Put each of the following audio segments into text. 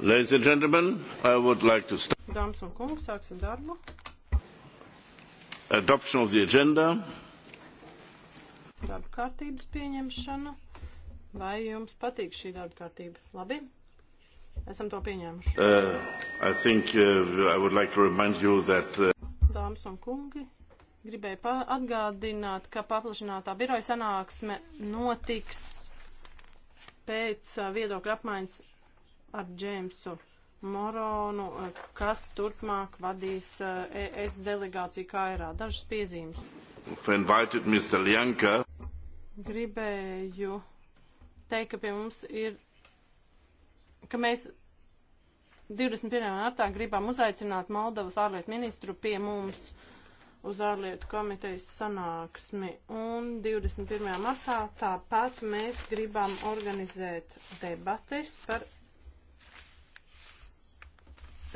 Ladies and gentlemen, I would like to start. Dāmas un kungi, sāksim darbu. Adoption of the agenda. Darba kārtības pieņemšana. Vai jums patīk šī darba kārtība? Labi. Esam to pieņēmuši. Uh, I think uh, I would like to remind you that. Uh... Dāmas un kungi, gribēju atgādināt, ka paplašinātā biroja sanāksme notiks pēc uh, viedokļa apmaiņas ar Džēmsu Moronu, eh, kas turpmāk vadīs ES eh, e delegāciju Kairā. Dažas piezīmes. Gribēju teikt, ka pie mums ir, ka mēs 21. martā gribam uzaicināt Moldovas ārlietu ministru pie mums uz ārlietu komitejas sanāksmi. Un 21. martā tāpat mēs gribam organizēt debates par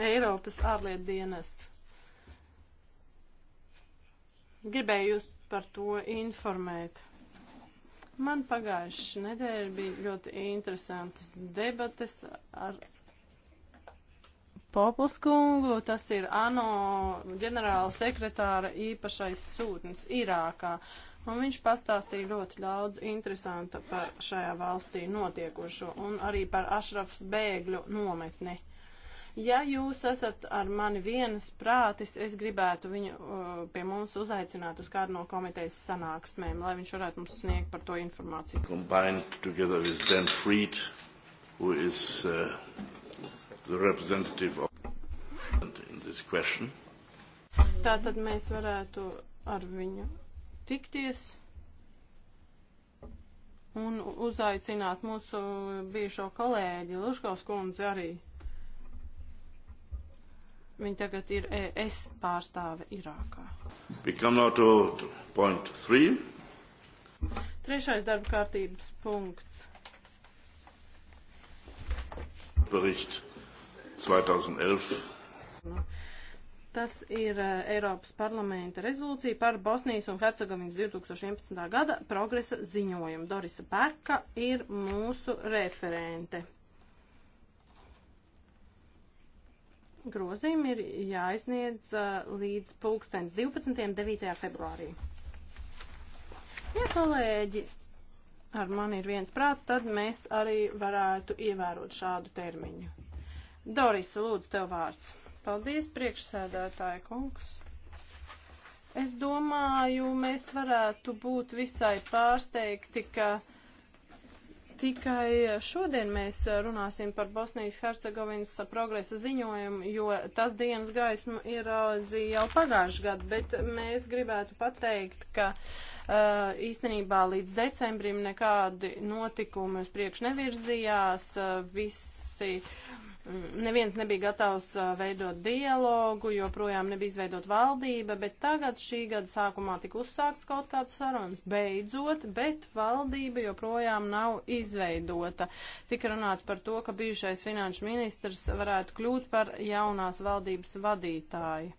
Eiropas ārlietu dienestu. Gribēju jūs par to informēt. Man pagājušajā nedēļā bija ļoti interesantas debates ar Popls kungu. Tas ir ANO ģenerāla sekretāra īpašais sūtnis Irākā. Un viņš pastāstīja ļoti daudz interesanta par šajā valstī notiekošo un arī par Ašrafs bēgļu nometni. Ja jūs esat ar mani vienas prātis, es gribētu viņu uh, pie mums uzaicināt uz kādu no komitejas sanāksmēm, lai viņš varētu mums sniegt par to informāciju. Fried, is, uh, Tā tad mēs varētu ar viņu tikties un uzaicināt mūsu bijušo kolēģi Luškovs kundzi arī. Viņa tagad ir ES pārstāve Irākā. Trešais darba kārtības punkts. Bericht 2011. Tas ir e, Eiropas parlamenta rezolūcija par Bosnijas un Hercegovinas 2011. gada progresa ziņojumu. Dorisa Berka ir mūsu referente. Grozījumi ir jāizniedz uh, līdz pulkstens 12.9. februārī. Ja kolēģi ar mani ir viens prāts, tad mēs arī varētu ievērot šādu termiņu. Doris, lūdzu, tev vārds. Paldies, priekšsēdētāja kungs. Es domāju, mēs varētu būt visai pārsteigti, ka Tikai šodien mēs runāsim par Bosnijas Hercegovinas progresa ziņojumu, jo tas dienas gaismu ieraudzīja jau pagājuši gadu, bet mēs gribētu pateikt, ka uh, īstenībā līdz decembrim nekādi notikumi uz priekš nevirzījās, uh, visi neviens nebija gatavs veidot dialogu, joprojām nebija izveidot valdība, bet tagad šī gada sākumā tika uzsākts kaut kāds sarunas beidzot, bet valdība joprojām nav izveidota. Tika runāts par to, ka bijušais finanšu ministrs varētu kļūt par jaunās valdības vadītāju.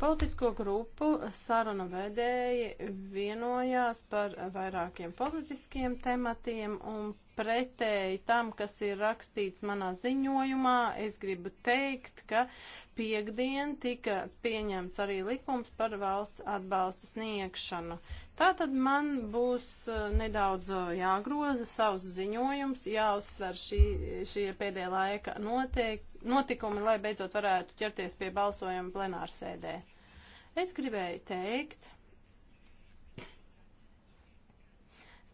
Politisko grupu saruna vedēji vienojās par vairākiem politiskiem tematiem un pretēji tam, kas ir rakstīts manā ziņojumā, es gribu teikt, ka piekdien tika pieņemts arī likums par valsts atbalsta sniegšanu. Tātad man būs eh, nedaudz eh, jāgroza savus ziņojums, jāuzsver šī, šie pēdējā laika noteik, notikumi, lai beidzot varētu ķerties pie balsojuma plenārsēdē. Es gribēju teikt,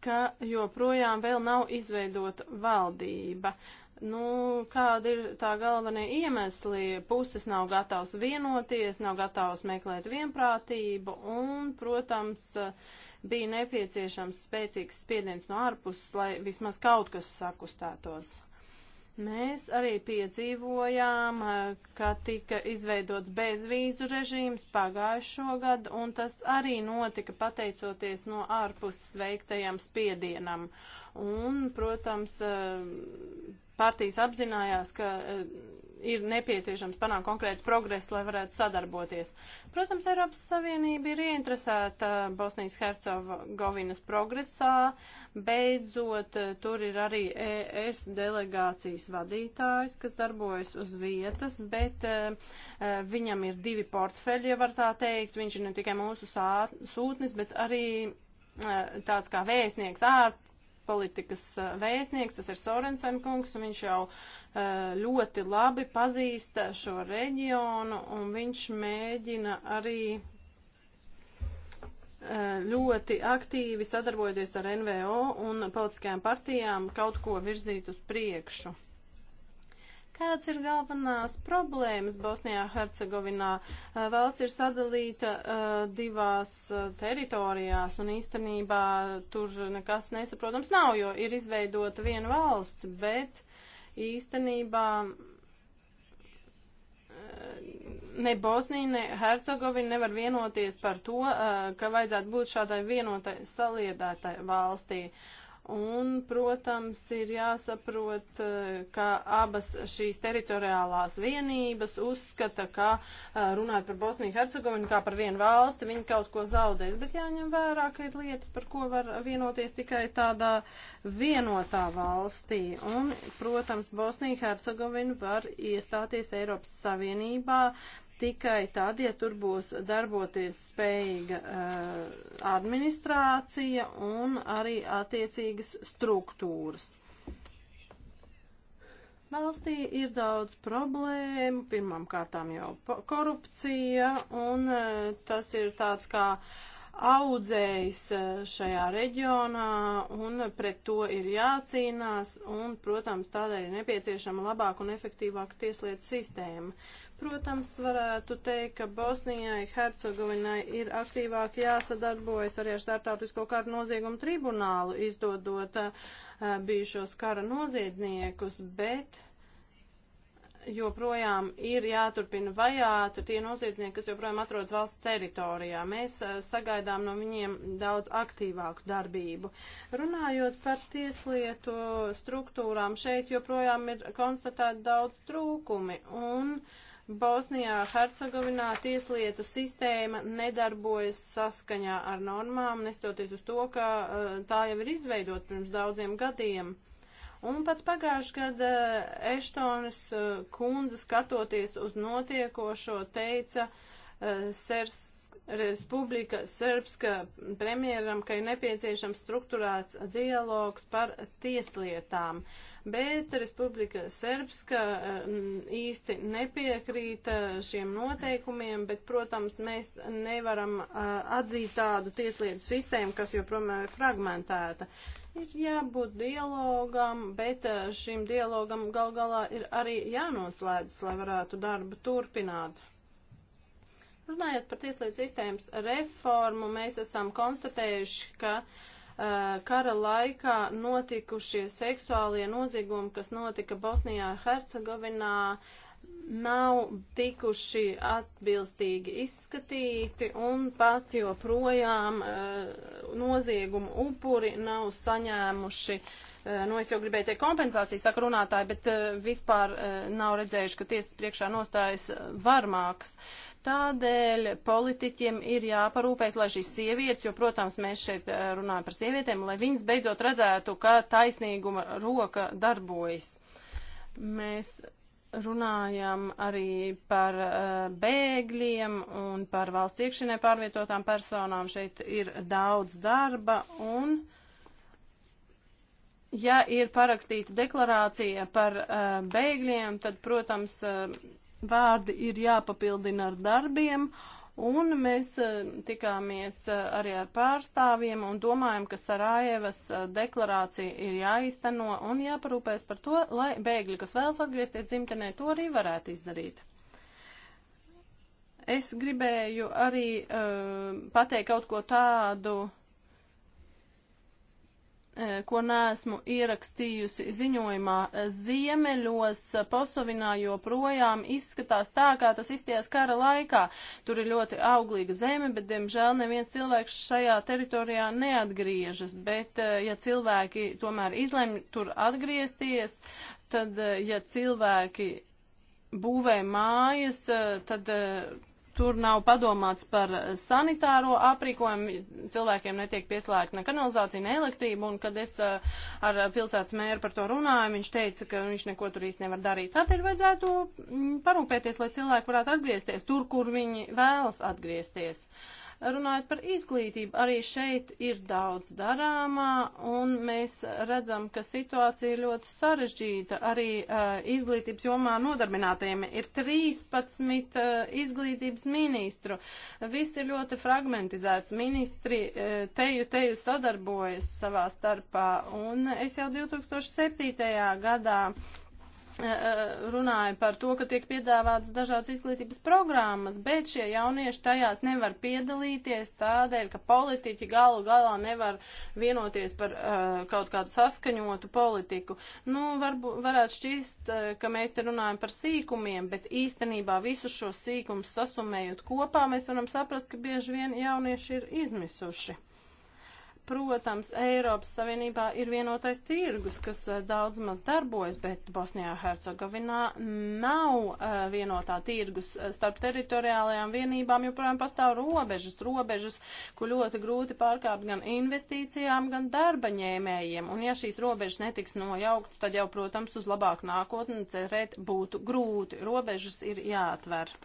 ka joprojām vēl nav izveidota valdība. Nu, kāda ir tā galvenie iemesli? Puses nav gatavs vienoties, nav gatavs meklēt vienprātību un, protams, bija nepieciešams spēcīgs spiediens no ārpuses, lai vismaz kaut kas sakustētos. Mēs arī piedzīvojām, eh, ka tika izveidots bezvīzu režīms pagājušo gadu, un tas arī notika pateicoties no ārpuses veiktajam spiedienam. Un, protams, eh, partijas apzinājās, ka eh, ir nepieciešams panākt konkrētu progresu, lai varētu sadarboties. Protams, Eiropas Savienība ir ieinteresēta Bosnijas Hercegovinas progresā. Beidzot, tur ir arī ES delegācijas vadītājs, kas darbojas uz vietas, bet uh, viņam ir divi portfeļi, ja var tā teikt. Viņš ir ne tikai mūsu sā, sūtnis, bet arī uh, tāds kā vēstnieks ārpus politikas eh, vēstnieks, tas ir Sorensen kungs, un viņš jau eh, ļoti labi pazīsta šo reģionu, un viņš mēģina arī eh, ļoti aktīvi sadarbojoties ar NVO un politiskajām partijām kaut ko virzīt uz priekšu. Kādas ir galvenās problēmas Bosnijā Hercegovinā? Valsts ir sadalīta divās teritorijās un īstenībā tur nekas nesaprotams nav, jo ir izveidota viena valsts, bet īstenībā ne Bosnija, ne Hercegovina nevar vienoties par to, ka vajadzētu būt šādai vienotai saliedētai valstī. Un, protams, ir jāsaprot, eh, ka abas šīs teritoriālās vienības uzskata, ka eh, runājot par Bosniju-Hercegovinu kā par vienu valsti, viņi kaut ko zaudēs. Bet jāņem vērā, ka ir lietas, par ko var vienoties tikai tādā vienotā valstī. Un, protams, Bosnija-Hercegovina var iestāties Eiropas Savienībā tikai tad, ja tur būs darboties spējīga uh, administrācija un arī attiecīgas struktūras. Valstī ir daudz problēmu, pirmām kārtām jau korupcija, un uh, tas ir tāds kā audzējs eh, šajā reģionā, un pret to ir jācīnās, un, protams, tādēļ ir nepieciešama labāka un efektīvāka tieslietu sistēma. Uh, Protams, varētu teikt, ka Bosnijai, Hercegovinai ir aktīvāk jāsadarbojas arī ar startautisko kara noziegumu tribunālu, izdodot uh, bijušos kara noziedzniekus, bet joprojām ir jāturpina vajāt tie noziedznieki, kas joprojām atrodas valsts teritorijā. Mēs a, eh, sagaidām no viņiem daudz aktīvāku darbību. Runājot par tieslietu struktūrām, šeit joprojām ir konstatēti daudz trūkumi un uh, Bosnijā, Hercegovinā tieslietu sistēma nedarbojas saskaņā ar normām, nestoties uz to, ka eh, tā jau ir izveidot pirms daudziem gadiem. Un pat pagājuši gada eh, Eštonas eh, kundze skatoties uz notiekošo teica Sers Republika Serbska premjeram, ka ir nepieciešams strukturēts dialogs par tieslietām. Uh, bet Republika Serbska eh, īsti nepiekrīt eh, šiem noteikumiem, bet, protams, mēs nevaram eh, atzīt tādu tieslietu sistēmu, kas joprojām ir fragmentēta. Ir jābūt dialogam, bet šim dialogam gal galā ir arī jānoslēdz, lai varētu darbu turpināt. Runājot par tieslietu sistēmas reformu, mēs esam konstatējuši, ka uh, Eh, kara laikā notikušie seksuālie noziegumi, kas notika Bosnijā, Hercegovinā, nav tikuši atbilstīgi izskatīti un pat joprojām eh, noziegumu upuri nav saņēmuši uh, Nu, es jau gribēju teikt kompensāciju, saka runātāji, bet eh, vispār eh, nav redzējuši, ka tiesas priekšā nostājas eh, varmāks. Tādēļ politiķiem ir jāparūpēs, lai šīs sievietes, jo, protams, mēs šeit runājam par sievietēm, lai viņas beidzot redzētu, ka taisnīguma roka darbojas. Mēs runājam arī par bēgļiem un par valsts iekšienē pārvietotām personām. Šeit ir daudz darba un Ja ir parakstīta deklarācija par uh, bēgļiem, tad, protams, uh, vārdi ir jāpapildina ar darbiem, un mēs uh, tikāmies uh, arī ar pārstāvjiem un domājam, ka Sarajevas uh, deklarācija ir jāizteno un jāparūpēs par to, lai bēgļi, kas vēlas atgriezties dzimtenē, to arī varētu izdarīt es gribēju arī uh, pateikt kaut ko tādu, Eh, ko neesmu ierakstījusi ziņojumā. Ziemeļos Posovinā eh, joprojām izskatās tā, kā tas izties kara laikā. Tur ir ļoti auglīga zeme, bet, diemžēl, neviens cilvēks šajā teritorijā neatgriežas. Bet, eh, ja cilvēki tomēr izlemj tur atgriezties, tad, ja cilvēki būvē mājas, tad tur nav padomāts par sanitāro aprīkojumu, cilvēkiem netiek pieslēgta ne kanalizācija, ne elektrība, un kad es uh, ar pilsētas mēru par to runāju, viņš teica, ka viņš neko tur īsti nevar darīt. Tātad vajadzētu mm, parūpēties, lai cilvēki varētu atgriezties tur, kur viņi vēlas atgriezties. Uh, Runājot par izglītību, arī šeit ir daudz darāmā, un mēs redzam, ka situācija ir ļoti sarežģīta. Arī uh, izglītības jomā nodarbinātajiem ir 13 uh, eh, izglītības ministru. Viss ir ļoti fragmentizēts. Ministri uh, eh, teju teju sadarbojas savā starpā, un es jau 2007. gadā Eh, eh, runāja par to, ka tiek piedāvātas dažādas izglītības programmas, bet šie jaunieši tajās nevar piedalīties tādēļ, ka politiķi galu galā nevar vienoties par uh, kaut kādu saskaņotu politiku. Nu, varbūt varētu šķist, uh, ka mēs te runājam par sīkumiem, bet īstenībā visus šos sīkumus sasumējot kopā, mēs varam saprast, ka bieži vien jaunieši ir izmisuši. Protams, Eiropas Savienībā ir vienotais tirgus, kas eh, daudz maz darbojas, bet Bosnijā Hercegovinā nav uh, vienotā tirgus. Eh, starp teritoriālajām vienībām joprojām pastāv robežas, robežas, ko ļoti grūti pārkāpt gan investīcijām, gan darba ņēmējiem. Un ja šīs robežas netiks nojauktas, tad jau, protams, uz labāku nākotni cerēt būtu grūti. Robežas ir jāatver.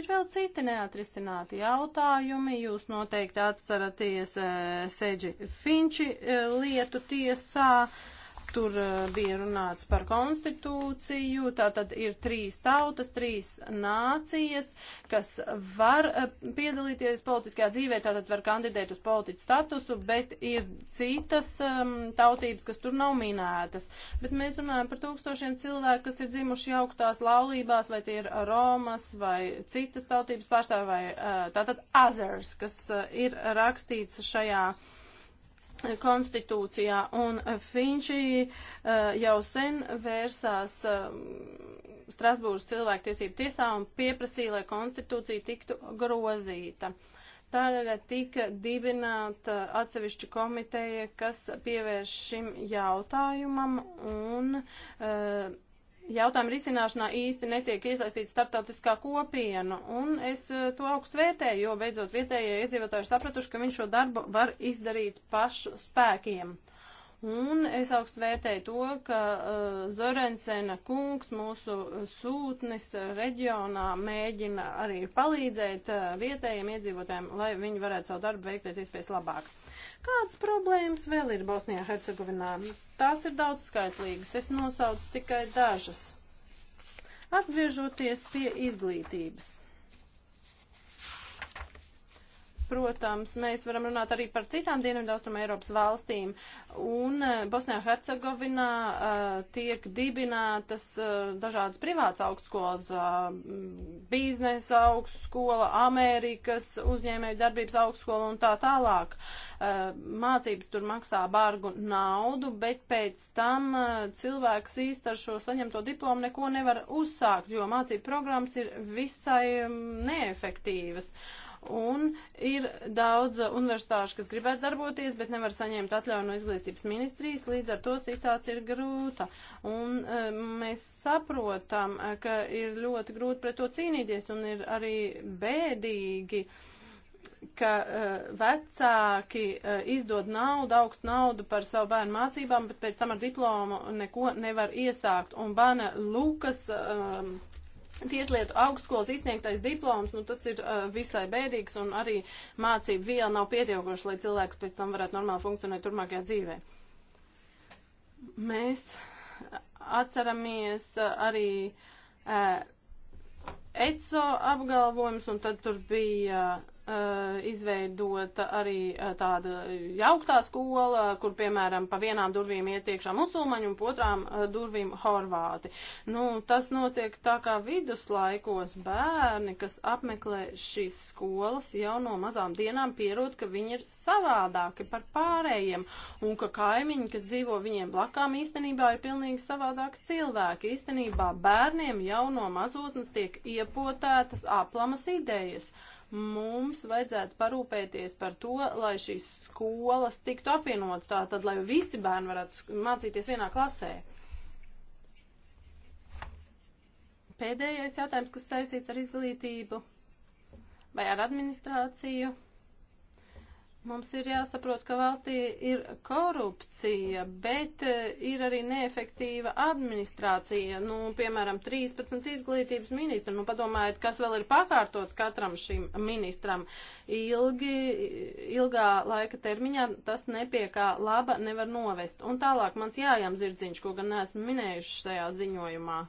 Ir vēl citi neatrisināti jautājumi. Jūs noteikti atceraties eh, Seģi Finči eh, lietu tiesā. Uh, Tur eh, bija runāts par konstitūciju, tā tad ir trīs tautas, trīs nācijas, kas var eh, piedalīties politiskajā dzīvē, tātad var kandidēt uz politiķu statusu, bet ir citas um, tautības, kas tur nav minētas. Bet mēs runājam par tūkstošiem cilvēku, kas ir dzimuši augstās laulībās, vai tie ir Romas vai citas tautības pārstāvi, vai uh, tātad others, kas uh, ir rakstīts šajā. Uh, konstitūcijā, un Finčī eh, jau sen vērsās eh, Strasbūras cilvēktiesību tiesā un pieprasīja, lai konstitūcija tiktu grozīta. Tagad tika dibināta atsevišķa komiteja, kas pievērš šim jautājumam un uh, jautājuma risināšanā īsti netiek iesaistīta starptautiskā kopiena, un es eh, to augstu vērtēju, jo beidzot vietējie iedzīvotāji ir sapratuši, ka viņš šo darbu var izdarīt pašu spēkiem. Un es augstu vērtēju to, ka uh, Zorensena kungs, mūsu sūtnis reģionā, mēģina arī palīdzēt uh, vietējiem iedzīvotājiem, lai viņi varētu savu darbu veikties iespējas labāk. Kādas problēmas vēl ir Bosnijā Hercegovinā? Tās ir daudz skaitlīgas, es nosaucu tikai dažas. Atgriežoties pie izglītības. Protams, mēs varam runāt arī par citām Dienvidaustruma Eiropas valstīm. Un eh, Bosnijā Hercegovinā uh, tiek dibinātas uh, dažādas privātas augstskolas, uh, biznesa augstskola, Amerikas uzņēmēju darbības augstskola un tā tālāk. Uh, mācības tur maksā bargu naudu, bet pēc tam uh, cilvēks īsti ar šo saņemto diplomu neko nevar uzsākt, jo mācību programmas ir visai um, neefektīvas. Uh, Un ir daudz universitāšu, kas gribētu darboties, bet nevar saņemt atļauju no izglītības ministrijas, līdz ar to situācija ir grūta. Un eh, mēs saprotam, eh, ka ir ļoti grūti pret to cīnīties un ir arī bēdīgi ka uh, vecāki uh, izdod naudu, augstu naudu par savu bērnu mācībām, bet pēc tam ar diplomu neko nevar iesākt. Un Bana Lukas uh, Tieslietu augstskolas izsniegtais diploms, nu tas ir uh, visai bēdīgs un arī mācība viela nav pietiekoša, lai cilvēks pēc tam varētu normāli funkcionēt turmākajā dzīvē. Mēs atceramies arī uh, ECO apgalvojums un tad tur bija uh, Uh, izveidota arī uh, tāda jauktā skola, eh, kur, piemēram, pa vienām durvīm iet iekšā musulmaņi un otrām uh, durvīm horvāti. Nu, tas notiek tā kā viduslaikos bērni, kas apmeklē šīs skolas, jau no mazām dienām pierod, ka viņi ir savādāki par pārējiem un ka kaimiņi, kas dzīvo viņiem blakām, īstenībā ir pilnīgi savādāki cilvēki. Īstenībā bērniem jau no mazotnes tiek iepotētas aplamas idejas. Uh, mums vajadzētu parūpēties par to, lai šīs skolas tiktu apvienotas tā, tad lai visi bērni varētu mācīties vienā klasē. Pēdējais jautājums, kas saistīts ar izglītību vai ar administrāciju. Mums ir jāsaprot, ka valstī ir korupcija, bet e, ir arī neefektīva administrācija. Nu, piemēram, 13 izglītības ministri. Nu, padomājiet, kas vēl ir pakārtots katram šim ministram. Ilgi, ilgā laika termiņā tas nepiekā laba nevar novest. Un tālāk mans jājām zirdziņš, ko gan neesmu minējuši šajā ziņojumā.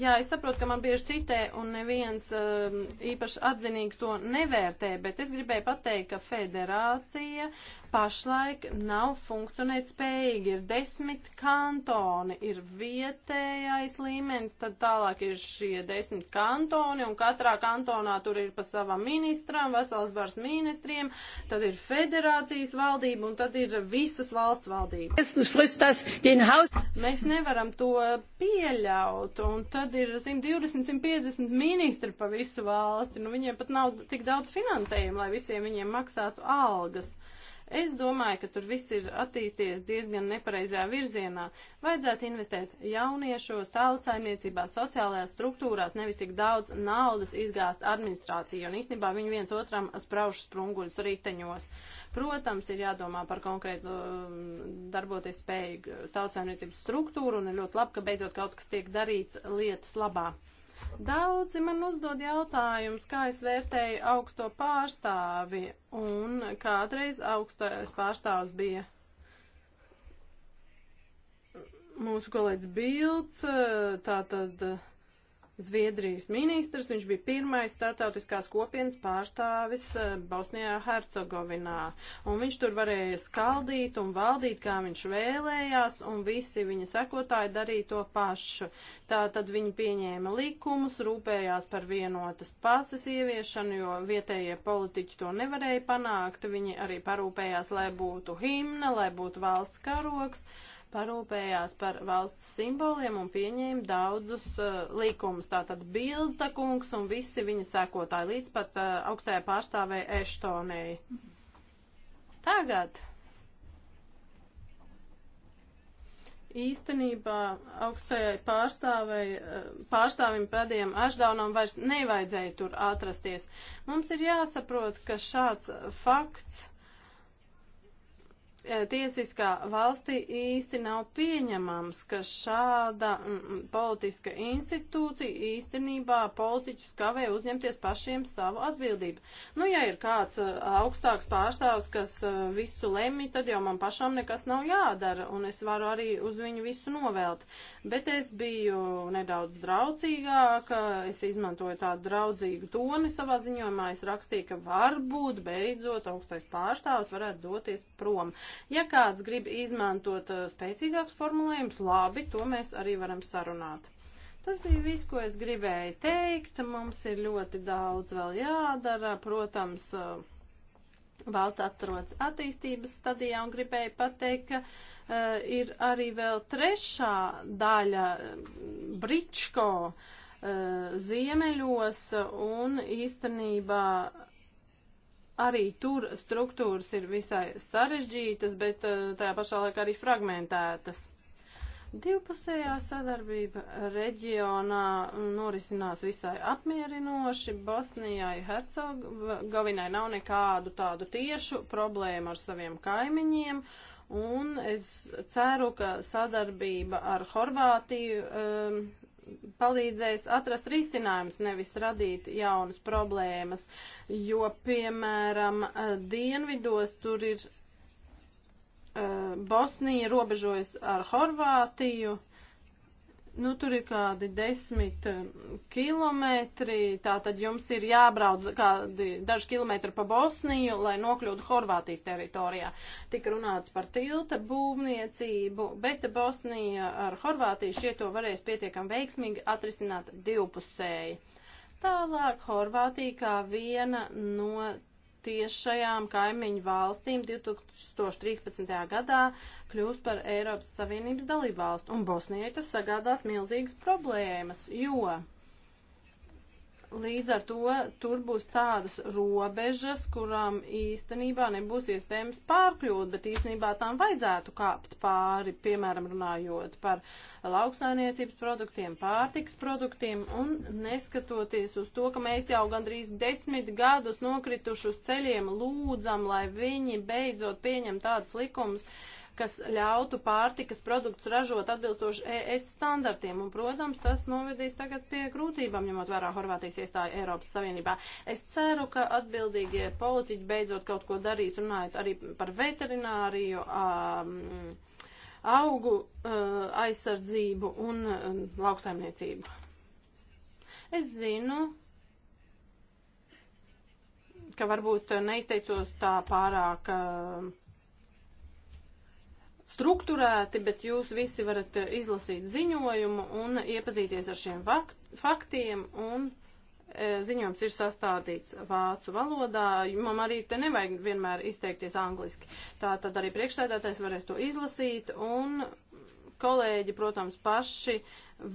Jā, es saprotu, ka man bieži citē un neviens um, īpaši atzinīgi to nevērtē, bet es gribēju pateikt, ka federācija pašlaik nav funkcionēt spējīgi. Ir desmit kantoni, ir vietējais līmenis, tad tālāk ir šie desmit kantoni, un katrā kantonā tur ir pa savam ministram, vesels bars ministriem, tad ir federācijas valdība, un tad ir visas valsts valdība. Mēs nevaram to pieļaut, un tad ir 120-150 ministri pa visu valsti, nu viņiem pat nav tik daudz finansējumu, lai visiem viņiem maksātu algas. Thank you Es domāju, ka tur viss ir attīstījies diezgan nepareizajā virzienā. Vajadzētu investēt jauniešos, tālsaimniecībā, sociālajās struktūrās, nevis tik daudz naudas izgāst administrāciju, un īstenībā viņi viens otram sprauž sprunguļus riteņos. Protams, ir jādomā par konkrētu um, darboties spēju tautsaimniecības struktūru, un ir ļoti labi, ka beidzot kaut kas tiek darīts lietas labā. Daudzi man uzdod jautājumus, kā es vērtēju augsto pārstāvi, un kādreiz augstais pārstāvs bija mūsu kolēģis Bilds, tātad. tad Zviedrijas ministrs, viņš bija pirmais startautiskās kopienas pārstāvis eh, Bosnijā Hercegovinā. Un viņš tur varēja skaldīt un valdīt, kā viņš vēlējās, un visi viņa sekotāji darīja to pašu. Tā tad viņi pieņēma likumus, rūpējās par vienotas pases ieviešanu, jo vietējie politiķi to nevarēja panākt. Viņi arī parūpējās, lai būtu himna, lai būtu valsts karoks. Uh, parūpējās par valsts simboliem un pieņēma daudzus uh, likumus. Tātad Bilda kungs un visi viņa sēkotāji līdz pat uh, augstajā pārstāvē Eštonei. Tagad īstenībā augstajai pārstāvei, uh, pārstāvim pēdējiem ašdaunam vairs nevajadzēja tur atrasties. Mums ir jāsaprot, ka šāds fakts Eh, tiesiskā valstī īsti nav pieņemams, ka šāda mm, mm, politiska institūcija īstenībā politiķus kavē uzņemties pašiem savu atbildību. Nu, ja ir kāds eh, augstāks pārstāvs, kas eh, visu lemj, tad jau man pašam nekas nav jādara, un es varu arī uz viņu visu novelt. Bet es biju nedaudz draudzīgāka, es izmantoju tādu draudzīgu toni savā ziņojumā, es rakstīju, ka varbūt beidzot augstais pārstāvs varētu doties prom. Ja kāds grib izmantot uh, spēcīgākus formulējumus, labi, to mēs arī varam sarunāt. Tas bija viss, ko es gribēju teikt. Mums ir ļoti daudz vēl jādara. Protams, uh, valsts atrodas attīstības stadijā un gribēju pateikt, ka uh, ir arī vēl trešā daļa uh, Bričko uh, ziemeļos un īstenībā arī tur struktūras ir visai sarežģītas, bet eh, tajā pašā laikā arī fragmentētas. Divpusējā sadarbība reģionā norisinās visai apmierinoši. Bosnijai, Hercegovinai nav nekādu tādu tiešu problēmu ar saviem kaimiņiem. Un es ceru, ka sadarbība ar Horvātiju um, palīdzēs atrast risinājums, nevis radīt jaunas problēmas, jo, piemēram, eh, dienvidos tur ir eh, Bosnija robežojas ar Horvātiju, Nu, tur ir kādi desmit eh, kilometri, tā tad jums ir jābrauc kādi daži kilometri pa Bosniju, lai nokļūtu Horvātijas teritorijā. Tik runāts par tilta būvniecību, bet Bosnija ar Horvātiju šie to varēs pietiekam veiksmīgi atrisināt divpusēji. Tālāk Horvātija kā viena no tiešajām kaimiņu valstīm 2013. gadā kļūs par Eiropas Savienības dalību valstu, un Bosnijai tas sagādās milzīgas problēmas, jo Līdz ar to tur būs tādas robežas, kurām īstenībā nebūs iespējams pārkļūt, bet īstenībā tām vajadzētu kāpt pāri, piemēram, runājot par lauksainiecības produktiem, pārtiks produktiem un neskatoties uz to, ka mēs jau gandrīz desmit gadus nokrituši uz ceļiem lūdzam, lai viņi beidzot pieņem tādas likumus, uh, kas ļautu pārtikas produktus ražot atbilstoši ES standartiem. Un, protams, tas novedīs tagad pie grūtībām, ņemot vērā Horvātijas iestāju Eiropas Savienībā. Es ceru, ka atbildīgie politiķi beidzot kaut ko darīs, runājot arī par veterināriju. Um, augu uh, aizsardzību un uh, lauksaimniecību. Es zinu, ka varbūt neizteicos tā pārāk uh, strukturēti, bet jūs visi varat eh, izlasīt ziņojumu un iepazīties ar šiem faktiem. Un eh, ziņojums ir sastādīts vācu valodā. Man arī te nevajag vienmēr izteikties angliski. Tā tad arī priekšstādātais varēs to izlasīt un kolēģi, protams, paši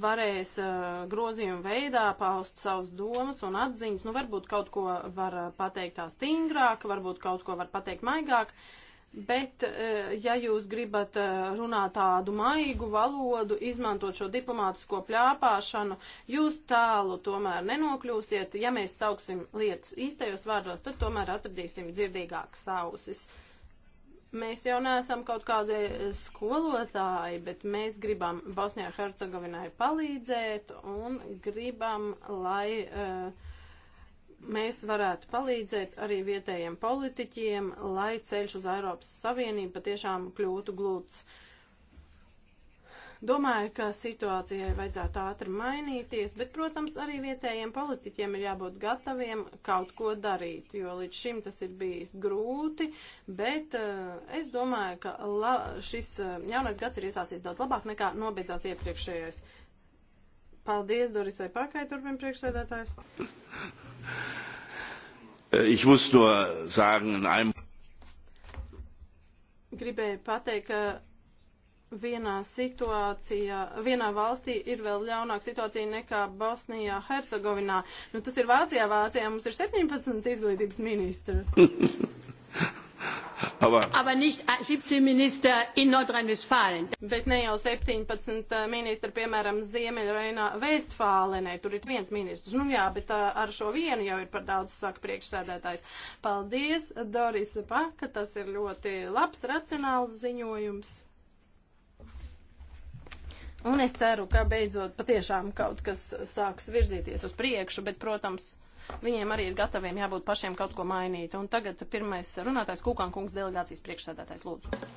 varēs uh, grozījumu veidā paust savus domas un atziņas. Nu, varbūt kaut ko var pateikt tā stingrāk, varbūt kaut ko var pateikt maigāk. Uh, Bet, e, ja jūs gribat e, runāt tādu maigu valodu, izmantot šo diplomātisko pļāpāšanu, jūs tālu tomēr nenokļūsiet. Ja mēs sauksim lietas īstajos vārdos, tad tomēr atradīsim dzirdīgākas ausis. Mēs jau neesam kaut kādi skolotāji, bet mēs gribam Bosnijā Hercegovinai palīdzēt un gribam, lai. Uh, mēs varētu palīdzēt arī vietējiem politiķiem, lai ceļš uz Eiropas Savienību patiešām kļūtu glūts. Domāju, ka situācijai vajadzētu ātri mainīties, bet, protams, arī vietējiem politiķiem ir jābūt gataviem kaut ko darīt, jo līdz šim tas ir bijis grūti, bet uh, es domāju, ka la, šis uh, jaunais gads ir iesācies daudz labāk nekā nobeidzās iepriekšējais. Uh, Paldies, Dorisai Pakai, turpin priekšsēdētājs. Äh, ich muss nur sagen, in einem. Gribēju pateikt, ka vienā situācijā, vienā valstī ir vēl ļaunāka situācija nekā Bosnijā, Hercegovinā. Nu, tas ir Vācijā. Vācijā mums ir 17 izglītības ministri. Aber, aber nicht 17 äh, Minister in Nordrhein-Westfalen. Bet ne jau 17 äh, ministri, piemēram, Ziemeļreinā Vestfālenē, tur ir viens ministrs. Nu jā, bet äh, ar šo vienu jau ir par daudz, saka priekšsēdētājs. Paldies, Doris Paka, tas ir ļoti labs, racionāls ziņojums. Un es ceru, ka beidzot patiešām kaut kas sāks virzīties uz priekšu, bet, protams, viņiem arī ir gataviem jābūt pašiem kaut ko mainīt. Un tagad pirmais runātājs Kūkan kungs delegācijas priekšsēdētājs lūdzu.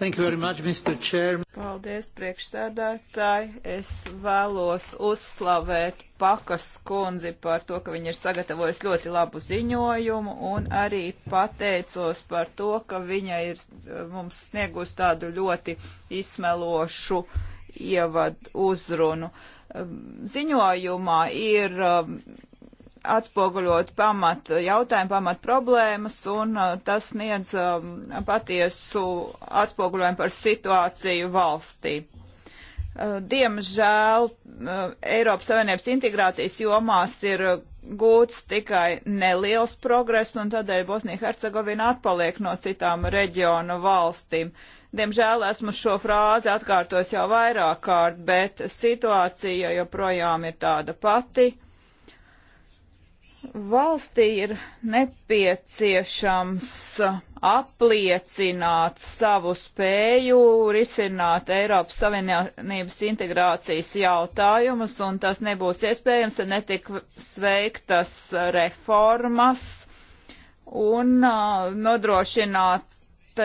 Thank you very much, Mr. Chairman. Paldies, priekšsēdētāji. Es vēlos uzslavēt Pakas kundzi par to, ka viņa ir sagatavojusi ļoti labu ziņojumu un arī pateicos par to, ka viņa ir eh, mums sniegus tādu ļoti izsmelošu ievadu uzrunu. Ehm, ziņojumā ir ehm, atspoguļot pamat jautājumu, pamat problēmas, un uh, tas sniedz um, patiesu atspoguļojumu par situāciju valstī. Uh, diemžēl uh, Eiropas Savienības integrācijas jomās ir gūts tikai neliels progress, un tādēļ Bosnija-Hercegovina atpaliek no citām reģionu valstīm. Diemžēl esmu šo frāzi atkārtos jau vairāk kārt, bet situācija joprojām ir tāda pati. Uh, Valstī ir nepieciešams apliecināt savu spēju risināt Eiropas Savienības integrācijas jautājumus, un tas nebūs iespējams, ja netiks veiktas reformas un nodrošināt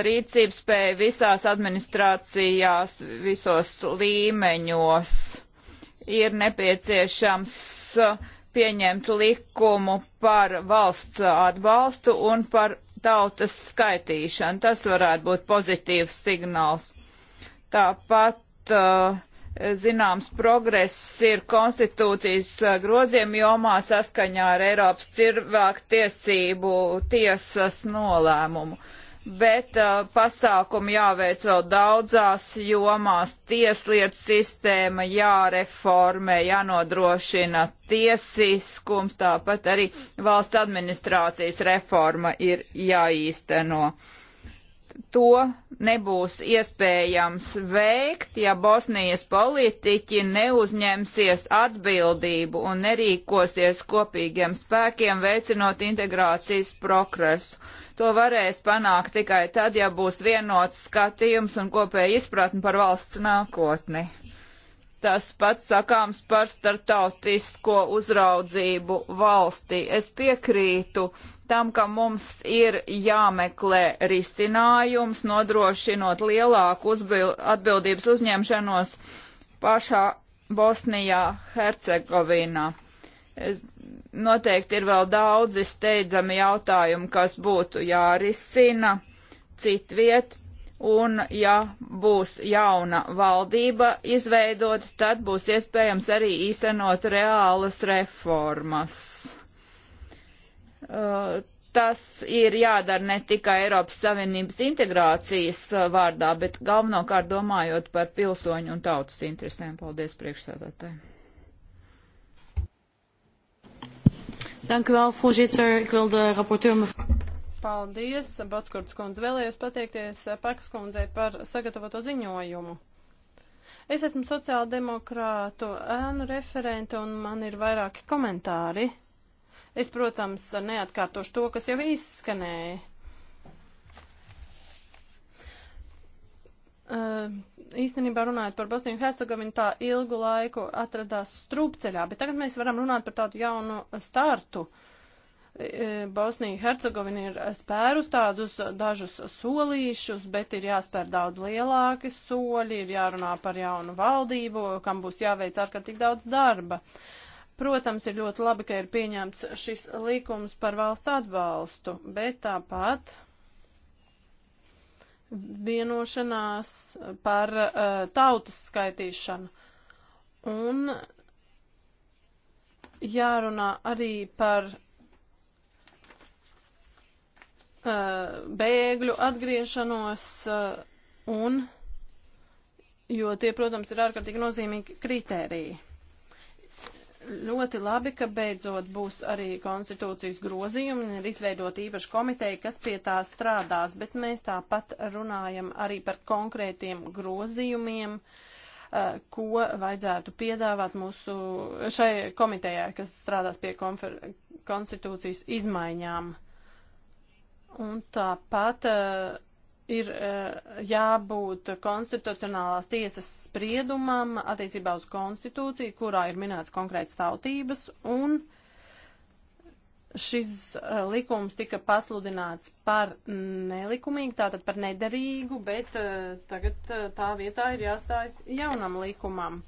rīcības spēju visās administrācijās, visos līmeņos. Ir nepieciešams uh, pieņemtu likumu par valsts atbalstu un par tautas skaitīšanu. Tas varētu būt pozitīvs signāls. Tāpat uh, zināms progress ir konstitūcijas eh, groziem jomā saskaņā ar Eiropas cilvēku tiesību tiesas nolēmumu. Uh, bet uh, pasākumi jāveic vēl daudzās jomās. Tieslietu sistēma jāreformē, jānodrošina tiesiskums, tāpat arī valsts administrācijas reforma ir jāīsteno. Uh, to nebūs iespējams veikt, ja Bosnijas politiķi neuzņemsies atbildību un nerīkosies kopīgiem spēkiem, veicinot integrācijas progresu. To varēs panākt tikai tad, ja būs vienots skatījums un kopēja izpratne par valsts nākotni. Tas pats sakāms par starptautisko uzraudzību valstī. Es piekrītu uh, tam, ka mums ir jāmeklē risinājums, nodrošinot uzņemšanos pašā Bosnijā, Hercegovinā. Es, noteikti ir vēl daudzi steidzami jautājumi, kas būtu jārisina citviet, un ja būs jauna valdība izveidot, tad būs iespējams arī īstenot reālas reformas. Eh, tas ir jādara ne tikai Eiropas Savienības integrācijas eh, vārdā, bet galvenokārt domājot par pilsoņu un tautas interesēm. Paldies priekšsēdētāji. Dank u wel, voorzitter. Ik wil de rapporteur mevrouw. Paldies, Batskurts kundze. Vēlējos pateikties Pakas kundzei par sagatavoto ziņojumu. Es esmu sociāldemokrātu ēnu referente un man ir vairāki komentāri. Es, protams, neatkārtošu to, kas jau izskanēja. Uh, īstenībā runājot par Bosniju Hercegovinu, tā ilgu laiku atradās strupceļā, bet tagad mēs varam runāt par tādu jaunu startu. Uh, Bosnija Hercegovina ir spērus tādus dažus solīšus, bet ir jāspēr daudz lielāki soļi, ir jārunā par jaunu valdību, kam būs jāveic ārkārtīgi daudz darba. Uh, Protams, ir ļoti labi, ka ir pieņemts šis likums par valsts atbalstu, bet tāpat vienošanās par uh, tautas skaitīšanu. Un jārunā arī par uh, bēgļu atgriešanos uh, un, jo tie, protams, ir ārkārtīgi nozīmīgi kritēriji ļoti labi, ka beidzot būs arī konstitūcijas grozījumi un ir izveidot īpaši komiteja, kas pie tā strādās, bet mēs tāpat runājam arī par konkrētiem grozījumiem, eh, ko vajadzētu piedāvāt mūsu šai komitejai, kas strādās pie konfer, konstitūcijas izmaiņām. Un tāpat uh, ir eh, jābūt konstitucionālās tiesas spriedumam attiecībā uz konstitūciju, kurā ir minēts konkrēts tautības, un šis eh, likums tika pasludināts par nelikumīgu, tātad par nederīgu, bet eh, tagad tā vietā ir jāstājas jaunam likumam.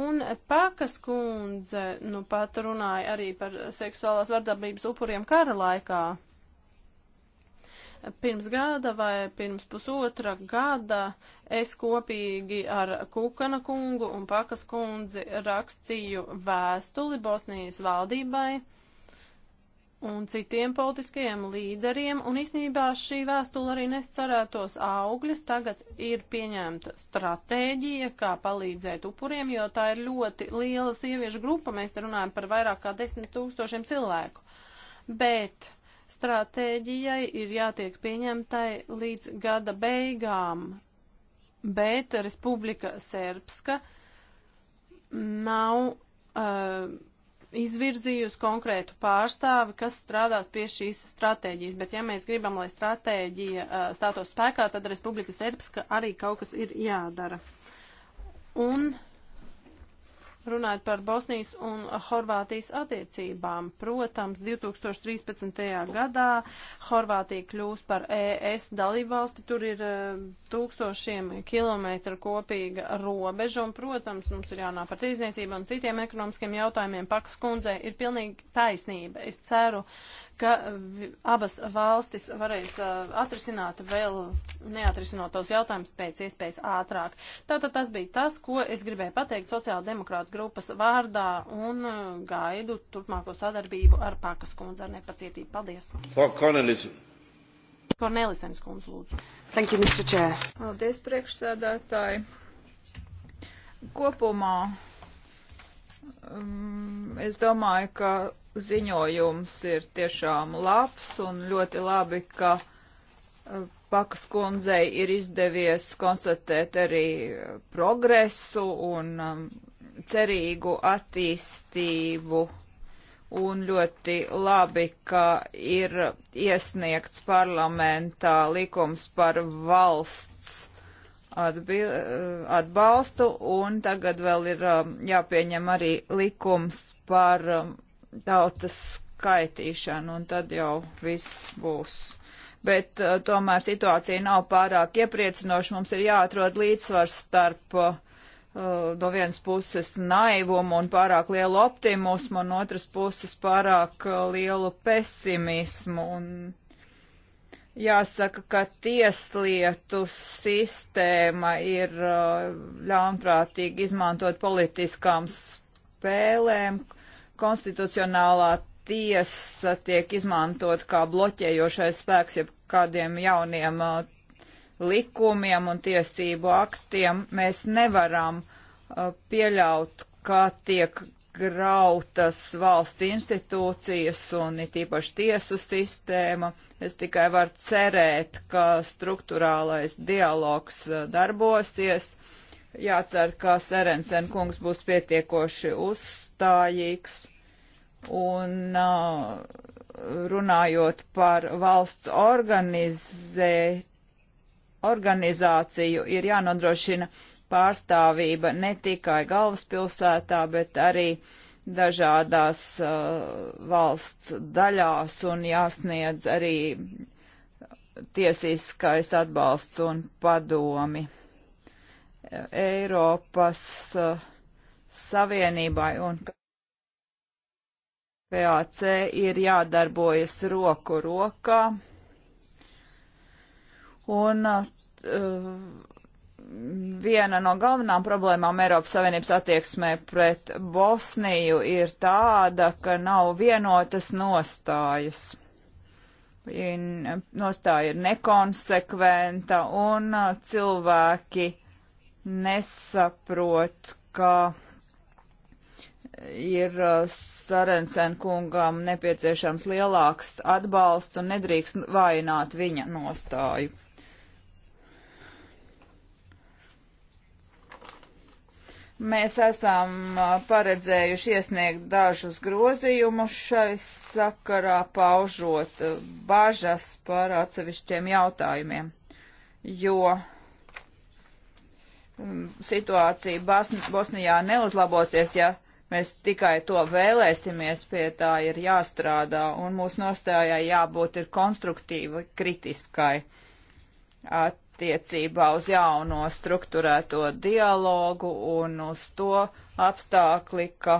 Un Pakas kundze, nu pat runāja arī par seksuālās vardarbības upuriem kara laikā. Pirms gada vai pirms pusotra gada es kopīgi ar Kukana kungu un Pakas kundzi rakstīju vēstuli Bosnijas valdībai un citiem politiskajiem līderiem, un īsnībā šī vēstule arī nescerētos augļus. Tagad ir pieņemta stratēģija, kā palīdzēt upuriem, jo tā ir ļoti liela sieviešu grupa. Mēs te runājam par vairāk kā desmit tūkstošiem cilvēku. Bet Stratēģijai ir jātiek pieņemtai līdz gada beigām, bet Republika Serbska nav uh, izvirzījusi konkrētu pārstāvi, kas strādās pie šīs stratēģijas, bet ja mēs gribam, lai stratēģija uh, stātos spēkā, tad Republika Serbska arī kaut kas ir jādara. Un Runājot par Bosnijas un Horvātijas attiecībām, protams, 2013. gadā Horvātija kļūs par ES dalībvalsti, tur ir eh, tūkstošiem kilometru kopīga robeža, un, protams, mums ir jānāk par tīzniecību un citiem ekonomiskiem jautājumiem. Pakas kundzei ir pilnīgi taisnība. Es ceru, ka abas valstis varēs uh, atrisināt vēl neatrisinotos jautājumus pēc iespējas ātrāk. Tātad tas bija tas, ko es gribēju pateikt sociāla demokrāta grupas vārdā un uh, gaidu turpmāko sadarbību ar Pakas kundzi ar nepacietību. Paldies! Kornelisens kundze, lūdzu. Thank you, Mr. Chair. Paldies, priekšsēdētāji. Kopumā Um, es domāju, ka ziņojums ir tiešām labs un ļoti labi, ka Pakas uh, kundzei ir izdevies konstatēt arī progresu un um, cerīgu attīstību. Un ļoti labi, ka ir iesniegts parlamentā likums par valsts atbil, atbalstu, un tagad vēl ir um, jāpieņem arī likums par um, tautas skaitīšanu, un tad jau viss būs. Bet uh, tomēr situācija nav pārāk iepriecinoša, mums ir jāatrod līdzsvars starp uh, no vienas puses naivumu un pārāk lielu optimismu, un otras puses pārāk uh, lielu pesimismu. Un, Jāsaka, ka tieslietu sistēma ir uh, ļaunprātīgi izmantot politiskām spēlēm. Konstitucionālā tiesa tiek izmantot kā bloķējošais spēks jebkādiem jauniem uh, likumiem un tiesību aktiem. Mēs nevaram uh, pieļaut, kā tiek grautas valsts institūcijas un it īpaši tiesu sistēma. Es tikai varu cerēt, ka struktūrālais dialogs uh, darbosies. Jācer, ka Serensen kungs būs pietiekoši uzstājīgs. Un uh, runājot par valsts organizē, organizāciju, ir jānodrošina pārstāvība ne tikai galvaspilsētā, bet arī dažādās uh, valsts daļās un jāsniedz arī tiesiskais atbalsts un padomi. Eiropas uh, Savienībai un PAC ir jādarbojas roku rokā. Un uh, viena no galvenām problēmām Eiropas Savienības attieksmē pret Bosniju ir tāda, ka nav vienotas nostājas. Nostāja ir nekonsekventa un uh, cilvēki nesaprot, ka ir uh, Sarensen kungam nepieciešams lielāks atbalsts un nedrīkst vainot viņa nostāju. Mēs esam paredzējuši iesniegt dažus grozījumus šai sakarā, paužot bažas par atsevišķiem jautājumiem, jo situācija Bosn Bosnijā neuzlabosies, ja mēs tikai to vēlēsimies, pie tā ir jāstrādā, un mūsu nostājai jābūt ir konstruktīva, kritiskai at, attiecībā uz jauno struktūrēto dialogu un uz to apstākli, ka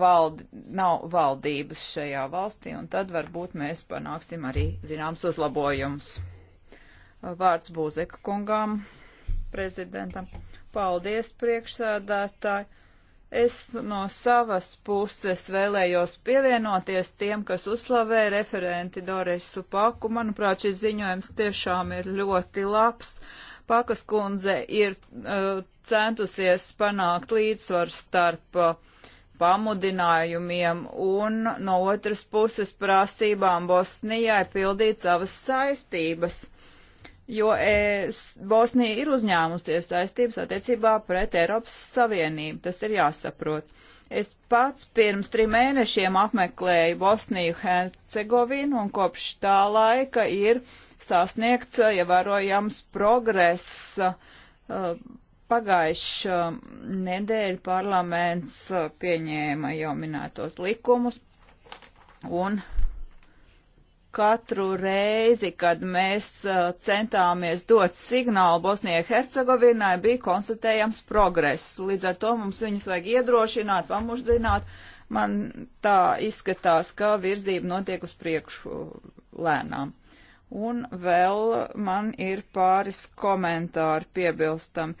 vald, nav valdības šajā valstī, un tad varbūt mēs panāksim arī zināms uzlabojums. Vārds Būzeka kungām, prezidentam. Paldies, priekšsēdētāji. Es no savas puses vēlējos pievienoties tiem, kas uzslavē referenti Doresu Paku. Manuprāt, šis ziņojums tiešām ir ļoti labs. Pakas kundze ir uh, centusies panākt līdzsvaru starp uh, pamudinājumiem un no otras puses prasībām Bosnijai pildīt savas saistības jo es, Bosnija ir uzņēmusies saistības attiecībā pret Eiropas Savienību. Tas ir jāsaprot. Es pats pirms trim mēnešiem apmeklēju Bosniju Hercegovinu un kopš tā laika ir sasniegts uh, ievērojams ja progress. Uh, pagājušā um, nedēļa parlaments uh, pieņēma jau minētos likumus un katru reizi, kad mēs uh, centāmies dot signālu Bosnijai Hercegovinai, bija konstatējams progress. Līdz ar to mums viņus vajag iedrošināt, pamudināt. Man tā izskatās, ka virzība notiek uz priekšu lēnām. Un vēl man ir pāris komentāri piebilstami.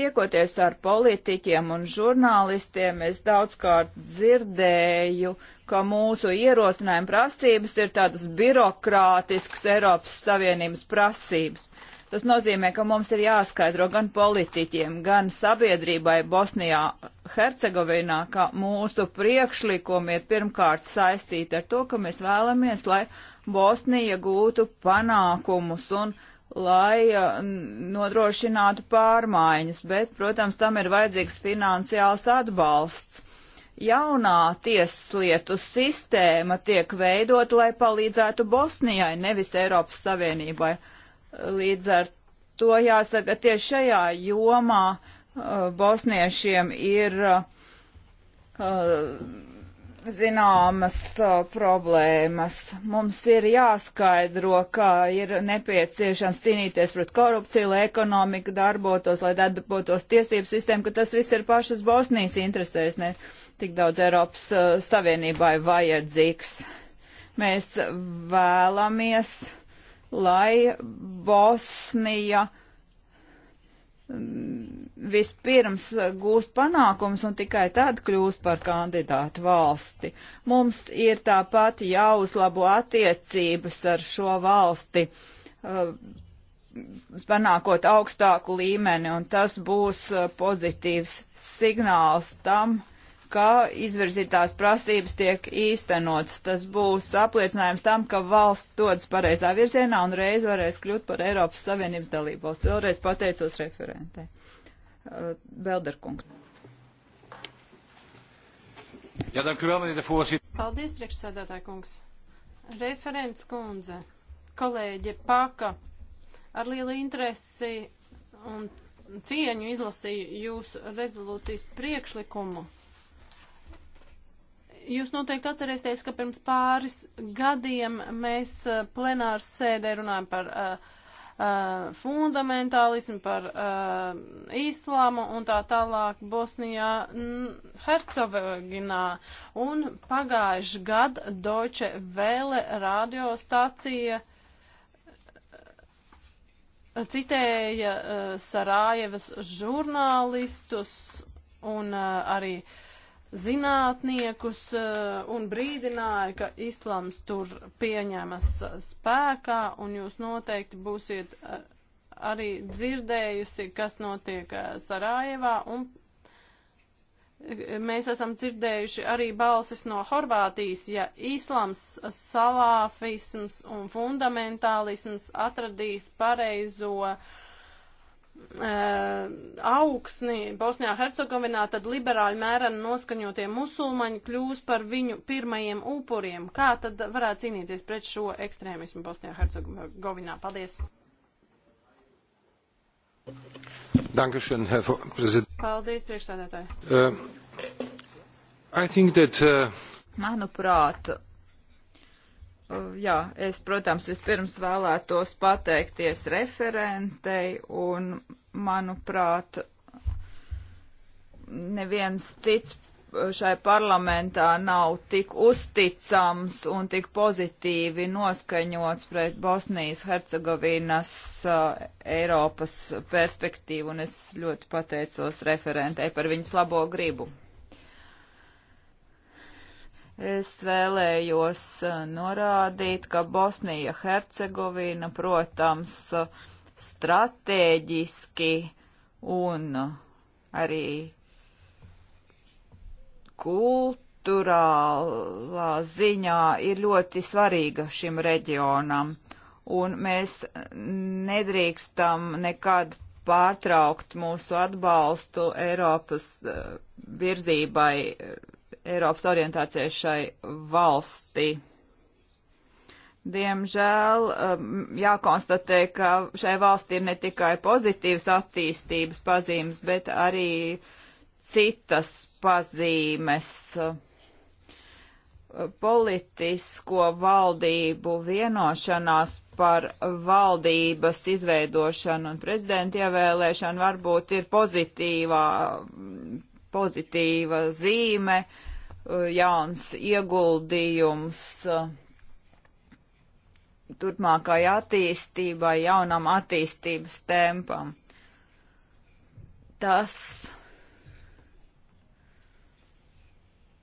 Tiekoties ar politiķiem un žurnālistiem, es daudzkārt dzirdēju, ka mūsu ierosinājuma prasības ir tādas birokrātiskas Eiropas Savienības prasības. Tas nozīmē, ka mums ir jāskaidro gan politiķiem, gan sabiedrībai Bosnijā, Hercegovinā, ka mūsu priekšlikumi ir pirmkārt saistīti ar to, ka mēs vēlamies, lai Bosnija gūtu panākumus un lai nodrošinātu pārmaiņas, bet, protams, tam ir vajadzīgs finansiāls atbalsts. Jaunā tieslietu sistēma tiek veidot, lai palīdzētu Bosnijai, nevis Eiropas Savienībai. Līdz ar to jāsaka, tieši šajā jomā uh, bosniešiem ir uh, zināmas uh, problēmas. Mums ir jāskaidro, ka ir nepieciešams cīnīties pret korupciju, lai ekonomika darbotos, lai darbotos tiesību sistēma, ka tas viss ir pašas Bosnijas interesēs, ne tik daudz Eiropas uh, Savienībai vajadzīgs. Mēs vēlamies, lai Bosnija vispirms uh, gūst panākums un tikai tad kļūst par kandidātu valsti. Mums ir tāpat jāuzlabo attiecības ar šo valsti, uh, panākot augstāku līmeni, un tas būs uh, pozitīvs signāls tam, ka izvirzītās prasības tiek īstenotas. Tas būs apliecinājums tam, ka valsts dodas pareizā virzienā un reiz varēs kļūt par Eiropas Savienības dalību valsts. Vēlreiz pateicos referentei. Eh, Belderkungs. Jā, dank u vēl, meneer de voorzitter. Paldies, priekšsēdētāji kungs. Referents kundze, kolēģe Paka, ar lielu interesi un cieņu izlasīju jūsu rezolūcijas priekšlikumu. Jūs noteikti atcerēsieties, ka pirms pāris gadiem mēs eh, plenārs sēdē runājam par uh, uh, fundamentālismu, par uh, islāmu un tā tālāk Bosnijā, Hercegovinā. Un pagājuši gad Deutsche Welle radiostacija uh, citēja uh, Sarajevas žurnālistus un uh, arī uh, zinātniekus eh, un brīdināja, ka islāms tur pieņemas eh, spēkā, un jūs noteikti būsiet eh, arī dzirdējusi, kas notiek Sarajevā, un mēs esam dzirdējuši arī balsis no Horvātijas, ja islams, salāfisms un fundamentālisms atradīs pareizo uh, Uh, augsni Bosnijā Hercegovinā, tad liberāļi mērena noskaņotie musulmaņi kļūs par viņu pirmajiem upuriem. Kā tad varētu cīnīties pret šo ekstrēmismu Bosnijā Hercegovinā? Paldies! Dankeschön, Herr Präsident. Paldies, priekšsēdētāji. Uh, I think that, uh... Manuprāt, jā, es, protams, vispirms vēlētos pateikties referentei un, manuprāt, neviens cits šai parlamentā nav tik uzticams un tik pozitīvi noskaņots pret Bosnijas Hercegovinas uh, Eiropas perspektīvu, un es ļoti pateicos referentei par viņas labo gribu. Es vēlējos uh, norādīt, ka Bosnija Hercegovina, protams, uh, stratēģiski un uh, arī kultūrālā ziņā ir ļoti svarīga šim reģionam, un mēs nedrīkstam nekad pārtraukt mūsu atbalstu Eiropas virzībai Eiropas orientācijai šai valstī. Diemžēl um, jākonstatē, ka šai valstī ir ne tikai pozitīvas attīstības pazīmes, bet arī citas pazīmes politisko valdību vienošanās par valdības izveidošanu un prezidenta ievēlēšanu varbūt ir pozitīvā, pozitīva zīme, uh, jauns ieguldījums uh, turpmākai attīstībai, jaunam attīstības tempam. Tas,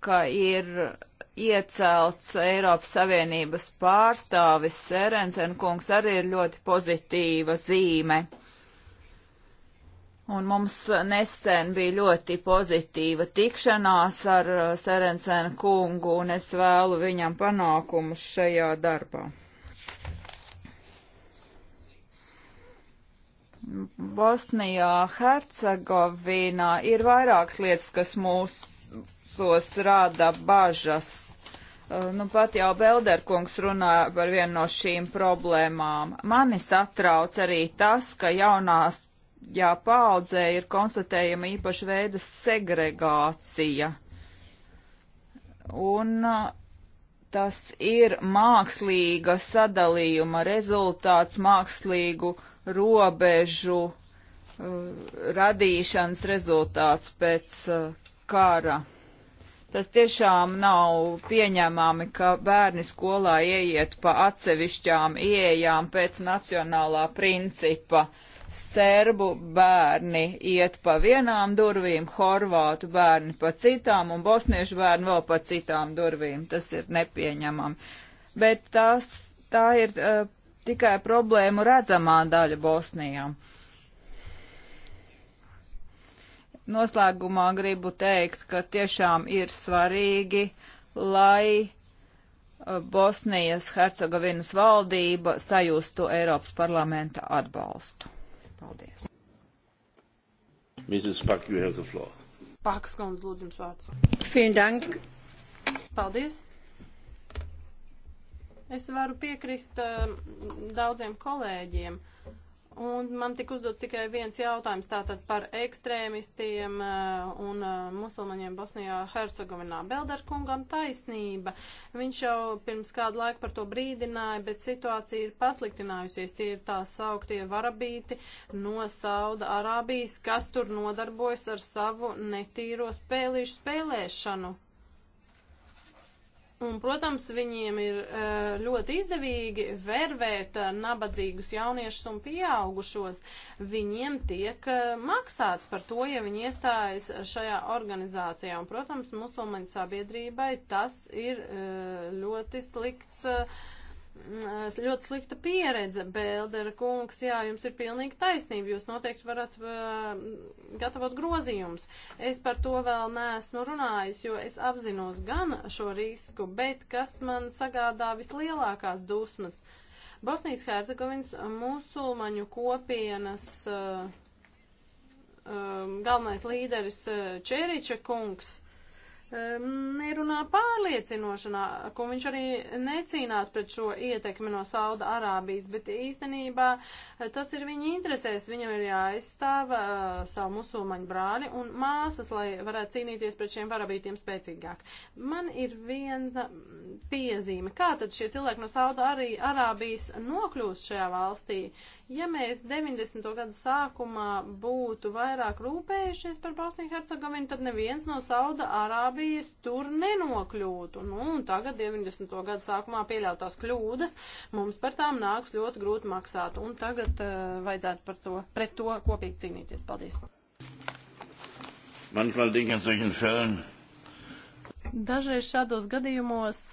ka ir iecelts Eiropas Savienības pārstāvis Serensen kungs, arī ir ļoti pozitīva zīme. Un mums nesen bija ļoti pozitīva tikšanās ar uh, Serensenu kungu, un es vēlu viņam panākumus šajā darbā. Bosnijā, Hercegovinā ir vairākas lietas, kas mūsos rada bažas. Uh, nu, pat jau Belderkungs runā par vienu no šīm problēmām. Mani satrauc arī tas, ka jaunās otrajā paaudzē ir konstatējama īpaša veida segregācija. Un tas ir mākslīga sadalījuma rezultāts, mākslīgu robežu uh, radīšanas rezultāts pēc uh, kara. Tas tiešām nav pieņemami, ka bērni skolā ieiet pa atsevišķām ieejām pēc nacionālā principa. Uh, serbu bērni iet pa vienām durvīm, horvātu bērni pa citām un bosniešu bērni vēl pa citām durvīm. Tas ir nepieņemami. Bet tas, tā ir uh, tikai problēmu redzamā daļa Bosnijā. Noslēgumā gribu teikt, ka tiešām ir svarīgi, lai Bosnijas Hercegovinas valdība sajustu Eiropas parlamenta atbalstu. Paldies. Mrs. Pak, you have the floor. Pakas kundze, lūdzu, jums vārds. Vielen dank. Paldies. Es varu piekrist uh, daudziem kolēģiem. Uh, Un man tika uzdots tikai viens jautājums tātad par ekstrēmistiem uh, un uh, musulmaņiem Bosnijā Hercegovinā. Beldarkungam taisnība. Viņš jau pirms kādu laiku par to brīdināja, bet situācija ir pasliktinājusies. Tie ir tā sauktie varabīti no Sauda Arābijas, kas tur nodarbojas ar savu netīro spēlīšu spēlēšanu Un, protams, viņiem ir e, ļoti izdevīgi vervēt e, nabadzīgus jauniešus un pieaugušos. Viņiem tiek e, maksāts par to, ja viņi iestājas šajā organizācijā. Un, protams, musulmaņu sabiedrībai tas ir ļoti slikts ļoti slikta pieredze, Bēldera kungs, jā, jums ir pilnīgi taisnība, jūs noteikti varat uh, gatavot grozījumus. Es par to vēl neesmu runājis, jo es apzinos gan šo risku, bet kas man sagādā vislielākās dusmas. Bosnijas Hercegovinas musulmaņu kopienas uh, um, galvenais līderis uh, Čēriča kungs nerunā pārliecinošanā, ko viņš arī necīnās pret šo ietekmi no Sauda Arābijas, bet īstenībā eh, tas ir viņa interesēs. Viņam ir jāaizstāv uh, savu musulmaņu brāli un māsas, lai varētu cīnīties pret šiem varabītiem spēcīgāk. Man ir viena piezīme, kā tad šie cilvēki no Sauda Arābijas nokļūst šajā valstī. Uh, Ja mēs 90. gadu sākumā būtu vairāk rūpējušies par Bosniju Hercegovinu, tad neviens no Sauda Arābijas tur nenokļūtu. Nu, un tagad 90. gadu sākumā pieļautās kļūdas, mums par tām nāks ļoti grūti maksāt. Un tagad uh, vajadzētu par to, pret to kopīgi cīnīties. Paldies! Manchmal denke ich an solchen Fällen. Dažreiz šādos gadījumos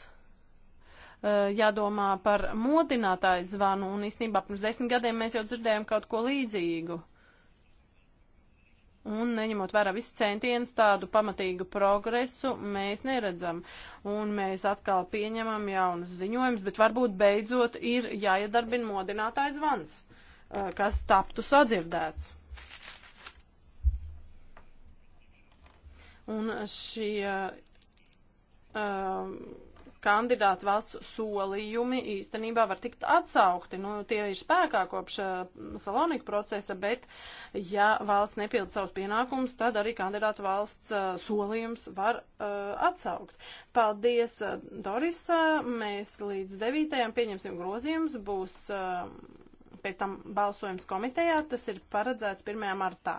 Eh, jādomā par modinātāju zvanu, un īstenībā pirms desmit gadiem mēs jau dzirdējām kaut ko līdzīgu. Un neņemot vērā visu centienus, tādu pamatīgu progresu mēs neredzam. Un mēs atkal pieņemam jaunus ziņojumus, bet varbūt beidzot ir jāiedarbina modinātājs zvans, eh, kas taptu sadzirdēts. Un šie. Uh, um, kandidātu valsts solījumi īstenībā var tikt atsaukti. Nu, tie ir spēkā kopš eh, Salonika procesa, bet ja valsts nepild savus pienākumus, tad arī kandidātu valsts eh, solījums var uh, atsaukt. Paldies, Doris. Mēs līdz 9. pieņemsim grozījumus. Būs uh, pēc tam balsojums komitejā. Tas ir paredzēts 1. martā.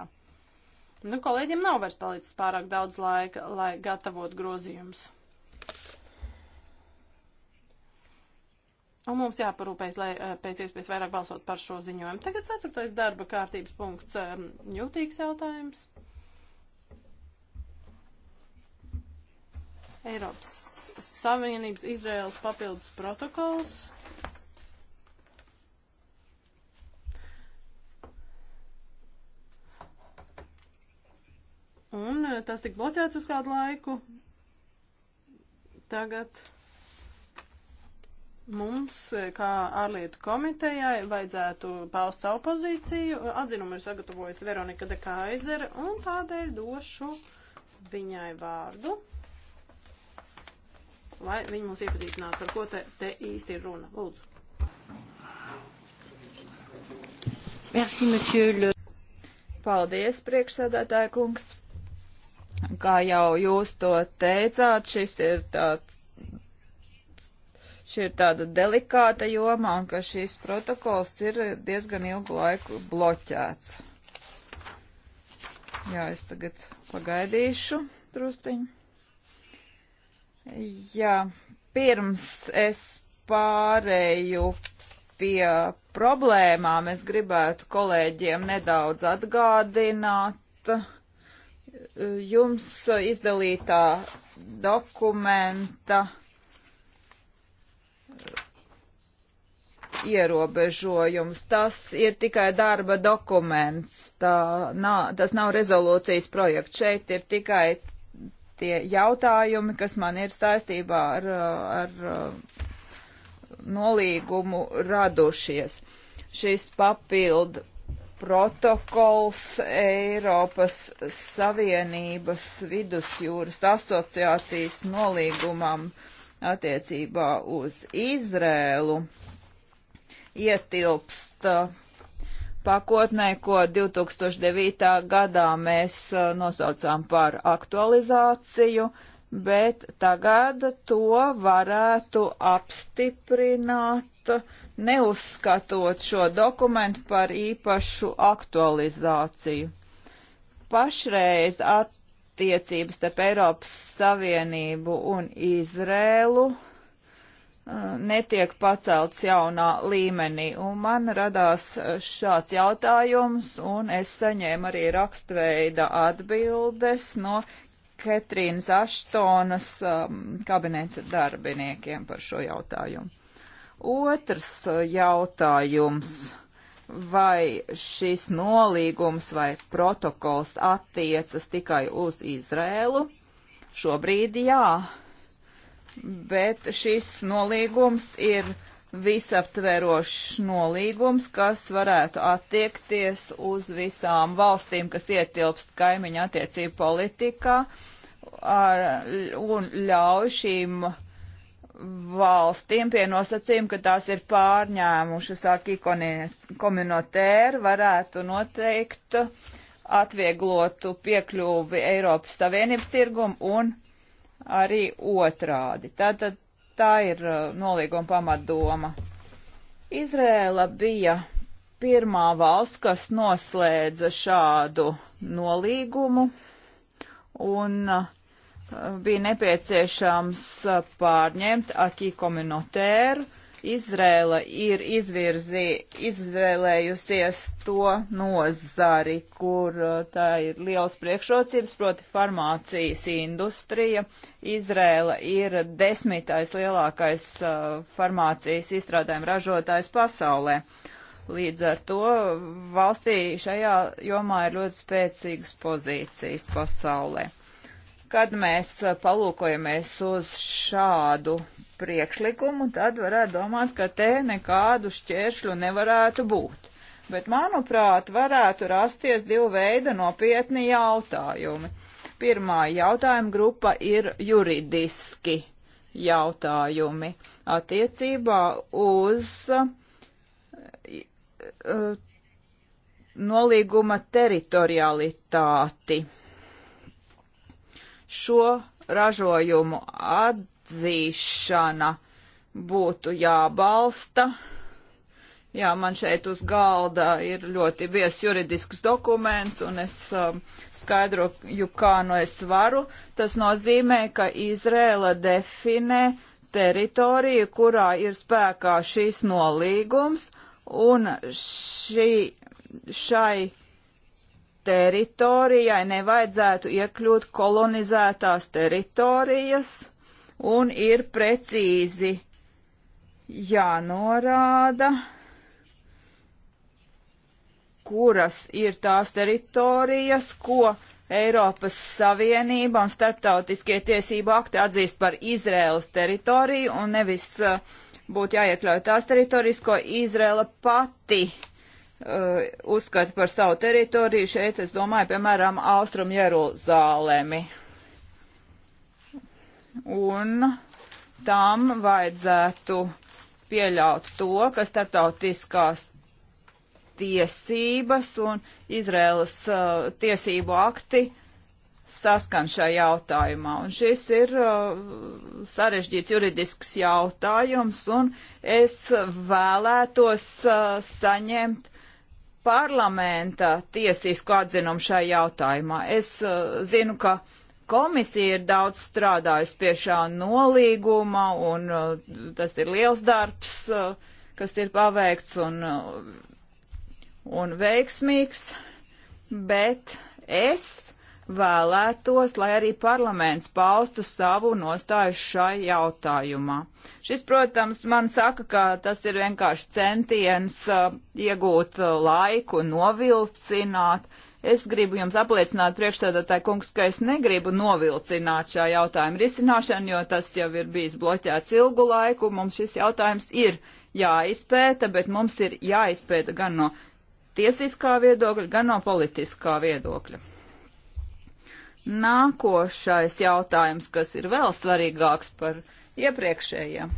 Nu, kolēģiem nav vairs palicis pārāk daudz laika, lai gatavotu grozījumus. Un mums jāparūpējas, lai eh, pēc iespējas vairāk balsot par šo ziņojumu. Tagad ceturtais darba kārtības punkts eh, - jūtīgs jautājums. Eiropas Savienības Izraels papildus protokols. Un eh, tas tika bloķēts uz kādu laiku. Tagad mums, e, kā ārlietu komitejai, vajadzētu paust savu pozīciju. Atzinumu ir sagatavojusi Veronika de Kaizera, un tādēļ došu viņai vārdu, lai viņa mūs iepazīstinātu, par ko te, te īsti ir runa. Lūdzu. Merci, monsieur le. Paldies, priekšsēdētāja kungs. Kā jau jūs to teicāt, šis ir tāds šī ir tāda delikāta joma un ka šīs protokols ir diezgan ilgu laiku bloķēts. Jā, es tagad pagaidīšu trustiņu. Jā, pirms es pārēju pie problēmām, es gribētu kolēģiem nedaudz atgādināt eh, jums izdalītā dokumenta ierobežojums. Tas ir tikai darba dokuments, tā, nā, tas nav rezolūcijas projekts. Šeit ir tikai tie jautājumi, kas man ir saistībā ar, ar nolīgumu radušies. Šis papildu protokols Eiropas Savienības vidusjūras asociācijas nolīgumam uh, attiecībā uz Izrēlu ietilpst uh, pakotnē, ko 2009. gadā mēs uh, nosaucām par aktualizāciju, bet tagad to varētu apstiprināt, neuzskatot šo dokumentu par īpašu aktualizāciju pašreiz at, attiecības starp Eiropas Savienību un Izrēlu uh, netiek pacelts jaunā līmenī. Un man radās uh, šāds jautājums, un es saņēmu arī rakstveida atbildes no Ketrīnas Aštonas um, kabineta darbiniekiem par šo jautājumu. Otrs uh, jautājums. Mm vai šis nolīgums vai protokols attiecas tikai uz Izrēlu. Šobrīd jā, bet šis nolīgums ir visaptverošs nolīgums, kas varētu attiekties uz visām valstīm, kas ietilpst kaimiņa attiecību politikā ar, un ļauj šīm valstīm pie nosacījuma, ka tās ir pārņēmušas akī komunotēru, varētu noteikt atvieglotu piekļuvi Eiropas Savienības tirgumu un arī otrādi. Tātad tā ir uh, nolīguma pamatdoma. Izrēla bija pirmā valsts, kas noslēdza šādu nolīgumu un uh, bija nepieciešams uh, pārņemt akī komunotēru. Izrēla ir izvirzī, izvēlējusies to nozari, kur uh, tā ir liels priekšrocības, proti farmācijas industrija. Izrēla ir desmitais lielākais uh, farmācijas izstrādājuma ražotājs pasaulē. Līdz ar to valstī šajā jomā ir ļoti spēcīgas pozīcijas pasaulē. Kad mēs uh, palūkojamies uz šādu priekšlikumu, tad varētu domāt, ka te nekādu šķēršļu nevarētu būt. Bet, manuprāt, varētu rasties divu veidu nopietni jautājumi. Pirmā jautājuma grupa ir juridiski jautājumi attiecībā uz uh, nolīguma teritorialitāti šo ražojumu atzīšana būtu jābalsta. Jā, man šeit uz galda ir ļoti vies juridisks dokuments, un es um, skaidroju, kā no nu es varu. Tas nozīmē, ka Izrēla definē teritoriju, kurā ir spēkā šīs nolīgums, un šī, šai teritorijai nevajadzētu iekļūt kolonizētās teritorijas un ir precīzi jānorāda, kuras ir tās teritorijas, ko Eiropas Savienība un starptautiskie tiesību akti atzīst par Izraēlas teritoriju un nevis eh, būtu jāiekļauj tās teritorijas, ko Izraela pati uh, Uh, uzskata par savu teritoriju. Šeit es domāju, piemēram, Austrum Jeruzālemi. Un tam vajadzētu pieļaut to, ka starptautiskās tiesības un Izraēlas uh, tiesību akti saskan šajā jautājumā. Un šis ir uh, sarežģīts juridisks jautājums, un es vēlētos uh, saņemt parlamenta tiesisku atzinumu šai jautājumā. Es uh, zinu, ka komisija ir daudz strādājusi pie šā nolīguma, un uh, tas ir liels darbs, uh, kas ir paveikts un, uh, un veiksmīgs, bet es vēlētos, lai arī parlaments paustu savu nostāju šai jautājumā. Šis, protams, man saka, ka tas ir vienkārši centiens uh, iegūt uh, laiku, novilcināt. Es gribu jums apliecināt, priekšstādātāji kungs, ka es negribu novilcināt šā jautājuma risināšanu, jo tas jau ir bijis bloķēts ilgu laiku. Mums šis jautājums ir jāizpēta, bet mums ir jāizpēta gan no tiesiskā viedokļa, gan no politiskā viedokļa. Nākošais jautājums, kas ir vēl svarīgāks par iepriekšējiem,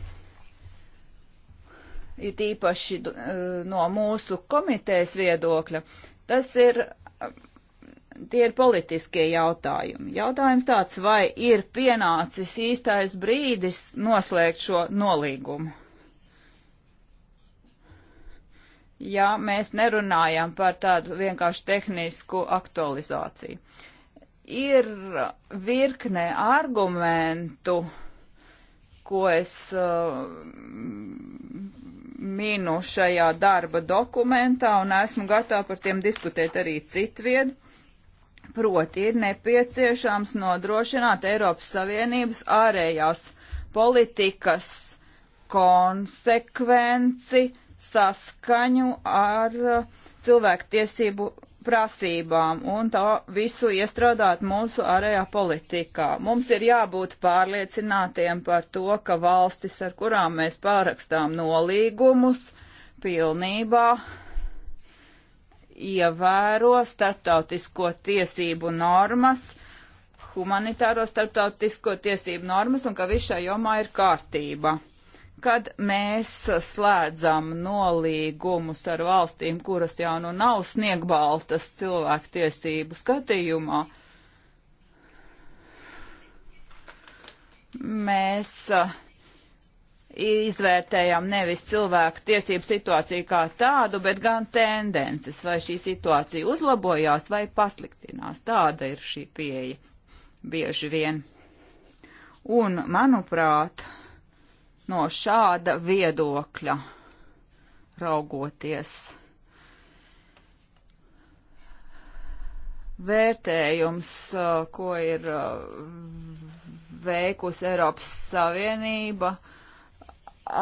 it īpaši e, no mūsu komitejas viedokļa, tas ir, tie ir politiskie jautājumi. Jautājums tāds, vai ir pienācis īstais brīdis noslēgt šo nolīgumu? ja mēs nerunājam par tādu vienkārši tehnisku aktualizāciju ir virkne argumentu, ko es uh, minu šajā darba dokumentā, un esmu gatava par tiem diskutēt arī citvied. Proti ir nepieciešams nodrošināt Eiropas Savienības ārējās politikas konsekvenci saskaņu ar uh, cilvēku tiesību prasībām un to visu iestrādāt mūsu ārējā politikā. Mums ir jābūt pārliecinātiem par to, ka valstis, ar kurām mēs pārakstām nolīgumus, pilnībā ievēro starptautisko tiesību normas, humanitāro starptautisko tiesību normas un ka visā jomā ir kārtība. Kad mēs slēdzam nolīgumus ar valstīm, kuras jau nu nav sniegbaltas cilvēktiesību skatījumā, mēs izvērtējam nevis cilvēku tiesību situāciju kā tādu, bet gan tendences, vai šī situācija uzlabojās vai pasliktinās. Tāda ir šī pieeja bieži vien. Un, manuprāt, no šāda viedokļa raugoties. Vērtējums, uh, ko ir uh, veikusi Eiropas Savienība,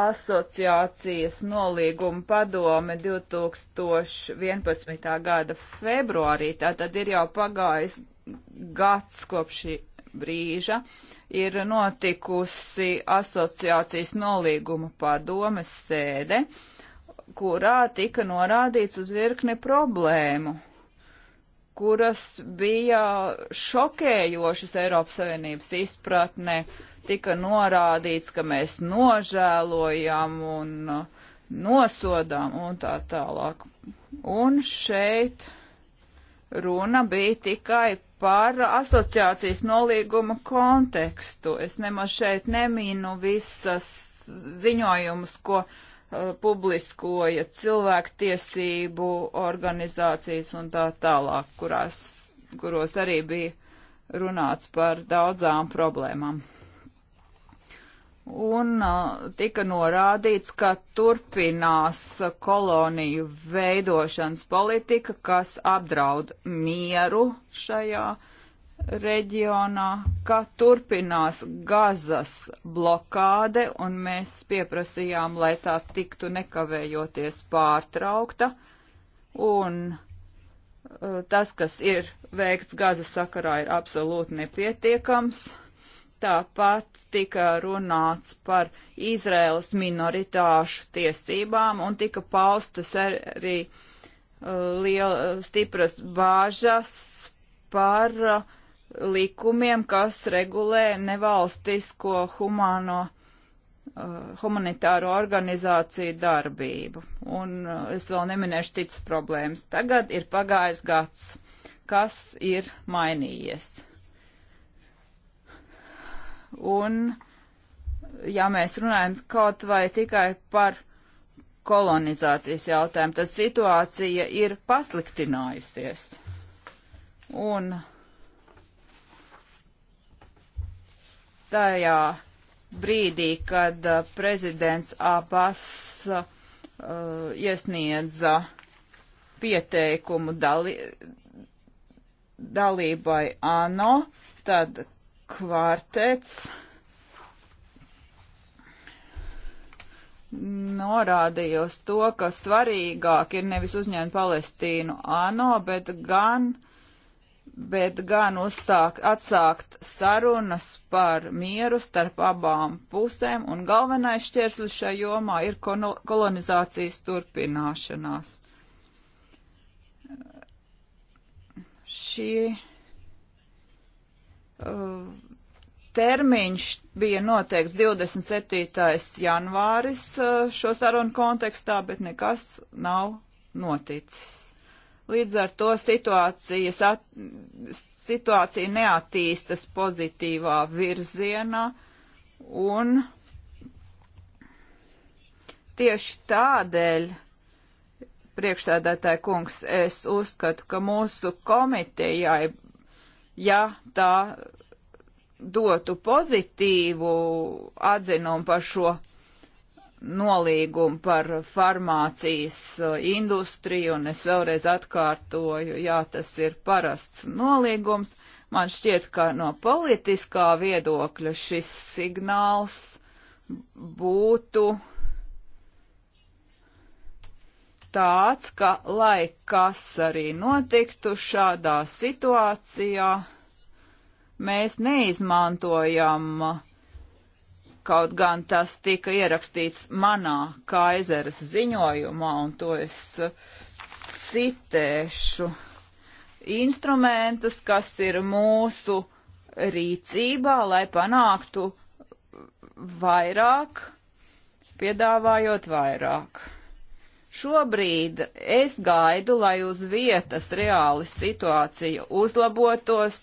asociācijas nolīguma padome 2011. gada februārī, tātad ir jau pagājis gads kopš šī brīža ir notikusi asociācijas nolīguma padomes sēde, kurā tika norādīts uz virkni problēmu, kuras bija šokējošas Eiropas Savienības izpratnē, tika norādīts, ka mēs nožēlojam un nosodām un tā tālāk. Un šeit runa bija tikai par asociācijas nolīguma kontekstu. Es nemaz šeit nemīnu visas ziņojumus, ko uh, publiskoja cilvēktiesību organizācijas un tā tālāk, kurās, kuros arī bija runāts par daudzām problēmām un tika norādīts, ka turpinās koloniju veidošanas politika, kas apdraud mieru šajā reģionā, ka turpinās gazas blokāde, un mēs pieprasījām, lai tā tiktu nekavējoties pārtraukta, un tas, kas ir veikts gazas sakarā, ir absolūti nepietiekams. Tāpat tika runāts par Izraēlas minoritāšu tiesībām un tika paustas arī uh, liela, stipras bāžas par uh, likumiem, kas regulē nevalstisko humano uh, humanitāro organizāciju darbību. Un es vēl neminēšu citas problēmas. Tagad ir pagājis gads. Kas ir mainījies? un, ja mēs runājam kaut vai tikai par kolonizācijas jautājumu, tad situācija ir pasliktinājusies. Un tajā brīdī, kad uh, prezidents Abas uh, iesniedza pieteikumu dali, dalībai ANO, tad kvartets norādīja uz to, ka svarīgāk ir nevis uzņemt Palestīnu ANO, bet gan, bet gan uzsākt, atsākt sarunas par mieru starp abām pusēm, un galvenais šķērslis šajā jomā ir kolonizācijas turpināšanās. Šie termiņš bija noteikts 27. janvāris eh, šo sarunu kontekstā, bet nekas nav noticis. Līdz ar to at, situācija neattīstas pozitīvā virzienā un tieši tādēļ priekšsēdētāja kungs, es uzskatu, ka mūsu komitejai ja tā dotu pozitīvu atzinumu par šo nolīgumu par farmācijas uh, industriju, un es vēlreiz atkārtoju, jā, tas ir parasts nolīgums. Man šķiet, ka no politiskā viedokļa šis signāls būtu uh, tāds, ka lai kas arī notiktu šādā situācijā, mēs neizmantojam kaut gan tas tika ierakstīts manā Kaizeras ziņojumā, un to es citēšu, instrumentus, kas ir mūsu rīcībā, lai panāktu vairāk, piedāvājot vairāk. Šobrīd es gaidu, lai uz vietas reāli situācija uzlabotos,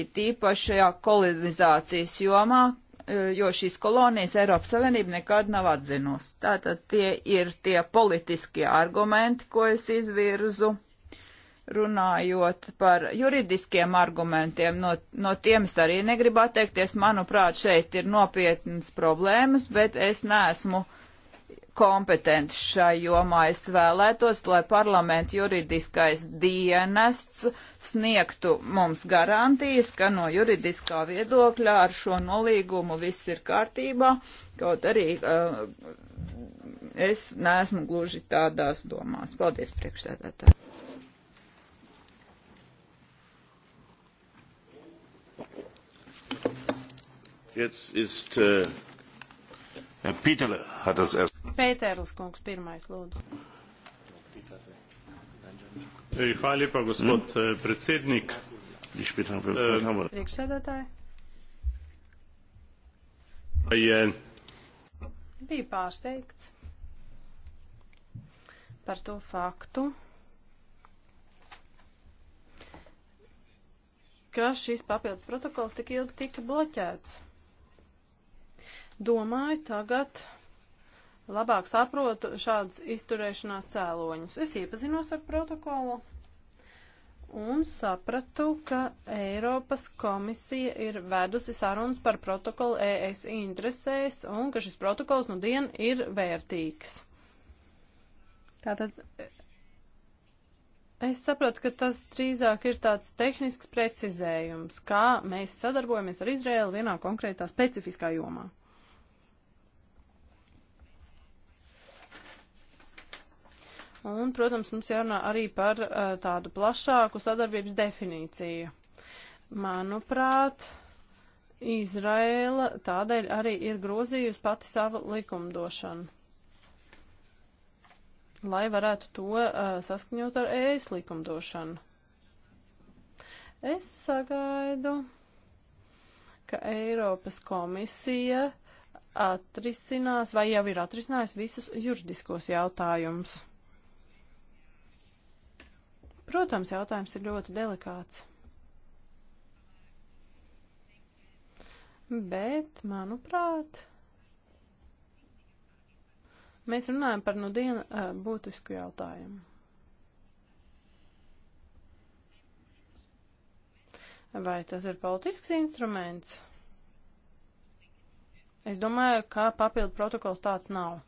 ir tīpaši šajā kolonizācijas jomā, e, jo šīs kolonijas Eiropas Savienība nekad nav atzinusi. Tātad tie ir tie politiskie argumenti, ko es izvirzu. Runājot par juridiskiem argumentiem, no, no tiem es arī negribu atteikties. Manuprāt, šeit ir nopietnas problēmas, bet es neesmu uh, kompetenci šai jomā. Es vēlētos, lai parlamenta juridiskais dienests sniegtu mums garantijas, ka no juridiskā viedokļa ar šo nolīgumu viss ir kārtībā, kaut arī uh, es neesmu gluži tādās domās. Paldies, priekšsēdētāji! Jetzt ist äh, uh... Pīterle hat das erst. Pēterlis kungs pirmais, lūdzu. Hvala lepa, gospod mm. predsednik. Eh, Priekšsēdētāji. Yeah. Bija pārsteigts par to faktu, ka šis papildus protokols tik ilgi tika bloķēts. Domāju, tagad labāk saprotu šādas izturēšanās cēloņus. Es iepazinos ar protokolu un sapratu, ka Eiropas komisija ir vedusi sarunas par protokolu ES interesēs un ka šis protokols nu dien ir vērtīgs. Tātad es saprotu, ka tas drīzāk ir tāds tehnisks precizējums, kā mēs sadarbojamies ar Izraēlu vienā konkrētā specifiskā jomā. Un, protams, mums jārunā arī par uh, tādu plašāku sadarbības definīciju. Manuprāt, Izraela tādēļ arī ir grozījusi pati savu likumdošanu, lai varētu to uh, saskaņot ar ēs likumdošanu. Es sagaidu, ka Eiropas komisija atrisinās vai jau ir atrisinājusi visus juridiskos jautājumus. Protams, jautājums ir ļoti delikāts. Bet, manuprāt, mēs runājam par nu dienu uh, eh, būtisku jautājumu. Vai tas ir politisks instruments? Es domāju, ka papildu protokols tāds nav.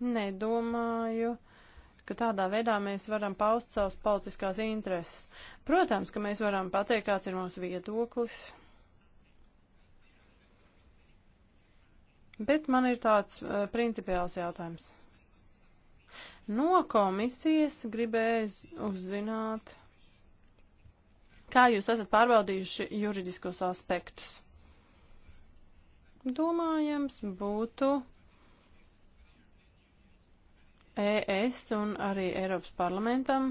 Nedomāju, ka tādā veidā mēs varam paust savas politiskās intereses. Protams, ka mēs varam pateikt, kāds ir mūsu viedoklis. Bet man ir tāds uh, principiāls jautājums. No komisijas gribēju uzzināt, kā jūs esat pārbaudījuši juridiskos aspektus. Domājams, būtu uh, ES un arī Eiropas parlamentam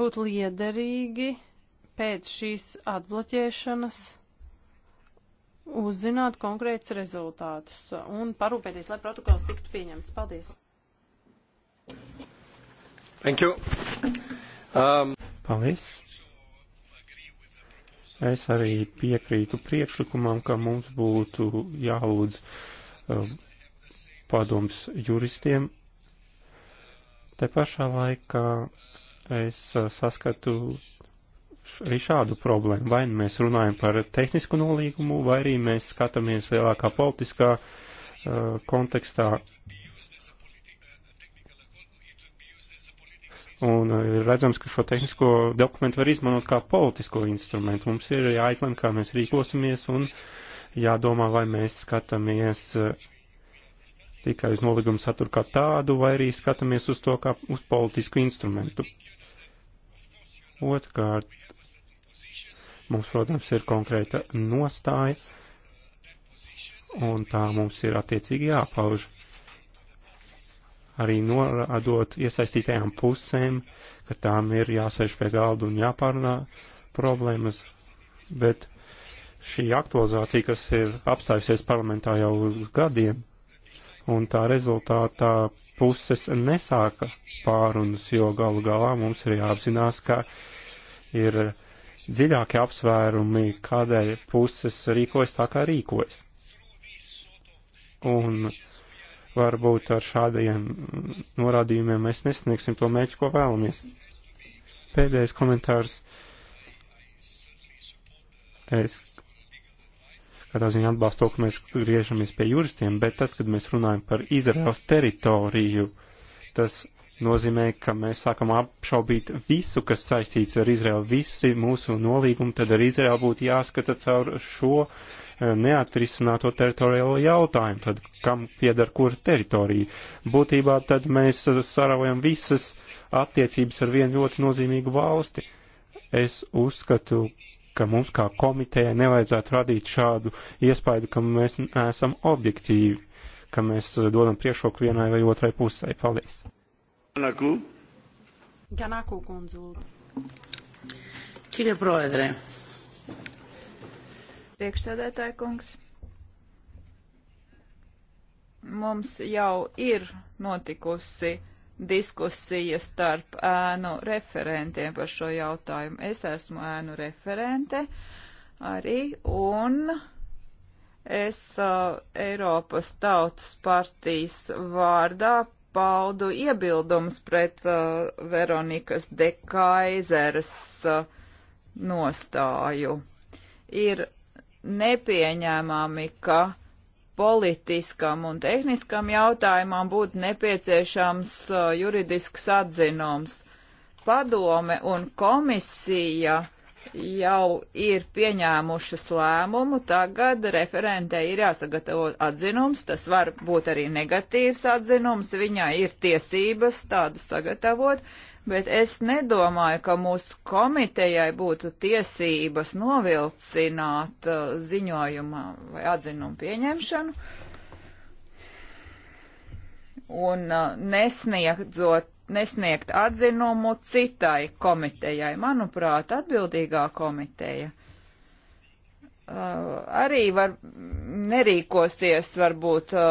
būtu liederīgi pēc šīs atbloķēšanas uzzināt konkrētus rezultātus un parūpēties, lai protokols tiktu pieņemts. Paldies! Thank you. Um... Paldies! Es arī piekrītu priekšlikumam, ka mums būtu jālūdz um, padoms juristiem Te pašā laikā es uh, saskatu arī šādu problēmu. Vai nu mēs runājam par tehnisku nolīgumu, vai arī mēs skatāmies lielākā politiskā uh, kontekstā. Un uh, ir redzams, ka šo tehnisko dokumentu var izmantot kā politisko instrumentu. Mums ir jāizlem, kā mēs rīkosimies un jādomā, vai mēs skatāmies uh, tikai uz nolīgumu saturu kā tādu, vai arī skatāmies uz to kā uz politisku instrumentu. Otkārt, mums, protams, ir konkrēta nostāja, un tā mums ir attiecīgi jāpauž. Arī norādot iesaistītajām pusēm, ka tām ir jāsēž pie galda un jāpārunā problēmas, bet šī aktualizācija, kas ir apstājusies parlamentā jau uz gadiem, un tā rezultātā puses nesāka pārunas, jo galu galā mums ir jāapzinās, ka ir dziļāki apsvērumi, kādēļ puses rīkojas tā, kā rīkojas. Un varbūt ar šādiem norādījumiem mēs nesniegsim to mērķu, ko vēlamies. Pēdējais komentārs. Es katrā ziņā atbalstu to, ka mēs griežamies pie juristiem, bet tad, kad mēs runājam par Izraels teritoriju, tas nozīmē, ka mēs sākam apšaubīt visu, kas saistīts ar Izraelu, visi mūsu nolīgumi, tad ar Izraelu būtu jāskata caur šo eh, neatrisināto teritoriālo jautājumu, tad kam piedar kura teritorija. Būtībā tad mēs saravojam visas attiecības ar vienu ļoti nozīmīgu valsti. Es uzskatu, ka mums kā komitejai nevajadzētu radīt šādu iespēju, ka mēs neesam objektīvi, ka mēs dodam priekšroku vienai vai otrai pusē. Paldies! Janaku. Janaku kundze, lūdzu. Kirja proedre. Priekšstādētāja kungs. Mums jau ir notikusi diskusija starp ēnu referentiem par šo jautājumu. Es esmu ēnu referente arī un es uh, Eiropas Tautas partijas vārdā paudu iebildumus pret uh, Veronikas de Kaiseres uh, nostāju. Ir nepieņēmami, ka uh, politiskam un tehniskam jautājumam būtu nepieciešams uh, juridisks atzinums. Padome un komisija jau ir pieņēmušas lēmumu, tagad referentē ir jāsagatavo atzinums, tas var būt arī negatīvs atzinums, viņai ir tiesības tādu sagatavot, bet es nedomāju, ka mūsu komitejai būtu tiesības novilcināt uh, ziņojuma vai atzinumu pieņemšanu un uh, nesniegdzot nesniegt atzinumu citai komitejai. Manuprāt, atbildīgā komiteja uh, arī var nerīkosies varbūt uh,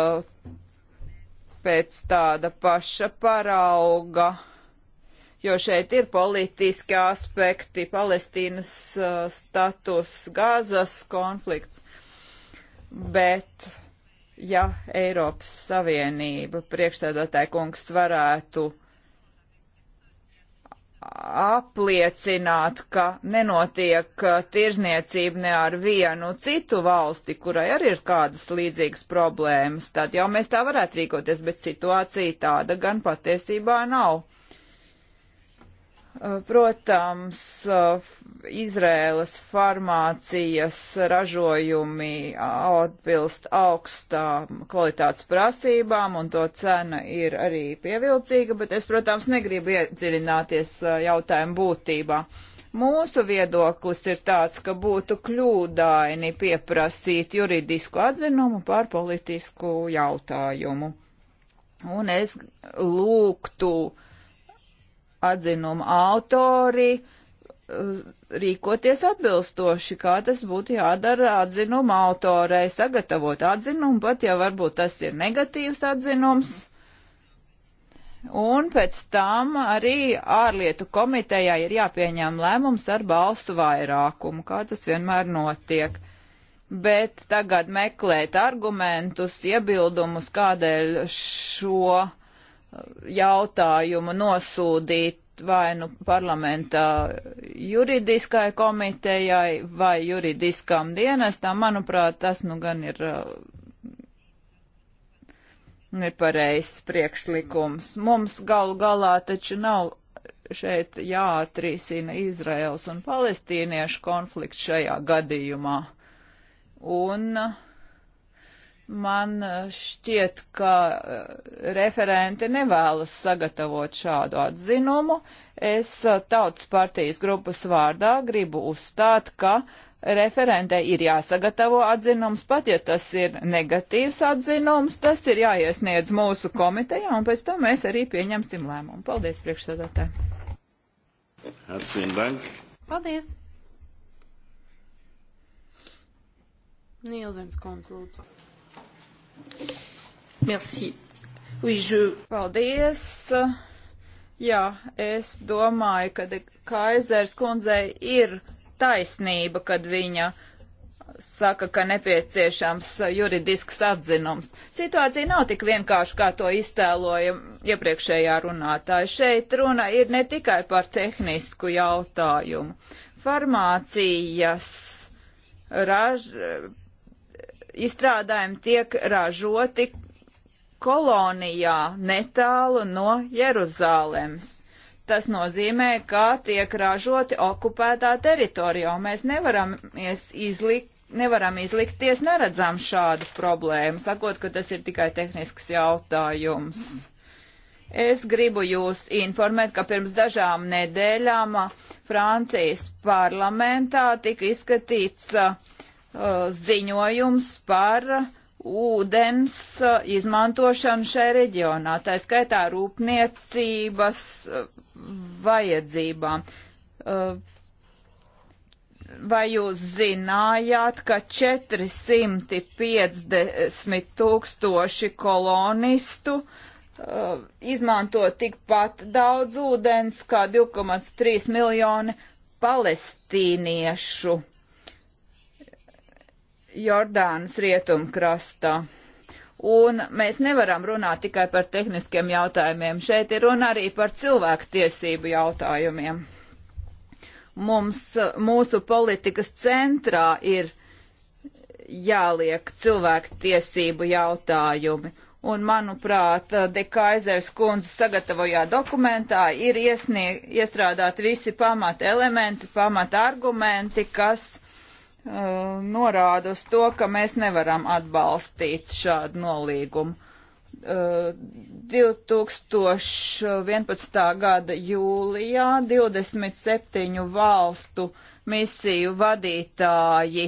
pēc tāda paša parauga jo šeit ir politiski aspekti, Palestīnas uh, status, Gāzas konflikts. Bet, ja Eiropas Savienība priekšstādātāja kungs varētu apliecināt, ka nenotiek uh, tirzniecība ne ar vienu citu valsti, kurai arī ir kādas līdzīgas problēmas, tad jau mēs tā varētu rīkoties, bet situācija tāda gan patiesībā nav Protams, Izrēlas farmācijas ražojumi atbilst augstām kvalitātes prasībām, un to cena ir arī pievilcīga, bet es, protams, negribu iedziļināties jautājumu būtībā. Mūsu viedoklis ir tāds, ka būtu kļūdaini pieprasīt juridisku atzinumu par politisku jautājumu. Un es lūgtu uh, atzinuma autori eh, rīkoties atbilstoši, kā tas būtu jādara atzinuma autorei, sagatavot atzinumu, pat ja varbūt tas ir negatīvs atzinums. Un pēc tam arī ārlietu komitejā ir jāpieņem lēmums ar balsu vairākumu, kā tas vienmēr notiek. Bet tagad meklēt argumentus, iebildumus, kādēļ šo uh, jautājumu nosūdīt vai nu parlamentā juridiskai komitejai vai juridiskam dienestam, manuprāt, tas nu gan ir uh, nepareizs priekšlikums. Mums gal galā taču nav šeit jāatrisina Izraels un palestīniešu konflikts šajā gadījumā. Un uh, Man eh, šķiet, ka eh, referenti nevēlas sagatavot šādu atzinumu. Es eh, tautas partijas grupas vārdā gribu uzstāt, ka referentē ir jāsagatavo atzinums, pat ja tas ir negatīvs atzinums, tas ir jāiesniedz mūsu komitejā, un pēc tam mēs arī pieņemsim lēmumu. Paldies, priekšsēdētāji! Paldies! Nielzens kundze, lūdzu. Merci. Oui, je... Paldies. Jā, es domāju, ka Kaizers kundzei ir taisnība, kad viņa saka, ka nepieciešams juridisks atzinums. Situācija nav tik vienkārši, kā to iztēloja iepriekšējā runātāja. Šeit runa ir ne tikai par tehnisku jautājumu. Farmācijas raž, izstrādājumi tiek ražoti kolonijā netālu no Jeruzālēmas. Tas nozīmē, ka tiek ražoti okupētā teritorijā, un mēs nevaram izlikt nevaram izlikties, neredzam šādu problēmu, sakot, ka tas ir tikai tehnisks jautājums. Es gribu jūs informēt, ka pirms dažām nedēļām Francijas parlamentā tika izskatīts uh, ziņojums par ūdens uh, izmantošanu šajā reģionā, tā skaitā rūpniecības uh, vajadzībām. Uh, vai jūs zinājāt, ka 450 tūkstoši kolonistu uh, izmanto tikpat daudz ūdens kā 2,3 miljoni palestīniešu? Jordānas rietumkrastā. Un mēs nevaram runāt tikai par tehniskiem jautājumiem. Šeit ir runa arī par cilvēktiesību jautājumiem. Mums, mūsu politikas centrā ir jāliek cilvēktiesību jautājumi. Un, manuprāt, Dekaizers kundze sagatavojā dokumentā ir iesnieg, iestrādāti visi pamata elementi, pamata argumenti, kas Uh, norāda uz to, ka mēs nevaram atbalstīt šādu nolīgumu. 2011. Uh, gada jūlijā 27 valstu misiju vadītāji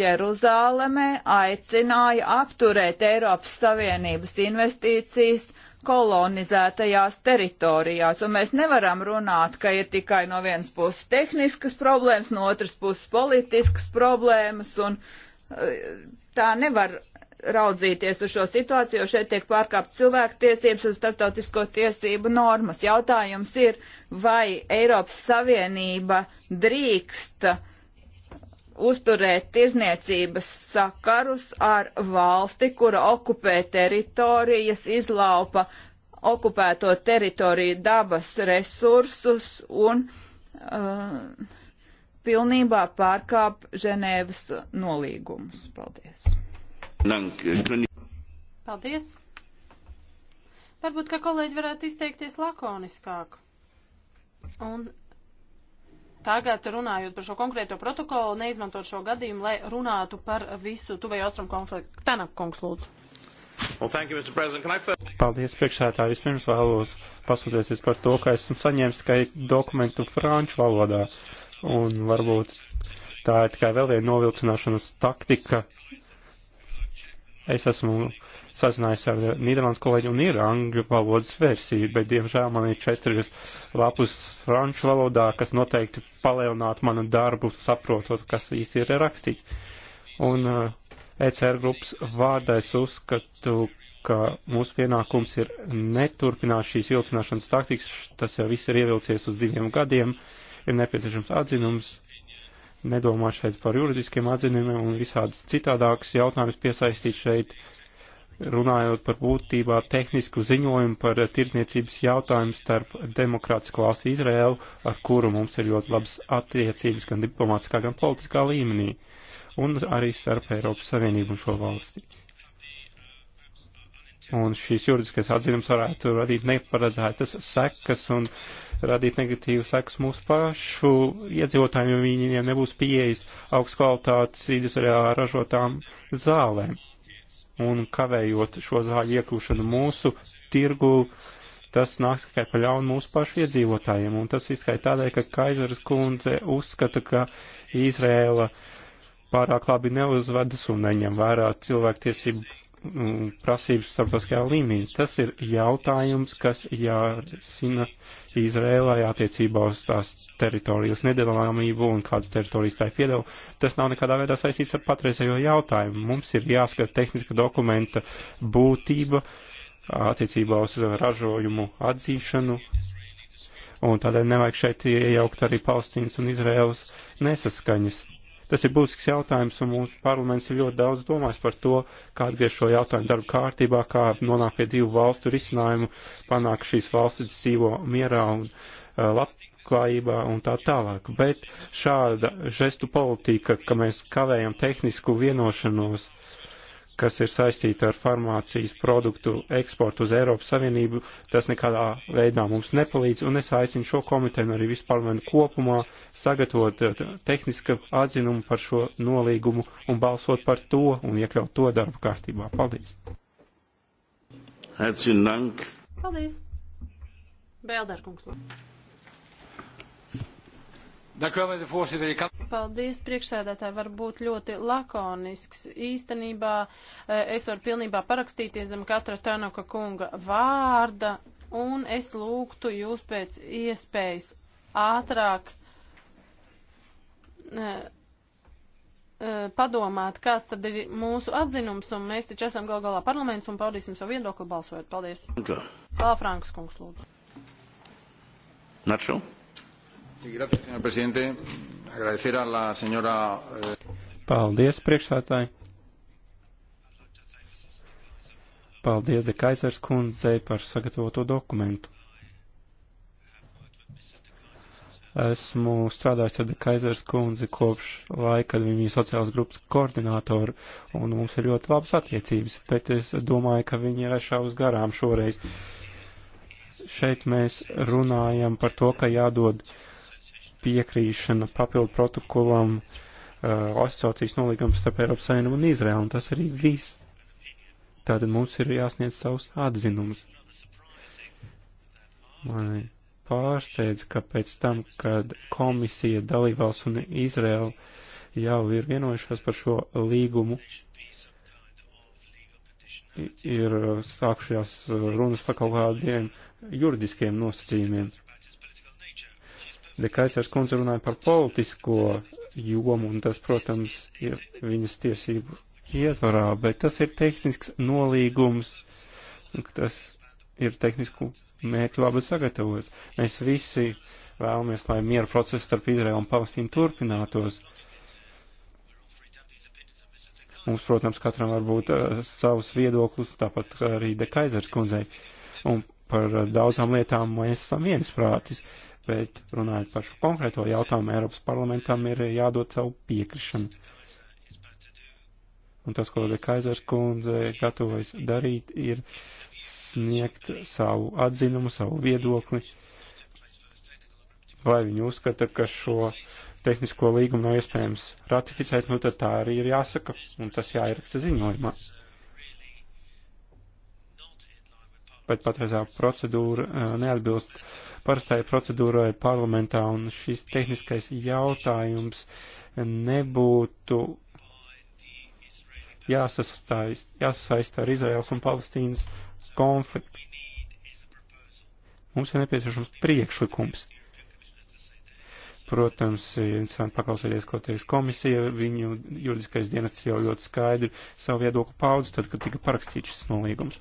Jeruzālemē aicināja apturēt Eiropas Savienības investīcijas kolonizētajās teritorijās, un mēs nevaram runāt, ka ir tikai no vienas puses tehniskas problēmas, no otras puses politiskas problēmas, un eh, tā nevar raudzīties uz šo situāciju, jo šeit tiek pārkāpt cilvēku tiesības un starptautisko tiesību normas. Jautājums ir, vai Eiropas Savienība drīksta uh, uzturēt tirzniecības sakarus ar valsti, kura okupē teritorijas, izlaupa okupēto teritoriju dabas resursus un uh, pilnībā pārkāp Ženēvas nolīgumus. Paldies! Paldies! Varbūt, ka kolēģi varētu izteikties lakoniskāk. Un tagad runājot par šo konkrēto protokolu, neizmantot šo gadījumu, lai runātu par visu tuvēju austrumu konfliktu. Tanak, kungs, lūdzu. Well, you, I... Paldies, priekšsētāji. Vispirms vēlos pasūtīties par to, ka esmu saņēmis tikai dokumentu franču valodā. Un varbūt tā ir tikai vēl viena novilcināšanas taktika Es esmu sazinājis ar Nīderlandes kolēģi un ir angļu valodas versija, bet diemžēl man ir četri lapus franču valodā, kas noteikti palielinātu manu darbu, saprotot, kas īsti ir rakstīts. Un uh, eh, ECR grupas vārdā es uzskatu, ka mūsu pienākums ir neturpināt šīs vilcināšanas taktikas, tas jau viss ir ievilcies uz diviem gadiem, ir nepieciešams atzinums nedomā šeit par juridiskiem atzinumiem un visādas citādākas jautājumas piesaistīt šeit, runājot par būtībā tehnisku ziņojumu par tirdzniecības jautājumu starp demokrātisko valsti Izraēlu, ar kuru mums ir ļoti labas attiecības gan diplomātiskā, gan politiskā līmenī, un arī starp Eiropas Savienību un šo valsti un šīs juridiskais atzinums varētu radīt neparedzētas sekas un radīt negatīvu sekas mūsu pašu iedzīvotājiem, jo viņiem nebūs pieejas augsts kvalitātes industriālā ražotām zālēm. Un kavējot šo zāļu iekļūšanu mūsu tirgu, tas nāks tikai pa ļaunu mūsu pašu iedzīvotājiem. Un tas izskai tādēļ, ka Kaizers kundze uzskata, ka Izrēla pārāk labi neuzvedas un neņem vērā cilvēktiesību Mm, prasības starptautiskajā līmenī. Tas ir jautājums, kas jāsina Izrēlai attiecībā uz tās teritorijas nedalāmību un kādas teritorijas tā ir piedeva. Tas nav nekādā veidā saistīts ar patreizējo jautājumu. Mums ir jāskata tehniska dokumenta būtība attiecībā uz ražojumu atzīšanu. Un tādēļ nevajag šeit iejaukt arī Palestīnas un Izraēlas nesaskaņas Tas ir būtisks jautājums, un mūsu parlaments ir ļoti daudz domājis par to, kā atgriezt šo jautājumu darbu kārtībā, kā nonākt pie divu valstu risinājumu, panākt šīs valstis dzīvo mierā un uh, labklājībā un tā tālāk. Bet šāda žestu politika, ka mēs kavējam tehnisku vienošanos uh, kas ir saistīta ar farmācijas produktu eksportu uz Eiropas Savienību, tas nekādā veidā mums nepalīdz, un es aicinu šo komiteju un arī visu parlamentu kopumā sagatavot eh, tehniska atzinumu par šo nolīgumu un balsot par to un iekļaut to darba kārtībā. Paldies! Herzlichen Dank! Paldies! Bēlderkungs. Paldies, priekšsēdētāji, var būt ļoti lakonisks. Īstenībā eh, es varu pilnībā parakstīties zem katra Tanoka kunga vārda, un es lūgtu jūs pēc iespējas ātrāk eh, eh, padomāt, kāds tad ir mūsu atzinums, un mēs taču esam gal galā parlaments un paudīsim savu viedokli balsojot. Paldies. Salafrankas kungs, lūdzu. Načo. Sure. Gracias, señor presidente. Agradecer a la señora. Eh, Paldies, priekšsētāji. Paldies, De Kaisers kundzei par sagatavoto dokumentu. Esmu strādājis ar De Kaisers kundzi kopš laika, kad viņa bija sociālas grupas koordinātora, un mums ir ļoti labas attiecības, bet es domāju, ka viņa ir aizšāvus garām šoreiz. Šeit mēs runājam par to, ka jādod uh, piekrīšana papildu protokolam uh, asociācijas nolīgums starp Eiropas Savienību un Izraēlu, un tas arī viss. Tātad mums ir jāsniedz savus atzinumus. Mani pārsteidz, ka pēc tam, kad komisija dalībās un Izraēla jau ir vienojušās par šo līgumu, ir uh, sākušās uh, runas par kaut kādiem juridiskiem nosacījumiem. Dekaisers kundze runāja par politisko jomu, un tas, protams, ir viņas tiesību ietvarā, bet tas ir tehnisks nolīgums, tas ir tehnisku mērķu labi sagatavots. Mēs visi vēlamies, lai miera process starp Izraēlu un Palestīnu turpinātos. Mums, protams, katram var būt uh, savs viedoklis, tāpat arī Dekaizers kundzei. Un par uh, daudzām lietām mēs esam viensprātis. Uh, bet runājot par šo konkrēto jautājumu, Eiropas parlamentam ir jādod savu piekrišanu. Un tas, ko De Kaisers kundze gatavojas darīt, ir sniegt savu atzinumu, savu viedokli, vai viņi uzskata, ka šo tehnisko līgumu nav iespējams ratificēt, nu tad tā arī ir jāsaka, un tas jāieraksta ziņojumā. bet patreizā procedūra e, neatbilst parastai procedūrai parlamentā, un šis tehniskais jautājums nebūtu jāsasaista ar Izraels un Palestīnas konfliktu. Mums ir nepieciešams priekšlikums. Protams, ir interesanti paklausīties, ko teiks komisija. Viņu juridiskais dienests jau ļoti skaidri savu viedokli paudz, tad, kad tika parakstīts šis nolīgums.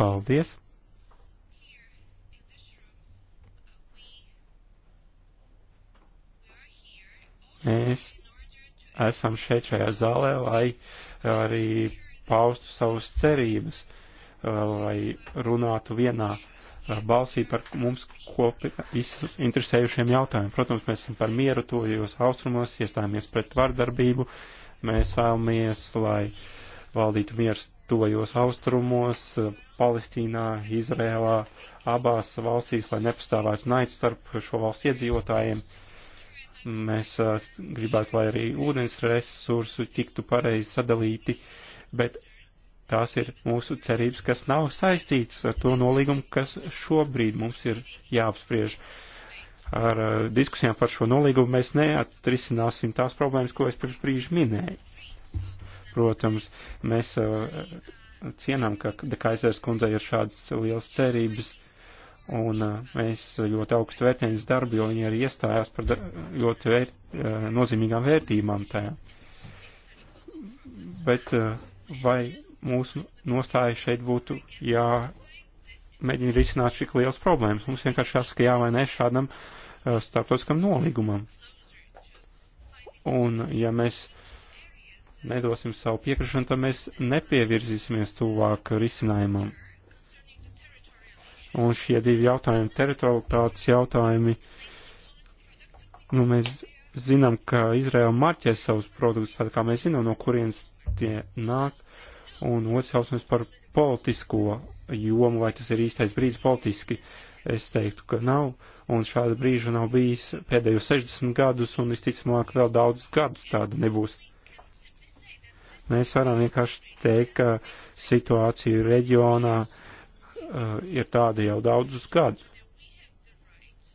Paldies! Mēs esam šeit šajā zālē, lai arī paustu savas cerības. Uh, Uh, lai runātu vienā uh, balsī par mums kopi interesējušiem jautājumiem. Protams, mēs esam par mieru tojos austrumos, iestājāmies pret vardarbību, mēs vēlamies, lai valdītu miers tojos austrumos, uh, Palestīnā, Izrēlā, abās valstīs, lai nepastāvētu naids starp šo valstu iedzīvotājiem. Mēs gribētu, lai arī ūdens resursu tiktu pareizi sadalīti, bet Tās ir mūsu cerības, kas nav saistītas ar to nolīgumu, kas šobrīd mums ir jāapspriež. Ar uh, diskusijām par šo nolīgumu mēs neatrisināsim tās problēmas, ko es pirms brīža minēju. Protams, mēs uh, cienām, ka Kaisers kundzei ir šādas lielas cerības, un uh, mēs ļoti augstu vērtējam viņas darbu, jo viņa arī iestājās par ļoti vērt, uh, nozīmīgām vērtībām tajā. Bet uh, vai mūsu nostāja šeit būtu jāmēģina risināt šik liels problēmas. Mums vienkārši jāsaka jā vai nē šādam uh, starptautiskam nolīgumam. Un ja mēs nedosim savu piekrišanu, tad mēs nepievirzīsimies tuvāk risinājumam. Un šie divi jautājumi, teritorialitātes jautājumi, nu mēs zinām, ka Izraela marķē savus produktus, tad kā mēs zinām, no kurienes tie nāk. Uh, un otrs jautājums par politisko jomu, vai tas ir īstais brīdis politiski. Es teiktu, ka nav, un šāda brīža nav bijis pēdējos 60 gadus, un visticamāk vēl daudzus gadus tāda nebūs. Mēs varam vienkārši teikt, ka situācija reģionā uh, ir tāda jau daudzus gadus.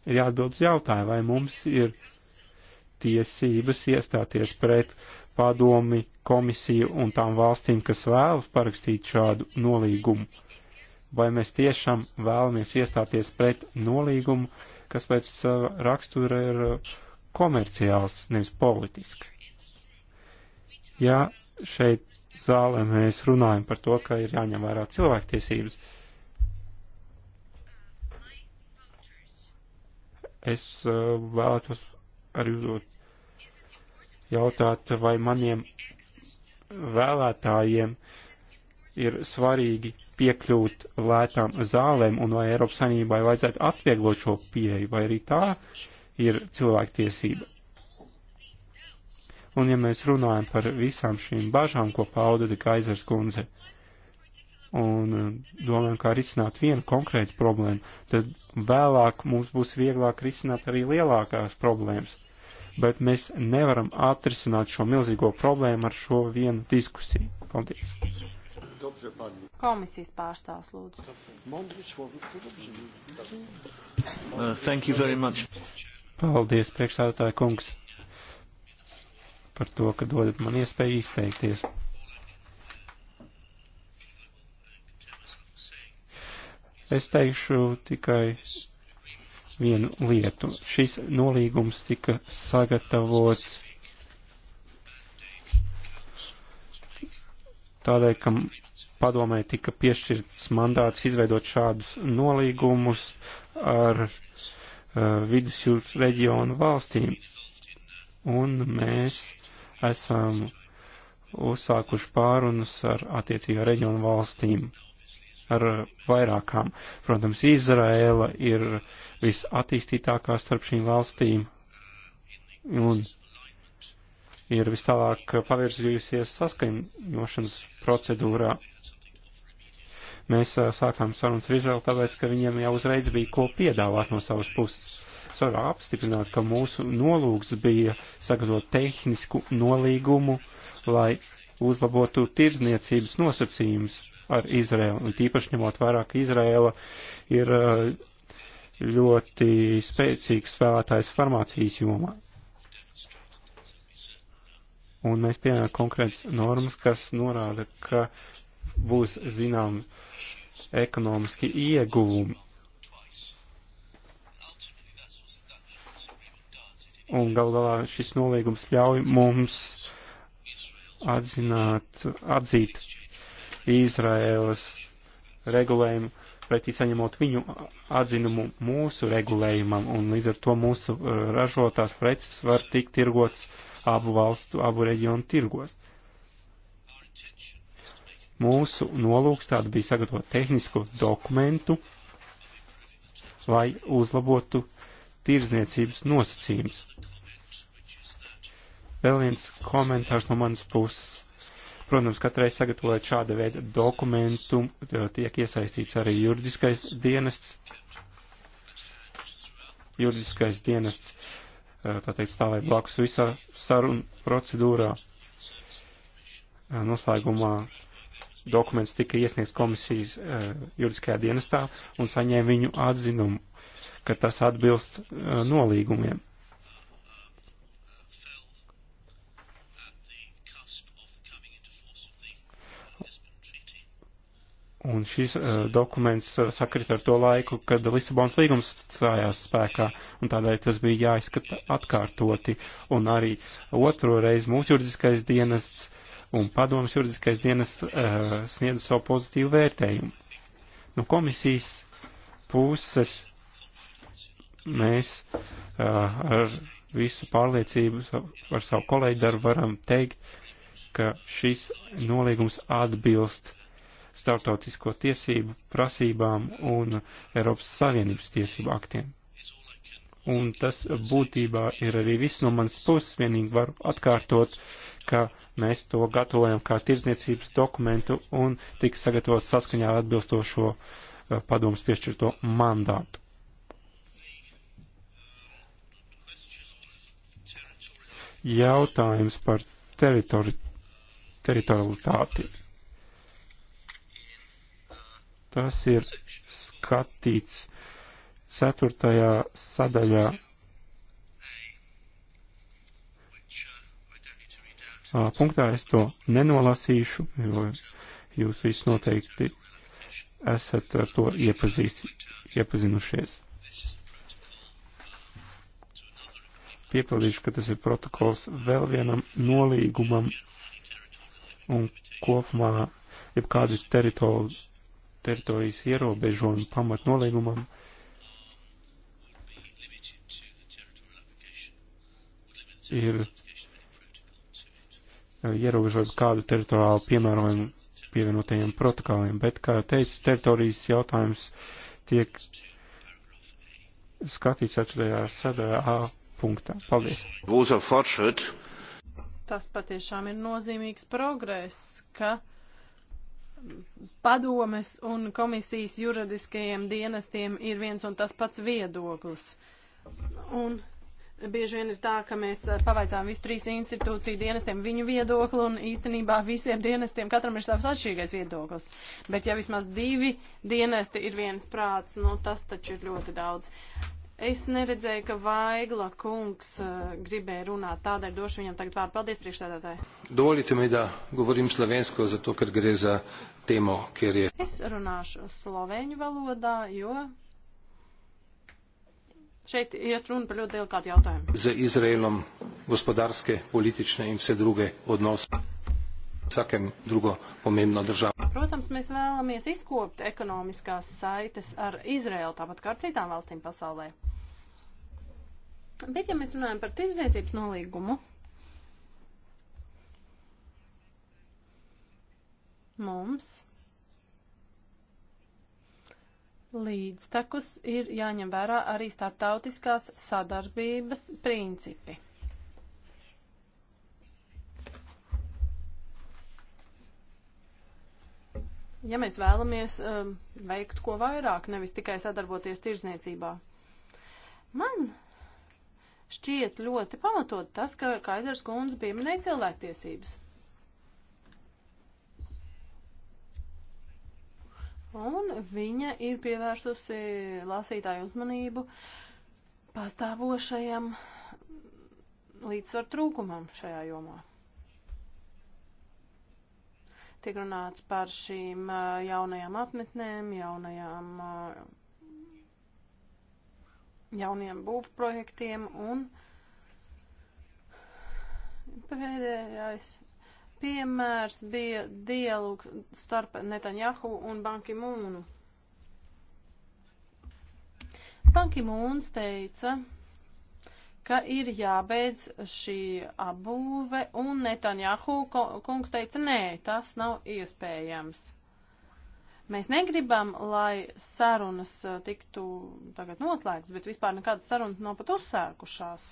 Ir jāatbild uz jautājumu, vai mums ir tiesības iestāties pret uh, padomi, komisiju un tām valstīm, kas vēlas parakstīt šādu nolīgumu. Vai mēs tiešām vēlamies iestāties pret nolīgumu, kas pēc sava rakstura ir komerciāls, nevis politisks? Ja šeit zālē mēs runājam par to, ka ir jāņem vērā cilvēktiesības, es uh, vēlētos arī uzdot jautāt, vai maniem vēlētājiem ir svarīgi piekļūt lētām zālēm un vai Eiropas Savienībai vajadzētu atvieglot šo pieeju, vai arī tā ir cilvēktiesība. Un ja mēs runājam par visām šīm bažām, ko pauda Kaisers kundze, un uh, domājam, kā risināt vienu konkrētu problēmu, tad vēlāk mums būs vieglāk risināt arī lielākās problēmas bet mēs nevaram atrisināt šo milzīgo problēmu ar šo vienu diskusiju. Paldies! Komisijas pārstāvs lūdzu. Uh, Paldies, priekšstādātāja kungs, par to, ka dodat man iespēju izteikties. Es teikšu tikai vienu lietu. Šis nolīgums tika sagatavots tādēļ, ka padomē tika piešķirts mandāts izveidot šādus nolīgumus ar uh, vidusjūras reģionu valstīm. Un mēs esam uzsākuši pārunas ar attiecīgā reģionu valstīm ar vairākām. Protams, Izraēla ir visattīstītākā starp šīm valstīm un ir vis tālāk pavirzījusies saskaņošanas procedūrā. Mēs sākām sarunas ar Izraelu, tāpēc, ka viņiem jau uzreiz bija ko piedāvāt no savas puses. Es varu apstiprināt, ka mūsu nolūks bija sagatavot tehnisku nolīgumu, lai uzlabotu tirdzniecības nosacījumus ar Izraēlu, un tīpaši ņemot vairāk Izraēla ir uh, ļoti spēcīgs spēlētājs farmācijas jomā. Un mēs pieņemam konkrētas normas, kas norāda, ka būs zinām ekonomiski ieguvumi. Un gal galā šis nolīgums ļauj mums atzināt, atzīt Izraēlas regulējumu, pretī saņemot viņu atzinumu mūsu regulējumam, un līdz ar to mūsu uh, ražotās preces var tikt tirgots abu valstu, abu reģionu tirgos. Mūsu nolūks tāda bija sagatavot tehnisku dokumentu, lai uzlabotu tirzniecības nosacījums. Vēl viens komentārs no manas puses. Protams, katrai sagatavojot šāda veida dokumentu, tiek iesaistīts arī juridiskais dienests. Juridiskais dienests, e, tā teikt, stāvēja blakus visā sarunu procedūrā. E, noslēgumā dokuments tika iesniegts komisijas uh, juridiskajā dienestā un saņēma viņu atzinumu, ka tas atbilst uh, nolīgumiem. Un šis uh, dokuments uh, eh, sakrit ar to laiku, kad Lisabonas līgums stājās spēkā, un tādēļ tas bija jāizskata atkārtoti. Un arī otro reizi mūsu juridiskais dienests un padomas juridiskais dienests uh, eh, sniedza savu pozitīvu vērtējumu. No komisijas puses mēs uh, ar visu pārliecību, ar savu kolēģi darbu varam teikt, ka šis nolīgums atbilst startautisko tiesību prasībām un Eiropas Savienības tiesību aktiem. Un tas būtībā ir arī viss no manas puses, vienīgi varu atkārtot, ka mēs to gatavojam kā tirzniecības dokumentu un tiks sagatavots saskaņā ar atbilstošo eh, padomus piešķirto mandātu. Jautājums par teritori, teritorialitāti. Tas ir skatīts ceturtajā sadaļā. Punktā es to nenolasīšu, jo jūs visi noteikti esat ar to iepazīst, iepazinušies. Piepildīšu, ka tas ir protokols vēl vienam nolīgumam un kopumā jebkādi teritorijas teritorijas ierobežojumu pamatnolīgumam. Ir uh, ierobežot kādu teritoriālu piemērojumu pievienotajiem protokoliem, bet, kā jau teicu, teritorijas jautājums tiek skatīts atšķirīgā sadaļā A punktā. Paldies! Tas patiešām ir nozīmīgs progress, ka padomes un komisijas juridiskajiem dienestiem ir viens un tas pats viedoklis. Un bieži vien ir tā, ka mēs eh, pavaicām visu trīs institūciju dienestiem viņu viedokli, un īstenībā visiem dienestiem katram ir savs atšķirīgais viedoklis. Bet ja vismaz divi dienesti ir viens prāts, nu tas taču ir ļoti daudz. Es neredzēju, ka Vaigla kungs uh, gribēja runāt, tādēļ došu viņam tagad vārdu. Paldies, priekšstādātāji. Dovolite mi da govorim slovensko, zato, kad gre za temo, kjer je. Es runāšu sloveņu valodā, jo šeit iet runa par ļoti delikātu jautājumu. Za Izraelom gospodarske, politične in vse druge odnose. Sakiem, drugo pomembno državo. Protams, mēs vēlamies izkopt ekonomiskās saites ar Izraelu, tāpat kā ar citām valstīm pasaulē. Bet, ja mēs runājam par tirzniecības nolīgumu, mums līdztekus ir jāņem vērā arī starptautiskās sadarbības principi. ja mēs vēlamies um, veikt ko vairāk, nevis tikai sadarboties tirzniecībā. Man šķiet ļoti pamatot tas, ka Kaisers kundze pieminēja cilvēktiesības. Un viņa ir pievērsusi lasītāju uzmanību pastāvošajam līdzsvar trūkumam šajā jomā. Tiek runāts par šīm jaunajām apmetnēm, jaunajām, jaunajiem būvprojektiem un pēdējais piemērs bija dialogs starp Netanjahu un Banki Mūnu. Banki Mūns teica, ka ir jābeidz šī apbūve, un Netanjahu kungs teica, nē, tas nav iespējams. Mēs negribam, lai sarunas uh, tiktu tagad noslēgtas, bet vispār nekādas sarunas nav pat uzsākušās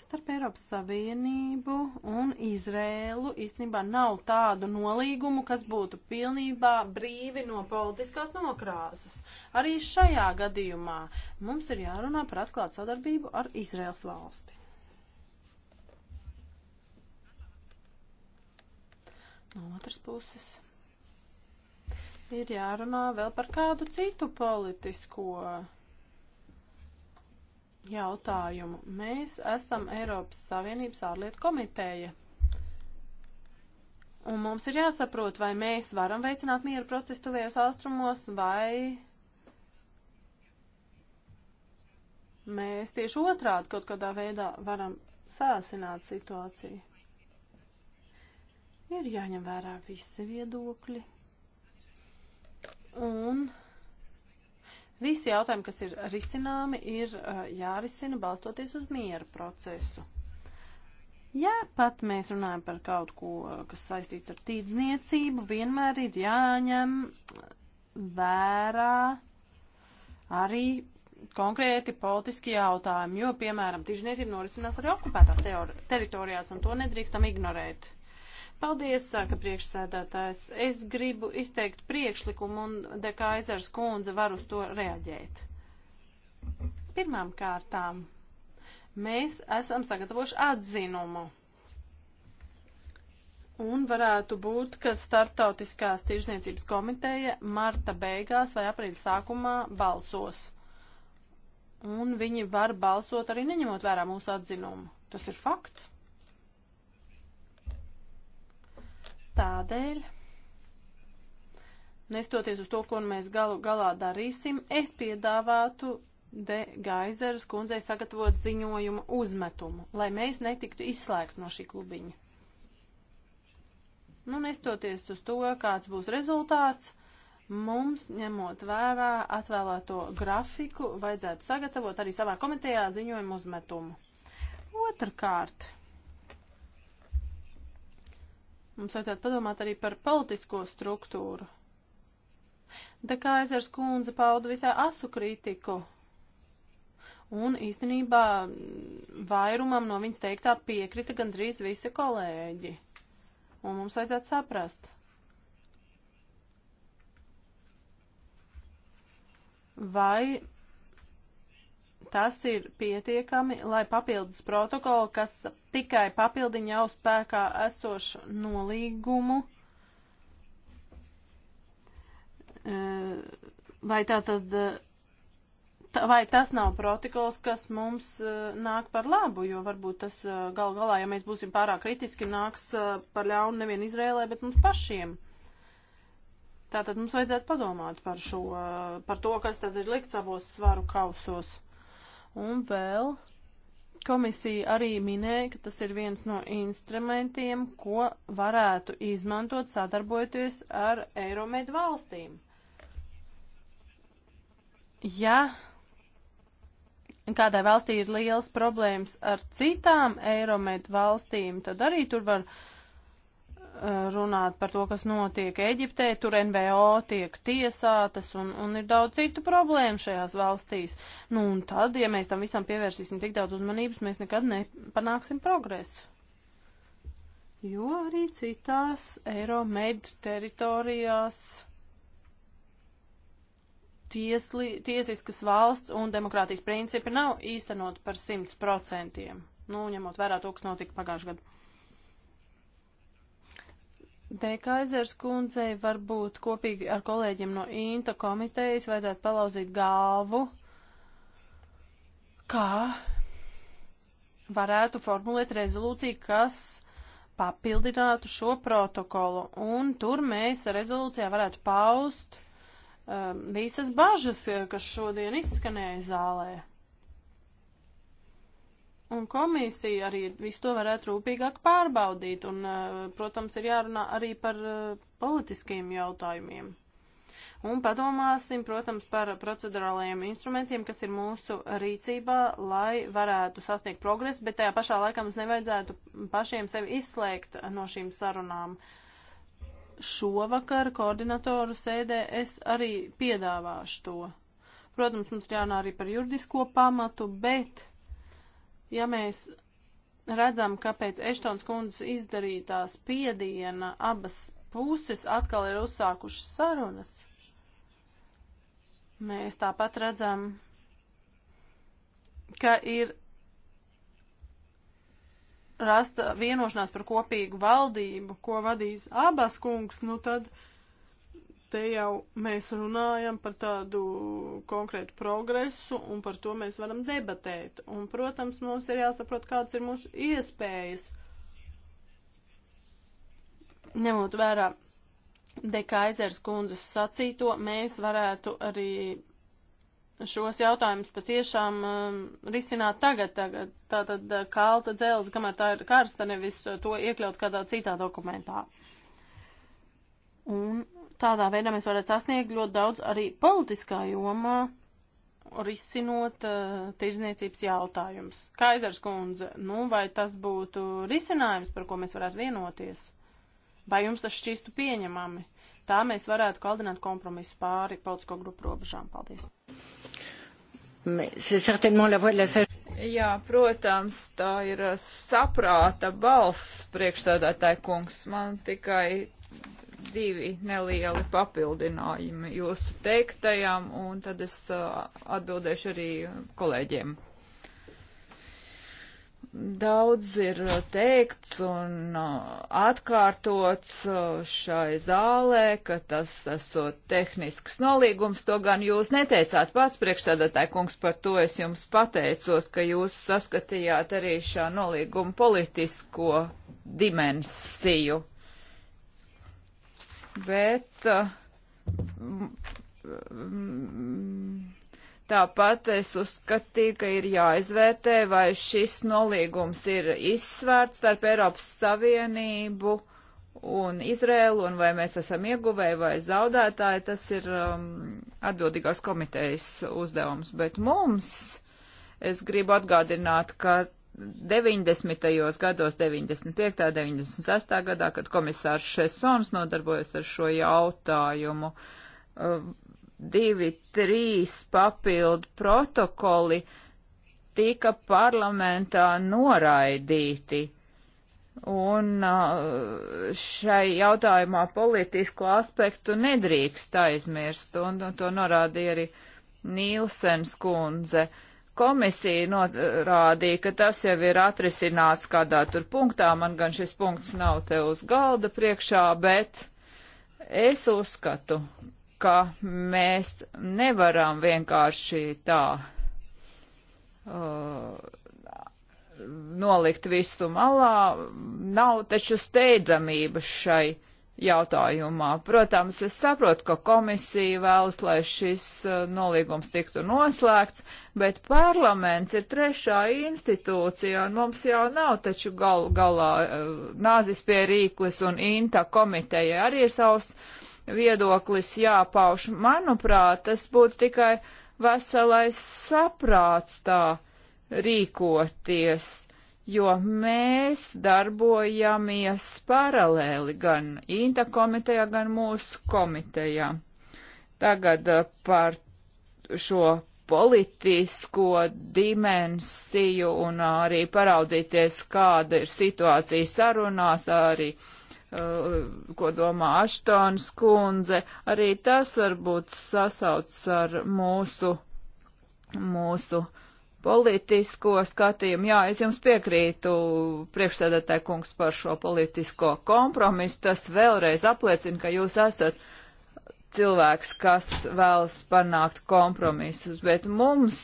starp Eiropas Savienību un Izrēlu īstenībā nav tādu nolīgumu, kas būtu pilnībā brīvi no politiskās nokrāsas. Arī šajā gadījumā mums ir jārunā par atklātu sadarbību ar Izrēlas valsti. No otras puses ir jārunā vēl par kādu citu politisko jautājumu. Mēs esam Eiropas Savienības ārlietu komiteja. Un mums ir jāsaprot, vai mēs varam veicināt mieru procesu tuvējos austrumos, vai mēs tieši otrādi kaut kādā veidā varam sāsināt situāciju. Ir jāņem vērā visi viedokļi. Un Visi jautājumi, kas ir risināmi, ir uh, jārisina balstoties uz miera procesu. Ja pat mēs runājam par kaut ko, uh, kas saistīts ar tīdzniecību, vienmēr ir jāņem vērā arī konkrēti politiski jautājumi, jo, piemēram, tīrzniecība norisinās arī okupētās teritorijās, un to nedrīkstam ignorēt. Paldies, saka priekšsēdētājs. Es gribu izteikt priekšlikumu un Dekaizers kundze var uz to reaģēt. Pirmām kārtām mēs esam sagatavojuši atzinumu. Un varētu būt, ka Startautiskās tirzniecības komiteja marta beigās vai aprīļa sākumā balsos. Un viņi var balsot arī neņemot vērā mūsu atzinumu. Tas ir fakts. Tādēļ, nestoties uz to, ko mēs galu galā darīsim, es piedāvātu De Gaizeras kundzei sagatavot ziņojumu uzmetumu, lai mēs netiktu izslēgt no šī klubiņa. Nu, nestoties uz to, kāds būs rezultāts, mums, ņemot vērā atvēlēto grafiku, vajadzētu sagatavot arī savā komitejā ziņojumu uzmetumu. Otrkārt, Mums vajadzētu padomāt arī par politisko struktūru. Dekāzers kundze pauda visai asu kritiku. Un īstenībā vairumam no viņas teiktā piekrita gandrīz visi kolēģi. Un mums vajadzētu saprast. Vai tas ir pietiekami, lai papildus protokolu, kas tikai papildiņa jau spēkā esošu nolīgumu. E, vai tā tad, e, vai tas nav protokols, kas mums e, nāk par labu, jo varbūt tas gal galā, ja mēs būsim pārāk kritiski, nāks par ļaunu nevien Izrēlē, bet mums pašiem. Tātad mums vajadzētu padomāt par šo, par to, kas tad ir likts abos svaru kausos. Un vēl komisija arī minēja, ka tas ir viens no instrumentiem, ko varētu izmantot sadarbojoties ar Eiromed valstīm. Ja kādai valstī ir liels problēmas ar citām Eiromed valstīm, tad arī tur var uh, runāt par to, kas notiek Eģiptē, tur NVO tiek tiesātas un, un ir daudz citu problēmu šajās valstīs. Nu, un tad, ja mēs tam visam pievērsīsim tik daudz uzmanības, mēs nekad nepanāksim progresu. Jo arī citās Eiromed teritorijās tiesli, tiesiskas valsts un demokrātijas principi nav īstenot par simt procentiem. Nu, ņemot vērā to, kas notika pagājušajā gadā. Dekaizers kundzei varbūt kopīgi ar kolēģiem no INTA komitejas vajadzētu palauzīt galvu, kā varētu formulēt rezolūciju, kas papildinātu šo protokolu. Un tur mēs rezolūcijā varētu paust um, visas bažas, eh, kas šodien izskanēja zālē. Un komisija arī visu to varētu rūpīgāk pārbaudīt, un, eh, protams, ir jārunā arī par eh, politiskiem jautājumiem. Un padomāsim, protams, par procedurālajiem instrumentiem, kas ir mūsu rīcībā, lai varētu sasniegt progresu, bet tajā pašā laikā mums nevajadzētu pašiem sevi izslēgt no šīm sarunām. Šovakar koordinatoru sēdē es arī piedāvāšu to. Protams, mums jārunā arī par juridisko pamatu, bet Ja mēs redzam, ka pēc Eštons kundzes izdarītā spiediena abas puses atkal ir uzsākušas sarunas, mēs tāpat redzam, ka ir rasta vienošanās par kopīgu valdību, ko vadīs abas kungs, nu tad uh, Te jau mēs runājam par tādu konkrētu progresu, un par to mēs varam debatēt. Un, protams, mums ir jāsaprot, kādas ir mūsu iespējas, ņemot vērā Dekaizers kundzes sacīto, mēs varētu arī šos jautājumus patiešām um, risināt tagad, tagad. Tātad uh, kalta dzēles, kamēr tā ir karsta, nevis uh, to iekļaut kādā citā dokumentā. Un Tādā veidā mēs varētu sasniegt ļoti daudz arī politiskā jomā, risinot uh, tirzniecības jautājumus. Kaizers kundze, nu vai tas būtu risinājums, par ko mēs varētu vienoties? Vai jums tas šķistu pieņemami? Tā mēs varētu kaldināt kompromisu pāri politisko grupu robežām. Paldies. Jā, protams, tā ir saprāta balss priekšsādātāja kungs. Man tikai divi nelieli papildinājumi jūsu teiktajam, un tad es atbildēšu arī kolēģiem. Daudz ir teikts un atkārtots šai zālē, ka tas esot tehnisks nolīgums, to gan jūs neteicāt pats priekšsēdētāji kungs, par to es jums pateicos, ka jūs saskatījāt arī šā nolīguma politisko dimensiju bet uh, tāpat es uzskatīju, ka ir jāizvērtē, vai šis nolīgums ir izsvērts starp Eiropas Savienību un Izrēlu, un vai mēs esam ieguvēji vai zaudētāji, tas ir um, atbildīgās komitejas uzdevums. Bet mums, es gribu atgādināt, ka 90. gados, 95. 98. gadā, kad komisārs Šesons nodarbojas ar šo jautājumu, uh, divi, trīs papildu protokoli tika parlamentā noraidīti. Un uh, šai jautājumā politisko aspektu nedrīkst aizmirst, un, un to norādīja arī Nīlsens kundze. Uh, Komisija norādīja, ka tas jau ir atrisināts kādā tur punktā, man gan šis punkts nav te uz galda priekšā, bet es uzskatu, ka mēs nevaram vienkārši tā uh, nolikt visu malā. Nav taču steidzamības šai jautājumā. Protams, es saprotu, ka komisija vēlas, lai šis uh, nolīgums tiktu noslēgts, bet parlaments ir trešā institūcija, un mums jau nav taču gal, galā uh, nāzis pie rīklis, un INTA komiteja arī ir savs viedoklis jāpauš. Manuprāt, tas būtu tikai veselais saprāts tā rīkoties jo mēs darbojamies paralēli gan INTA komitejā, gan mūsu komitejā. Tagad eh, par šo politisko dimensiju un arī paraudzīties, kāda ir situācija sarunās, arī uh, ko domā Aštons kundze, arī tas varbūt sasauc ar mūsu, mūsu uh, politisko skatījumu. Jā, es jums piekrītu, priekšsēdētāji kungs, par šo politisko kompromisu. Tas vēlreiz apliecina, ka jūs esat cilvēks, kas vēlas panākt kompromisus, bet mums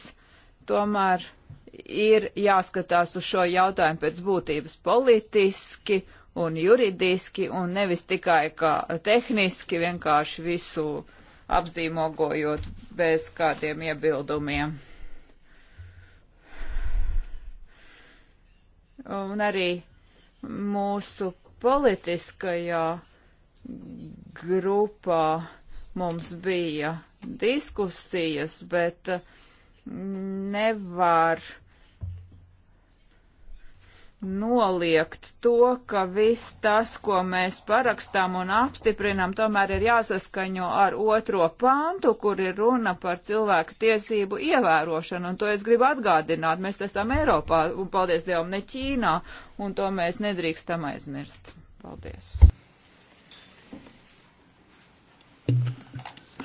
tomēr ir jāskatās uz šo jautājumu pēc būtības politiski un juridiski un nevis tikai kā tehniski, vienkārši visu apzīmogojot bez kādiem iebildumiem. un arī mūsu politiskajā grupā mums bija diskusijas, bet nevar uh, noliegt to, ka viss tas, ko mēs parakstām un apstiprinam, tomēr ir jāsaskaņo ar otro pantu, kur ir runa par cilvēku tiesību ievērošanu. Un to es gribu atgādināt. Mēs esam Eiropā, un paldies Dievam, ne Ķīnā, un to mēs nedrīkstam aizmirst. Paldies.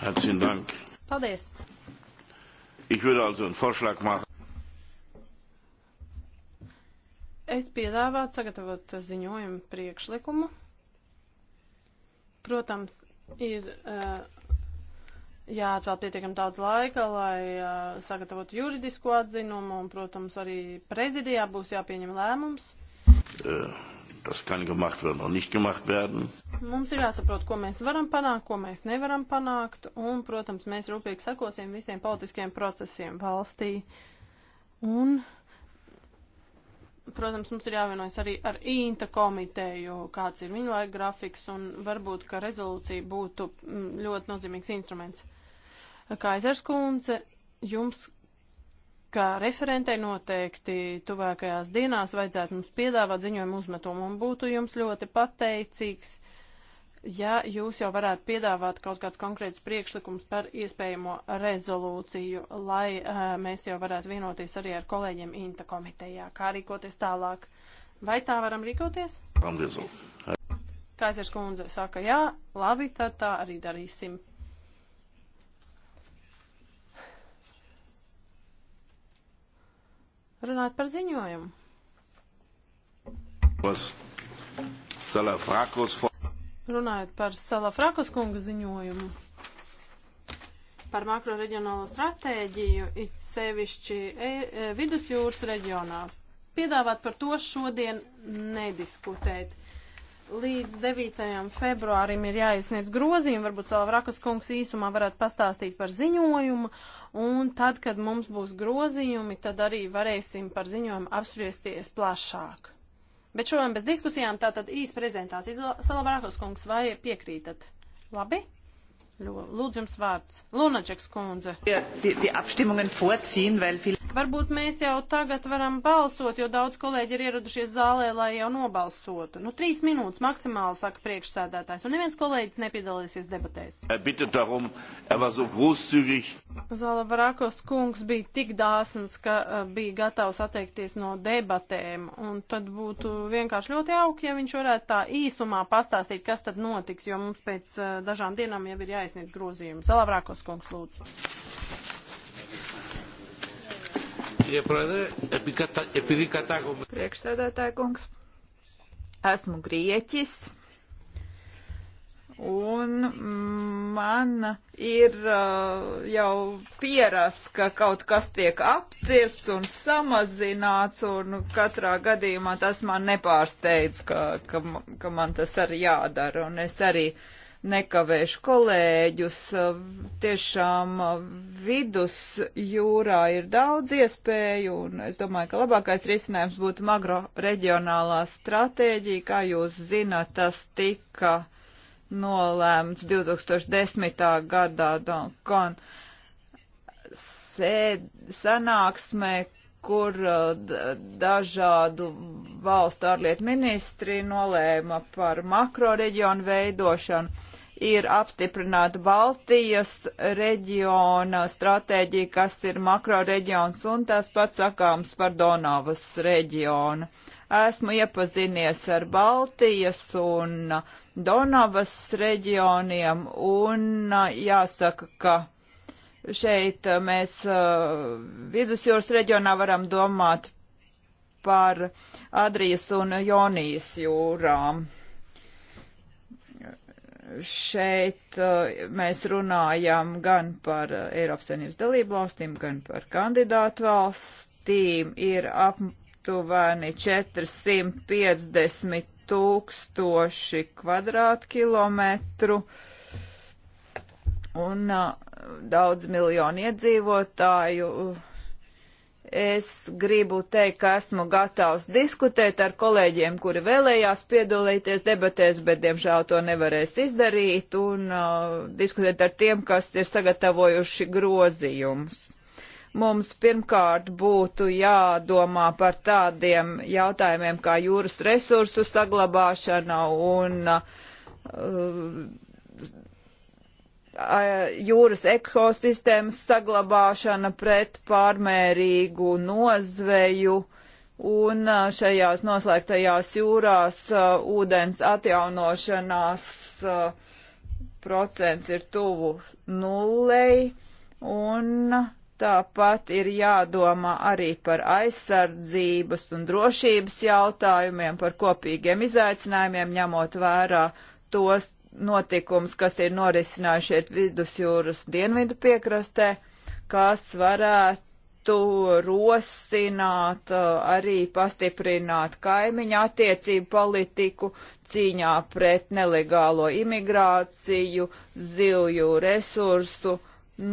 Herzlichen Dank. Paldies. Ich würde also einen Vorschlag machen. Es piedāvātu sagatavot ziņojumu priekšlikumu. Protams, ir uh, jāatvēl pietiekam daudz laika, lai uh, sagatavotu juridisko atzinumu, un, protams, arī prezidijā būs jāpieņem lēmums. Tas eh, kan gemacht werden, un nicht gemacht werden. Mums ir jāsaprot, ko mēs varam panākt, ko mēs nevaram panākt, un, protams, mēs rūpīgi sakosim visiem politiskiem procesiem valstī. Un protams, mums ir jāvienojas arī ar īnta komiteju, kāds ir viņu laika grafiks, un varbūt, ka rezolūcija būtu mm, ļoti nozīmīgs instruments. Kaisers kundze, jums kā referentei noteikti tuvākajās dienās vajadzētu mums piedāvāt ziņojumu uzmetumu, un būtu jums ļoti pateicīgs ja jūs jau varētu piedāvāt kaut kāds konkrēts priekšlikums par iespējamo rezolūciju, lai uh, mēs jau varētu vienoties arī ar kolēģiem Inta komitejā, kā rīkoties tālāk. Vai tā varam rīkoties? Kaisers kundze saka, jā, labi, tad tā arī darīsim. Runāt par ziņojumu. Salafrakos. Runājot par Salafrakas kunga ziņojumu, par makroreģionālo stratēģiju, it sevišķi e, e, vidusjūras reģionā. Piedāvāt par to šodien nediskutēt. Līdz 9. februārim ir jāiesniedz grozījumi, varbūt Salafrakas kungs īsumā varētu pastāstīt par ziņojumu, un tad, kad mums būs grozījumi, tad arī varēsim par ziņojumu apspriesties plašāk. Bet šodien bez diskusijām tā tad īsa prezentācija. Salavārkos kungs, vai piekrītat? Labi? Lūdzu jums vārds. Lunačeks kundze. Die, die, die Varbūt mēs jau tagad varam balsot, jo daudz kolēģi ir ieradušies zālē, lai jau nobalsotu. Nu, trīs minūtes maksimāli, saka priekšsēdētājs, un neviens kolēģis nepiedalīsies debatēs. Darum, er so Zala Varakos kungs bija tik dāsns, ka uh, bija gatavs atteikties no debatēm, un tad būtu vienkārši ļoti jauki, ja viņš varētu tā īsumā pastāstīt, kas tad notiks, jo mums pēc uh, dažām dienām jau ir jāizniedz grozījums. Zala Varakos kungs, lūdzu. Priekšstādātāja kungs, esmu grieķis, un man ir uh, jau pieras, ka kaut kas tiek apcirts un samazināts, un katrā gadījumā tas man nepārsteidz, ka, ka, ka man tas arī jādara, un es arī uh, nekavēšu kolēģus. Tiešām vidus jūrā ir daudz iespēju, un es domāju, ka labākais risinājums būtu magro reģionālā stratēģija. Kā jūs zināt, tas tika nolēmts 2010. gadā Donkon sanāksmē, kur uh, dažādu valstu ārlietu ministri nolēma par makroreģionu veidošanu ir apstiprināta Baltijas reģiona stratēģija, kas ir makro reģions, un tas pats sakāms par Donavas reģionu. Esmu iepazinies ar Baltijas un Donavas reģioniem, un uh, jāsaka, ka šeit uh, mēs uh, vidusjūras reģionā varam domāt par Adrijas un Jonijas jūrām šeit eh, mēs runājam gan par eh, Eiropas Savienības dalību valstīm, gan par kandidātu valstīm. Ir aptuveni 450 tūkstoši kvadrātkilometru un eh, daudz miljonu iedzīvotāju. Uh, Es gribu teikt, ka esmu gatavs diskutēt ar kolēģiem, kuri vēlējās piedalīties debatēs, bet diemžēl to nevarēs izdarīt, un uh, diskutēt ar tiem, kas ir sagatavojuši grozījumus. Mums pirmkārt būtu jādomā par tādiem jautājumiem kā jūras resursu saglabāšana un uh, jūras ekosistēmas saglabāšana pret pārmērīgu nozveju, un šajās noslēgtajās jūrās uh, ūdens atjaunošanās uh, procents ir tuvu nullei, un tāpat ir jādomā arī par aizsardzības un drošības jautājumiem, par kopīgiem izaicinājumiem, ņemot vērā tos notikums, kas ir norisinājušiet vidusjūras dienvidu piekrastē, kas varētu rosināt, arī pastiprināt kaimiņu attiecību politiku cīņā pret nelegālo imigrāciju, zilju resursu,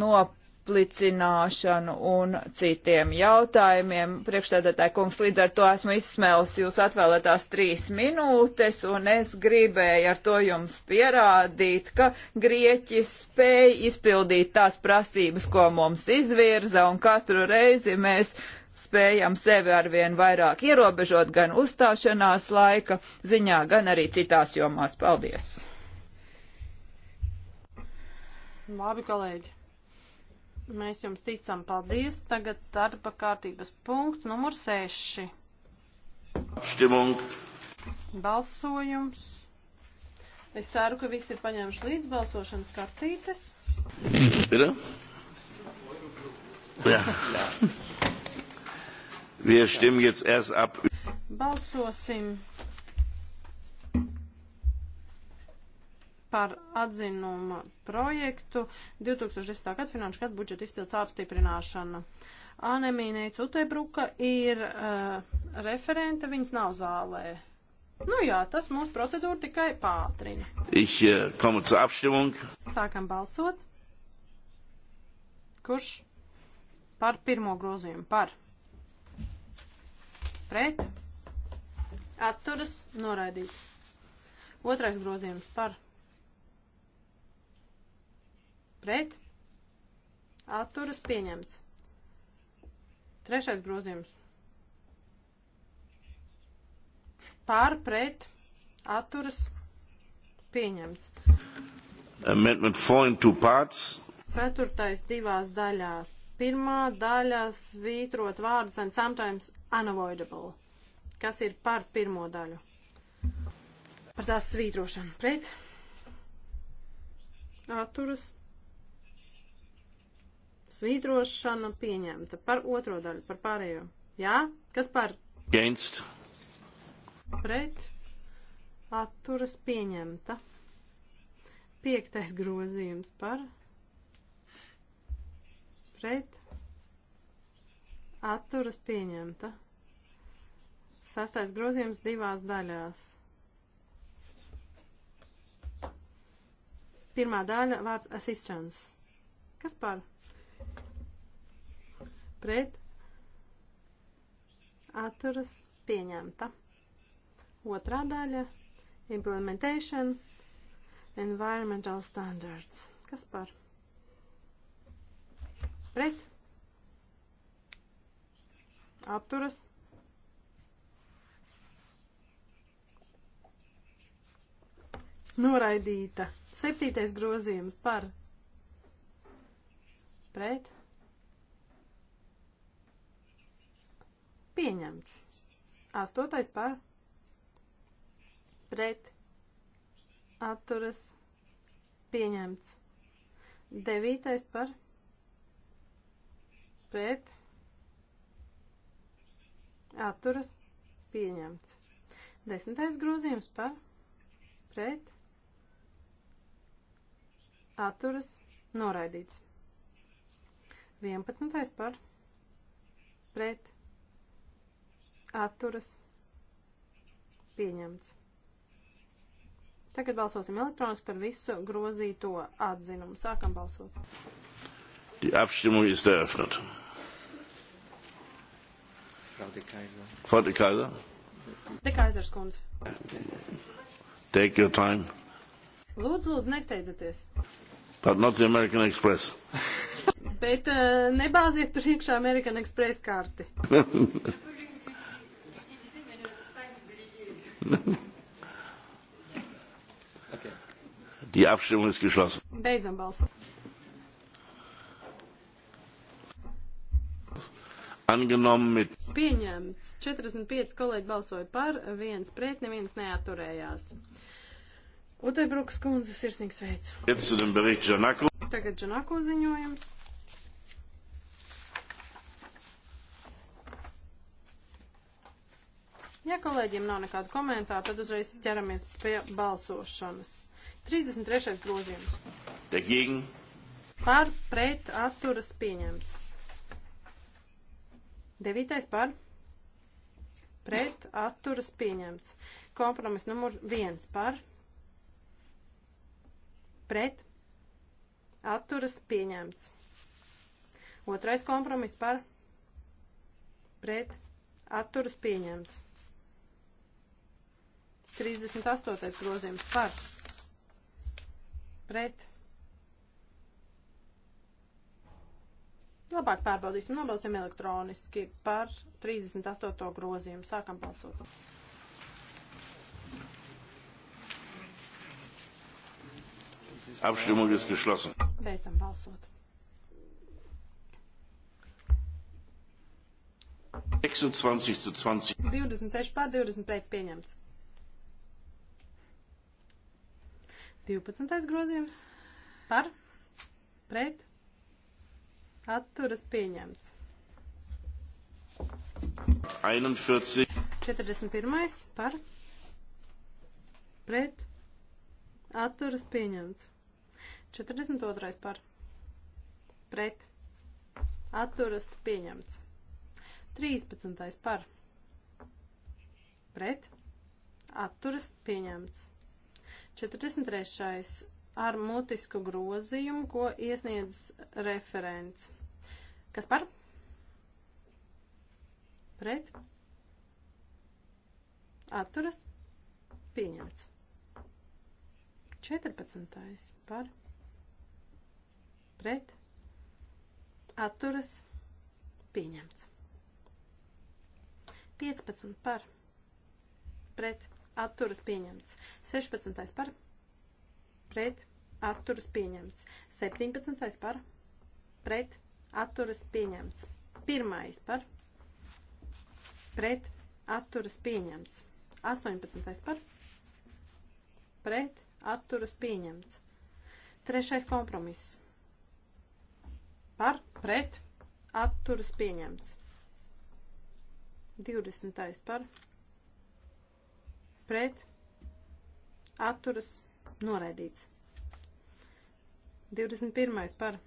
nop atlicināšanu un citiem jautājumiem. Priekšsēdētāji kungs, līdz ar to esmu izsmēlis jūs atvēlētās trīs minūtes, un es gribēju ar to jums pierādīt, ka Grieķi spēj izpildīt tās prasības, ko mums izvirza, un katru reizi mēs spējam sevi arvien vairāk ierobežot gan uzstāšanās laika ziņā, gan arī citās jomās. Paldies! Labi, kolēģi! Mēs jums ticam, paldies. Tagad darba kārtības punkts numur 6. Apstimung. Balsojums. Es ceru, ka visi ir paņēmuši līdz balsošanas kartītes. Ir? Jā. Wir stimmen jetzt erst ab. Balsosim par atzinuma projektu 2010. gada finanšu gadu budžeta izpildes apstiprināšanu. Anemīnēts Utebruka ir uh, referente, viņas nav zālē. Nu jā, tas mūsu procedūru tikai pātrina. Ich uh, komme zur Abstimmung. Sākam balsot. Kurš par pirmo grozījumu? Par. Pret. Atturas noraidīts. Otrais grozījums par pret, atturas pieņemts. Trešais grozījums. Pār, pret, atturas pieņemts. Amendment 4 in two parts. Ceturtais divās daļās. Pirmā daļa svītrot vārdus and sometimes unavoidable. Kas ir par pirmo daļu? Par tās svītrošanu. Pret. Atturas Svītrošana pieņemta. Par otro daļu, par pārējo. Jā? Kas par? Against. Pret. Atturas pieņemta. Piektais grozījums par. Pret. Atturas pieņemta. Sastais grozījums divās daļās. Pirmā daļa vārds assistance. Kas par? pret atturas pieņemta. Otrā daļa – implementation environmental standards. Kas par? Pret apturas noraidīta. Septītais grozījums par pret pieņemts. Astotais par pret atturas pieņemts. Devītais par pret atturas pieņemts. Desmitais grozījums par pret atturas noraidīts. Vienpadsmitais par pret atturas atturas pieņemts. Tagad balsosim elektroniski par visu grozīto atzinumu. Sākam balsot. Die Abstimmung ist eröffnet. Frau de Kaiser. Frau de Kaiser. De Kaisers kundze. Take your time. Lūdzu, lūdzu, nesteidzieties. But not the American Express. Bet uh, nebāziet tur iekšā American Express karti. Die Abstimmung ist geschlossen. Beidzam balsot. Angenommen mit. Pieņemts. 45 kolēģi balsoja par, viens pret, neviens neaturējās. Utebruks kundzes sirsnīgs veids. Tagad Džanako ziņojums. Ja kolēģiem nav nekādu komentāru, tad uzreiz ķeramies pie balsošanas. 33. grozījums. Dagegen. Par pret atturas pieņemts. 9. par pret atturas pieņemts. Kompromis numur 1 par pret atturas pieņemts. Otrais kompromis par pret atturas pieņemts. 38. grozījums par pret. Labāk pārbaudīsim, nobalsim elektroniski par 38. grozījumu. Sākam balsot. Abstimmung ist geschlossen. Beidzam balsot. 26 zu 20. 26 pār 20 pret pieņemts. 12. grozījums par pret atturas pieņemts. 41. 41. par pret atturas pieņemts. 42. par pret atturas pieņemts. 13. par pret atturas pieņemts. 43. ar mutisku grozījumu, ko iesniedz referents. Kas par? Pret? Atturas? Pieņemts. 14. par? Pret? Atturas? Pieņemts. 15 par? Pret? atturas pieņemts. 16. par pret atturas pieņemts. 17. par pret atturas pieņemts. 1. par pret atturas pieņemts. 18. par pret atturas pieņemts. 3. kompromiss par pret atturas pieņemts. 20. par pret pret atturas noraidīts. 21. par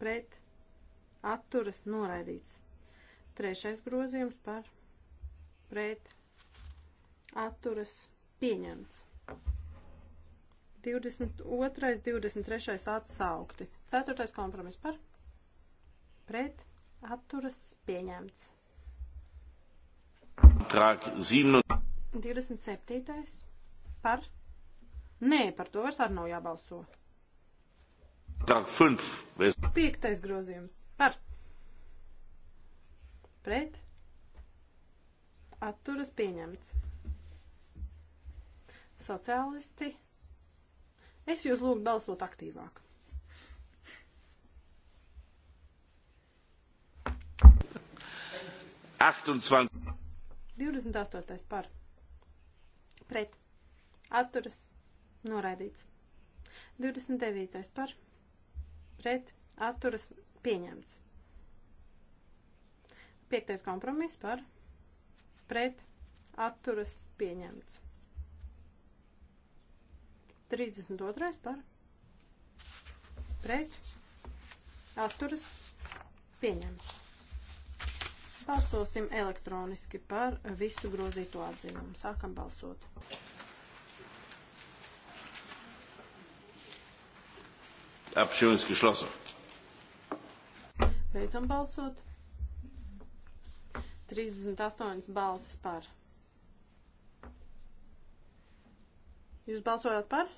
pret atturas noraidīts. Trešais grozījums par pret atturas pieņemts. 22. 23. atsaukti. 4. kompromiss par pret atturas pieņemts. Trāk 7. 27. par? Nē, par to vairs arī nav jābalso. Piektais grozījums par? Pret? Atturas pieņemts. Sociālisti. Es jūs lūgtu balsot aktīvāk. Achtundzwanzig. 28. par pret atturas noraidīts. 29. par pret atturas pieņemts. 5. kompromiss par pret atturas pieņemts. 32. par pret atturas pieņemts. Balsosim elektroniski par visu grozīto atzinumu. Sākam balsot. Abstimmung ist geschlossen. Beidzam balsot. 38 balsis par. Jūs balsojat par?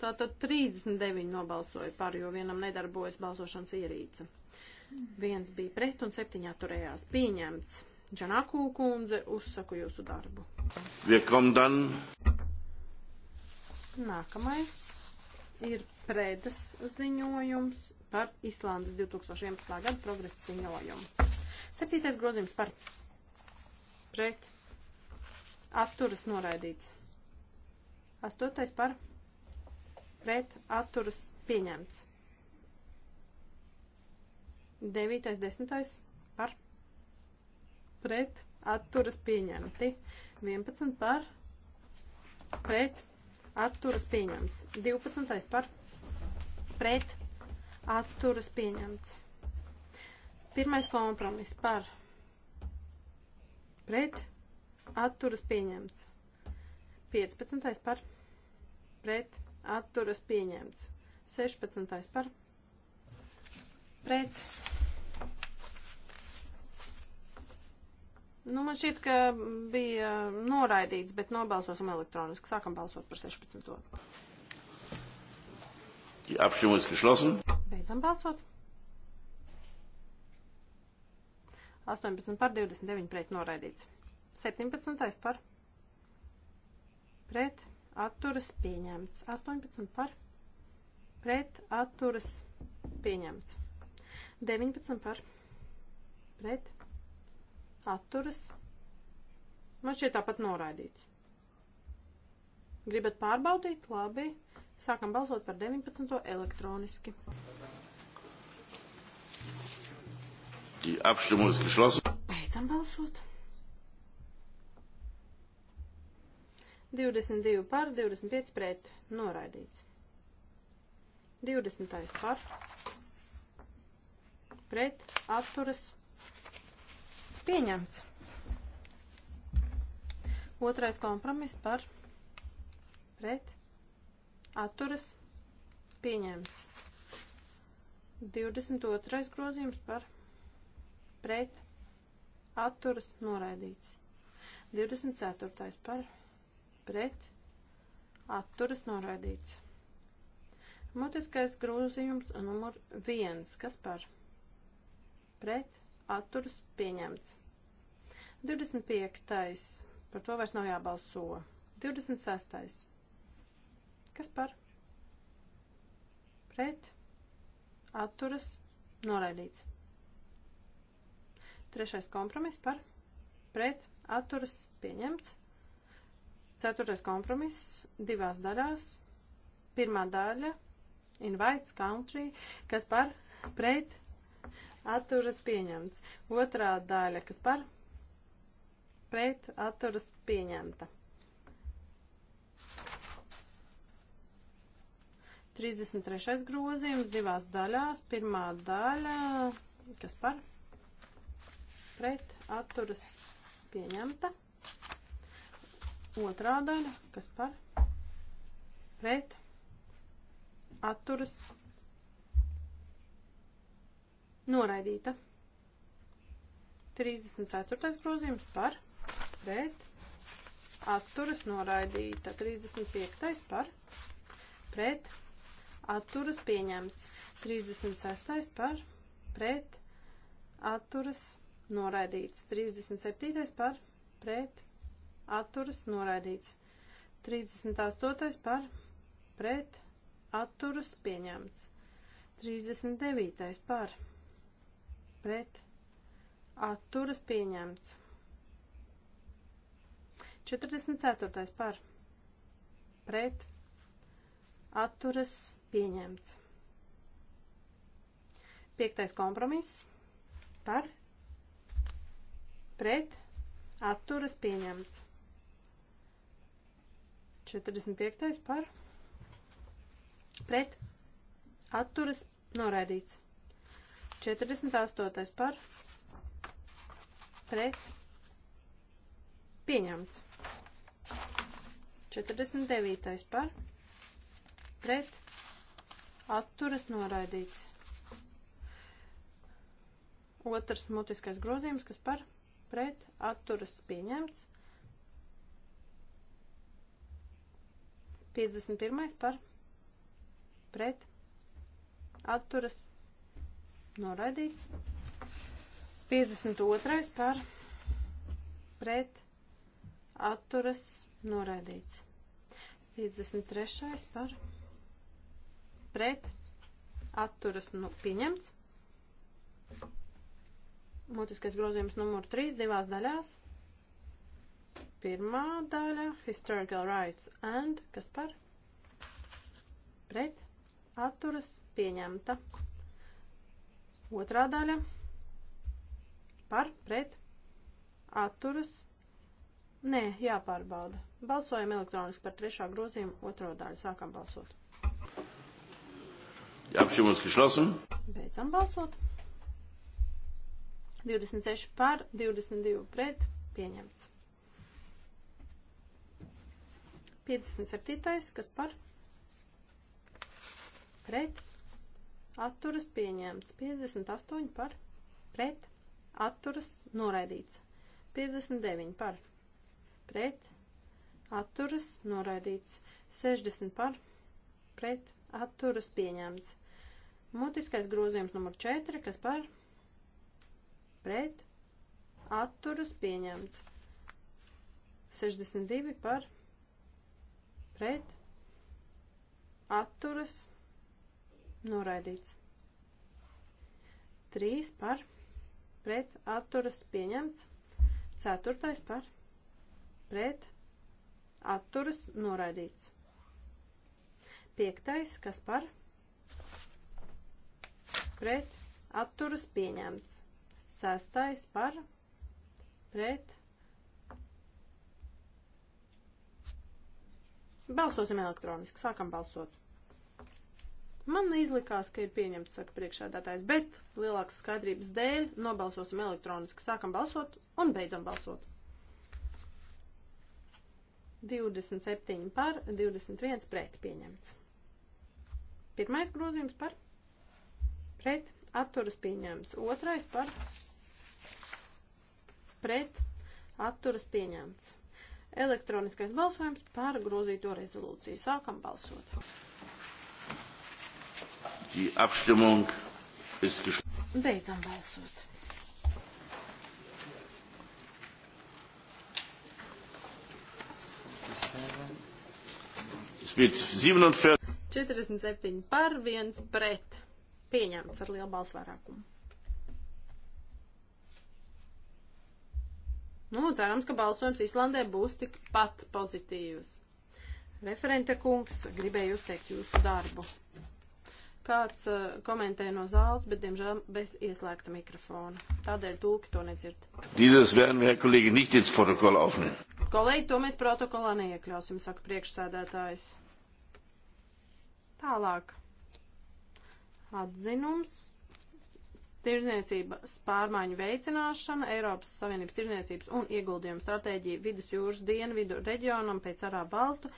Tātad 39 nobalsoja par, jo vienam nedarbojas balsošanas ierīce viens bija pret un septiņi atturējās. Pieņemts. Džanakū kundze, uzsaku jūsu darbu. Viekam dan. Nākamais ir predas ziņojums par Islandes 2011. gada progresa ziņojumu. Septītais grozījums par pret atturas noraidīts. Astotais par pret atturas pieņemts. Devītais, desmitais par pret atturas pieņemti. 11 par pret atturas pieņemts. 12 par pret atturas pieņemts. Pirmais kompromiss par pret atturas pieņemts. 15 par pret atturas pieņemts. 16 par pret pret. Nu, man šķiet, ka bija noraidīts, bet nobalsosim elektroniski. Sākam balsot par 16. Die Abstimmung ist geschlossen. Beidzam balsot. 18 par 29 pret noraidīts. 17. par pret atturas pieņemts. 18 par pret atturas pieņemts. 19 par pret atturas. Man šķiet tāpat noraidīts. Gribat pārbaudīt? Labi. Sākam balsot par 19. elektroniski. Die Abstimmung ist geschlossen. Beidzam balsot. 22 par, 25 pret, noraidīts. 20. par, pret atturas pieņemts. Otrais kompromiss par pret atturas pieņemts. 22. grozījums par pret atturas noraidīts. 24. par pret atturas noraidīts. Mutiskais grozījums numur 1. Kas par? pret atturas pieņemts. 25. Par to vairs nav jābalso. 26. Kas par? Pret atturas noraidīts. Trešais kompromiss par pret atturas pieņemts. Ceturtais kompromiss divās daļās. Pirmā daļa invites country, kas par pret atturas pieņemts. Otrā daļa, kas par pret atturas pieņemta. 33. grozījums divās daļās. Pirmā daļa, kas par pret atturas pieņemta. Otrā daļa, kas par pret atturas pieņemta Noraidīta. 34. grozījums par pret atturas noraidīta. 35. par pret atturas pieņemts. 36. par pret atturas noraidīts. 37. par pret atturas noraidīts. 38. par pret atturas pieņemts. 39. par pret pret atturas pieņemts. 44. par pret atturas pieņemts. 5. kompromiss par pret atturas pieņemts. 45. par pret atturas noraidīts. 48. par pret pieņemts. 49. par pret atturas noraidīts. Otrs mutiskais grozījums, kas par pret atturas pieņemts. 51. par pret atturas pieņemts noraidīts. 52. par pret atturas noraidīts. 53. par pret atturas nu, pieņemts. Mutiskais grozījums numur 3 divās daļās. Pirmā daļa – historical rights and, kas par? Pret atturas pieņemta. Otrā daļa par pret atturas. Nē, jāpārbauda. Balsojam elektroniski par trešā grozījumu otro daļu. Sākam balsot. Apšķirums geschlossen. Beidzam balsot. 26 par, 22 pret, pieņemts. 57. kas par? Pret, atturas pieņemts. 58 par pret atturas noraidīts. 59 par pret atturas noraidīts. 60 par pret atturas pieņemts. Mutiskais grozījums numur 4, kas par pret atturas pieņemts. 62 par pret atturas pieņemts. Noraidīts. 3 par pret atturas pieņemts. 4 par pret atturas noraidīts. 5. kas par pret atturas pieņemts. 6. par pret Balsosim elektroniski. Sākam balsot. Man izlikās, ka ir pieņemts, saka priekšādātājs, bet lielākas skaidrības dēļ nobalsosim elektroniski. Sākam balsot un beidzam balsot. 27 par, 21 pret pieņemts. Pirmais grozījums par pret atturas pieņemts. Otrais par pret atturas pieņemts. Elektroniskais balsojums par grozīto rezolūciju. Sākam balsot. Die Abstimmung ist geschlossen. Beidzam balsot. Es wird 47. 47 par 1 pret. Pieņemts ar lielu balsu vairākumu. Nu, cerams, ka balsojums Islandē būs tikpat pozitīvs. Referente kungs, gribēju uzteikt jūsu darbu. Kāds uh, komentē no zāles, bet, diemžēl, bez ieslēgta mikrofona. Tādēļ tūki to nedzird. Dieses werden wir, kolēģi, nicht ins Protokoll aufnehmen. Kolēģi, to mēs protokolā neiekļausim, saka priekšsēdētājs. Tālāk. Atzinums tirzniecības pārmaiņu veicināšana, Eiropas Savienības tirzniecības un ieguldījumu stratēģija vidusjūras dienvidu reģionam pēc arābu valstu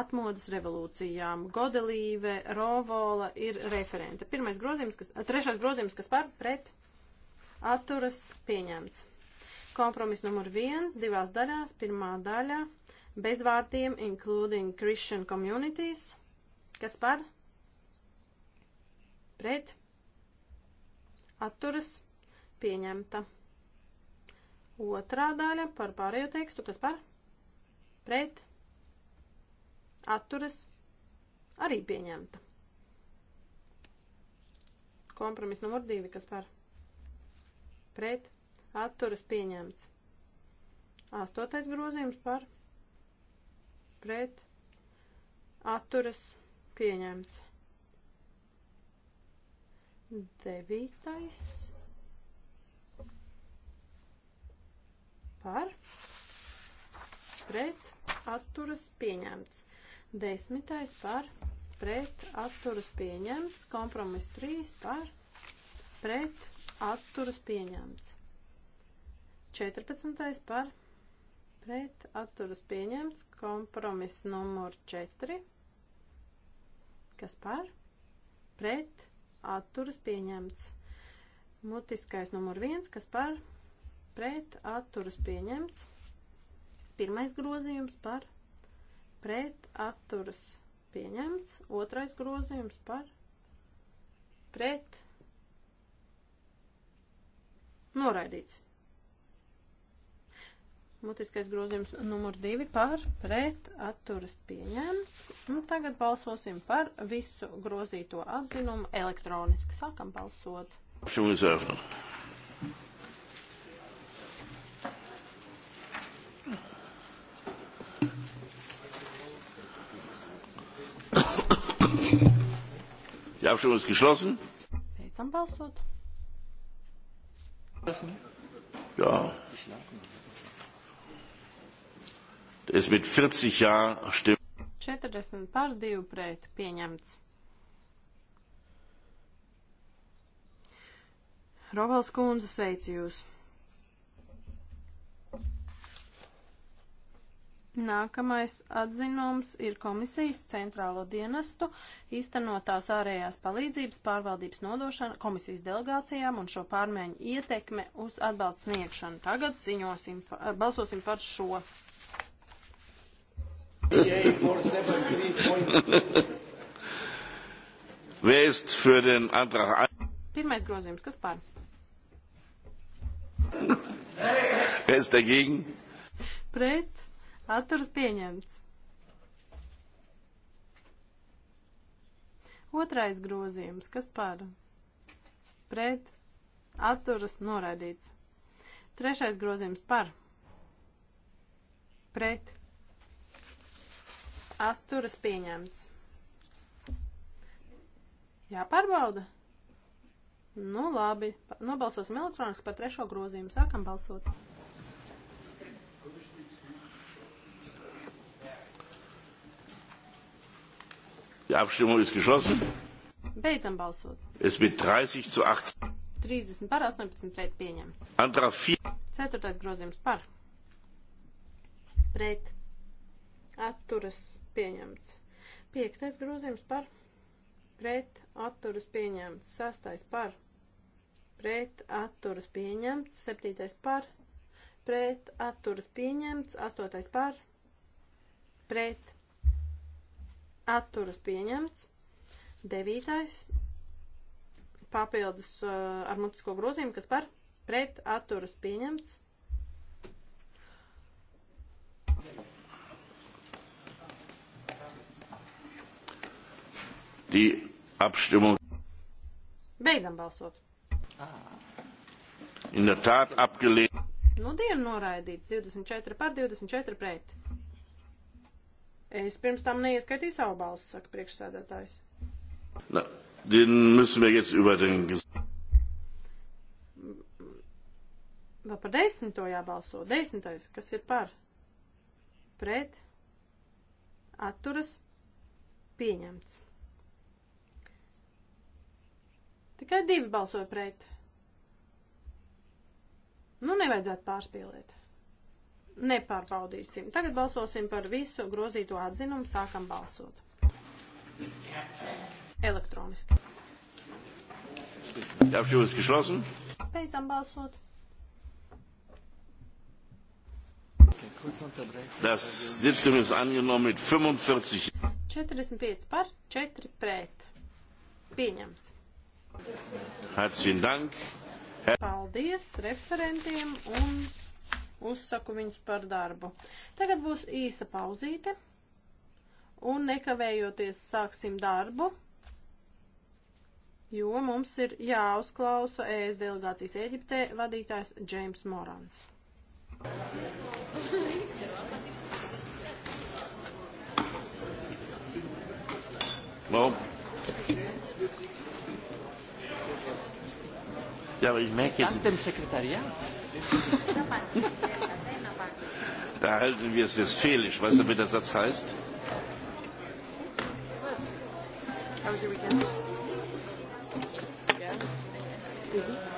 atmodas revolūcijām. Godelīve, Rovola ir referente. Pirmais grozījums, kas, trešais grozījums, kas par pret atturas pieņemts. Kompromis numur viens, divās daļās, pirmā daļa, bez vārdiem, including Christian communities, kas par pret atturas pieņemta. Otrā daļa par pārējo tekstu, kas par pret atturas arī pieņemta. Kompromis numur divi, kas par pret atturas pieņemts. Astotais grozījums par pret atturas pieņemts. Devītais par pret atturas pieņemts. Desmitais par pret atturas pieņemts. Kompromis 3 par pret atturas pieņemts. 14. par pret atturas pieņemts. Kompromis numur 4. Kas par? Pret atturas pieņemts. Mutiskais numur viens, kas par pret atturas pieņemts. Pirmais grozījums par pret atturas pieņemts. Otrais grozījums par pret noraidīts. Mutiskais grozījums numur divi par pret atturas pieņemts. Un nu, tagad balsosim par visu grozīto atzinumu elektroniski. Sākam balsot. Šūnas ēfna. Die Abstimmung ist geschlossen. Beidzam balsot. Ja. Es mit 40 jā stimmt. 40 par 2 pret pieņemts. Rovels kundze sveic jūs. Nākamais atzinums ir komisijas centrālo dienestu īstenotās ārējās palīdzības pārvaldības nodošana komisijas delegācijām un šo pārmaiņu ietekme uz atbalstu sniegšanu. Tagad ziņosim, balsosim par šo Wer ist für den Antrag 1? Pirmais grozījums, kas pār? Wer ist dagegen? Pret, atturs pieņemts. Otrais grozījums, kas pār? Pret, atturas noraidīts. Trešais grozījums par. Pret, atturas pieņemts. Jāpārbauda? Nu, labi. Nobalsosim elektroniski par trešo grozījumu. Sākam balsot. Die Abstimmung ist geschlossen. Beidzam balsot. Es mit 30 zu 18. 30 par 18 pret pieņemts. Antrag 4. Ceturtais grozījums par. Pret. Atturas pieņemts. Piektais grozījums par pret atturas pieņemts. Sastais par pret atturas pieņemts. Septītais par pret atturas pieņemts. Astotais par pret atturas pieņemts. Devītais papildus uh, ar mutisko grozījumu, kas par pret atturas pieņemts. Die Abstimmung. Beidzam balsot. In der Tat abgelehnt. Nu, dienu noraidīts. 24 par 24 pret. Es pirms tam neieskaitīju savu balsu, saka priekšsēdētājs. Na, den müssen wir jetzt über den. Vēl par desmito jābalso. Desmitais, kas ir par? Pret. Atturas. Pieņemts. Tikai divi balsoja pret. Nu, nevajadzētu pārspīlēt. Nepārbaudīsim. Tagad balsosim par visu grozīto atzinumu. Sākam balsot. Elektroniski. Apšķirus geschlossen. Beidzam balsot. Das Sitzung ist angenommen mit 45. 45 par, 4 pret. Pieņemts. Paldies referentiem un uzsaku viņus par darbu. Tagad būs īsa pauzīte un nekavējoties sāksim darbu, jo mums ir jāuzklausa ES delegācijas Eģiptē vadītājs Džeims Morans. Well, Ja, maar ik merk het. Dank dem secretariaat. Da halten wir es westfälisch. Weißt du, wie der Satz heißt? How was your weekend? Yeah. Busy?